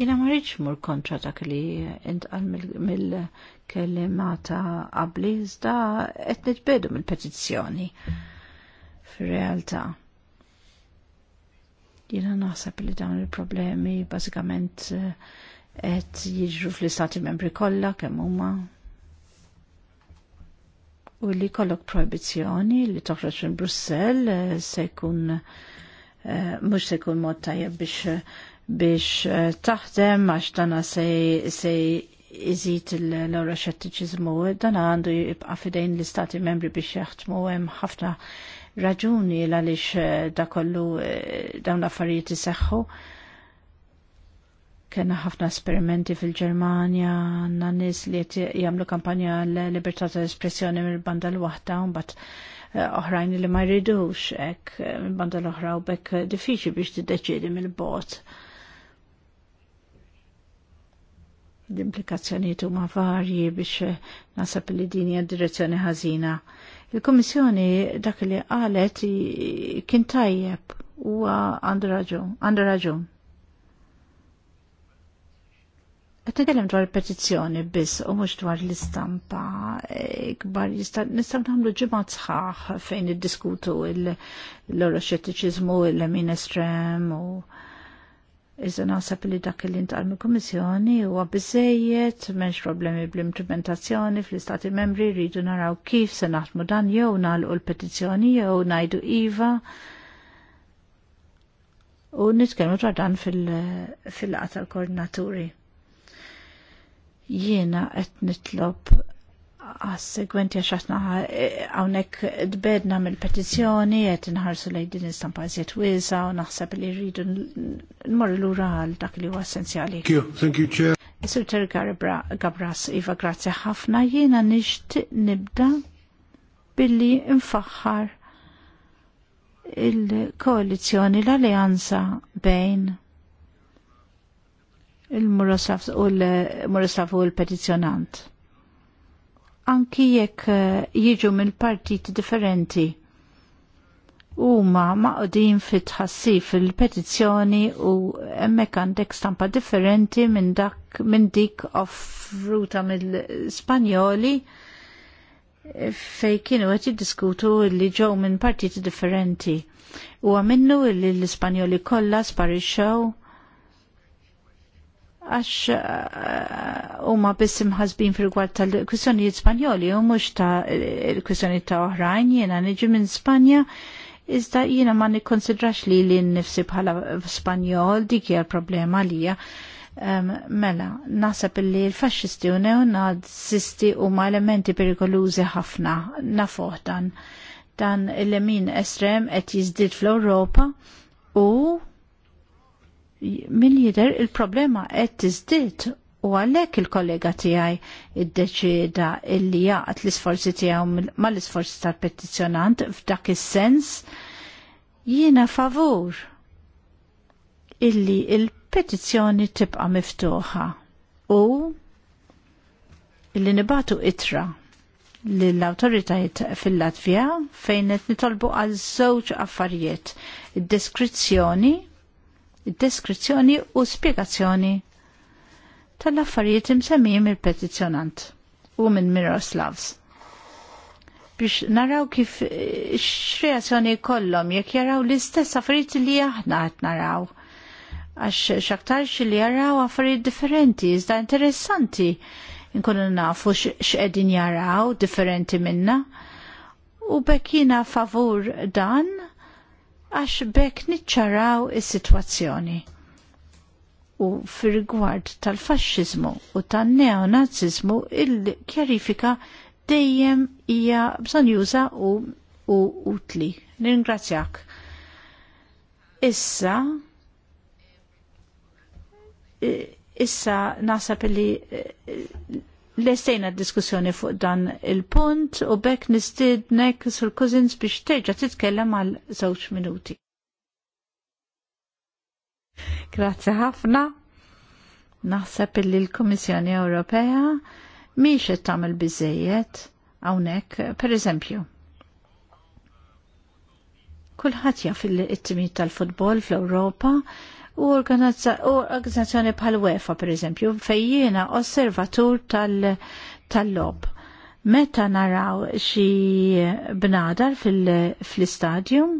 Jena marriċ mur kontra dak li intqal mill-kellimata qabli iżda qed nitbedu mill-petizzjoni fir-realtà. Jena naħseb li dawn il-problemi bażikament uh, qed jiġru fl-istati membri kollha kemm huma u li kollok proibizjoni li toħroġ minn Brussell eh, se jkun eh, mhux se jkun mod tajjeb biex biex eh, taħdem għax dana se se iżid l-ewra xettiċiżmu dana għandu jibqa' fidejn l-istati membri biex jaħdmu hemm ħafna raġuni għaliex da kollu dawn l affarijiet iseħħu kena ħafna esperimenti fil-Germania, għanna nis li jgħamlu kampanja l-libertà ta' espressjoni mill-banda l-wahda, bat eh, oħrajn li ma jridux ek mill-banda eh, l-oħra u bekk eh, diffiċi biex tiddeċidi mill-bot. L-implikazzjoniet huma varji biex nasab li din hija direzzjoni ħażina. il komissjoni dak li qalet kien tajjeb u għandu raġun, għandu raġun Għattakellem dwar il-petizzjoni biss u mux dwar l-istampa e, kbar nistaw namlu ġimat sħax fejn id-diskutu l-oroxettiċizmu, l-emin estrem u Iżda naħseb li dak li intqal mill-Kummissjoni huwa biżejjed m'hemmx problemi bl-implementazzjoni fl-Istati Membri rridu naraw kif se naħdmu dan jew nagħlqu l-petizzjoni jew ngħidu iva u nitkellmu dwar dan fil-laqgħa tal-koordinaturi jiena qed nitlob għas-segwenti għaxatna għawnek hawnhekk dbedna mill-petizzjoni qed inħarsu lejn din istampa iżjed wiesa u naħseb li rridu nmorru lura għal dak li huwa essenzjali. Thank you, Chair. Isur Gabras, Iva, grazzi ħafna. Jiena nixtieq nibda billi nfaħħar il-koalizjoni l-alleanza bejn il-Murasaf u l petizjonant Anki jekk eh, jiġu mill partit differenti huma maqdin fit ħassif il-petizzjoni u hemmhekk għandek stampa differenti minn dak minn dik offruta mill-Spanjoli fej kienu qed jiddiskutu li ġew minn partiti differenti. U għamennu li l-Ispanjoli kollha sparixxew għax eh, huma biss imħasbin fil-gwad tal-kwistjonijiet Spanjoli u mhux ta' l-kwistjonijiet ta' oħrajn jiena niġi minn Spanja iżda jiena ma nikkonsidrax li li nifsi bħala Spanjol dik hija problema għalija. mela, nasab li l-fasċisti u neonazisti u ma elementi perikolużi ħafna, nafuħ dan. Dan il-lemin estrem qed jiżdied fl-Ewropa u Min jider il-problema qed tiżdied u għalhekk il-kollega tiegħi iddeċida illi jaqat l-isforzi tiegħu mal-isforzi tal-petizzjonant f'dak is-sens jiena favur illi il-petizzjoni tibqa' miftuħa u illi nibatu itra l autoritajt fil-Latvija fejn qed nitolbu għal żewġ affarijiet id-deskrizzjoni id deskrizzjoni u spiegazzjoni tal-affarijiet imsemmijim il-petizjonant u minn Miroslavs biex naraw kif eh, x-reazzjoni kollom jekk jaraw l-istess affarijiet li aħna qed naraw. Għax xaktarx li jaraw affarijiet differenti, iżda interessanti nkunu nafu x'qegħdin jaraw differenti minna. U bekkina favur dan għax bekk niċċaraw is-sitwazzjoni. U fir-rigward tal fasċizmu u tan neonazizmu il-kjarifika dejjem hija bżonjuża u, u utli. Ningrazzjak. Issa issa nasab li lestejna diskussjoni fuq dan il-punt u bekk nistidnek sul cousins biex terġa' titkellem għal żewġ minuti. Grazzi ħafna. Naħseb illi l-Kummissjoni Ewropea miex qed tagħmel biżejjed hawnhekk, pereżempju. Kulħadd jaf il-ittimijiet tal-futbol fl-Ewropa u organizzazzjoni bħal UEFA pereżempju fejjina osservatur tal-lob. meta naraw xi bnadar fil-istadium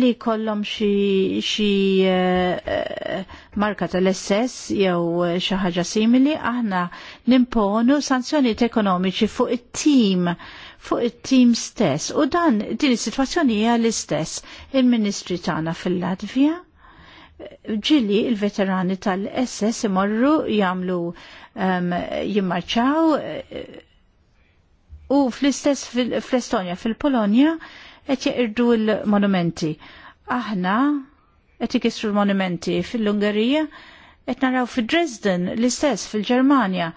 li kollom xi, eh, marka tal-SS jew xi ħaġa simili aħna nimponu sanzjonijiet ekonomiċi fuq it-tim fuq it-tim stess u dan din is-sitwazzjoni hija l-istess il-Ministri tagħna fil-Latvija ġili il-veterani tal-SS imorru jamlu um, ehm, jimmarċaw u fl-istess fl-Estonja, fil-Polonja, qed jirdu l monumenti Aħna, qed ikissru l monumenti fil ungerija qed naraw fil-Dresden, l-istess fil fil dresden l istess fil ġermanja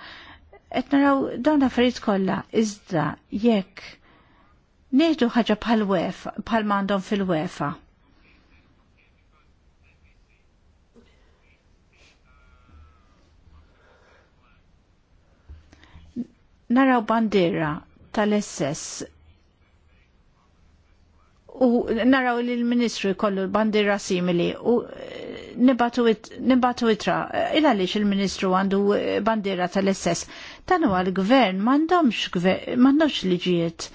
qed naraw dawn affarijiet kollha iżda jekk nieħdu ħaġa bħal wefa bħal m'għandhom fil-wefa. Naraw bandiera tal-SS u naraw li l-ministru jkollu l-bandira simili u eh, nibatu itra eh, il għaliex il-ministru għandu eh, bandira tal-SS tanu għal-gvern mandomx mandomx liġijiet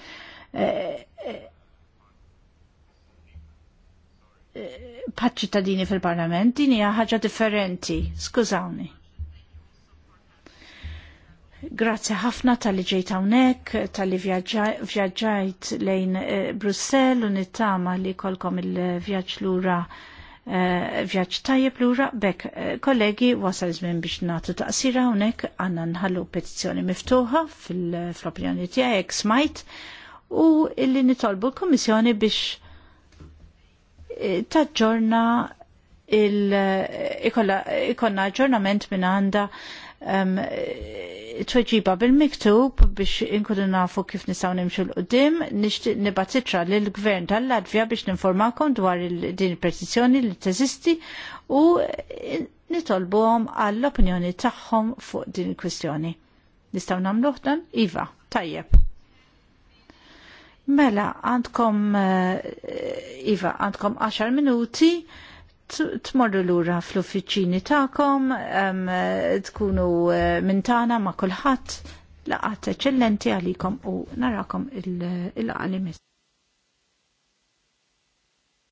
Paċċittadini fil-parlament din hija ħaġa differenti skużawni Grazzi ħafna tal-li ġejt hawnhekk, tal-li vjaġġajt lejn eh, Brussell u nittama li kolkom il-vjaġġ lura eh, vjaġġ tajjeb lura bekk eh, kollegi wasal żmien biex nagħtu taqsira hawnhekk għandna nħallu petizzjoni miftuħa fil-opinjoni tiegħek hekk smajt u illi nitolbu l kommissjoni biex taġġorna il ikonna aġġornament minn għanda tweġiba bil-miktub biex inkunu nafu kif nisaw nimxu l-qoddim, nixtieq nibatitra l lill gvern tal-Latvja biex ninformakom dwar din il-petizzjoni li teżisti u nitolbuhom għall-opinjoni tagħhom fuq din il-kwistjoni. Nistgħu nagħmluh dan? Iva, tajjeb. Mela, għandkom, eh, Iva, għandkom 10 minuti tmorru lura fl-uffiċini ta'kom, tkunu eh, mintana ma' kulħadd laqat eċċellenti għalikom u narakom il-qalimis.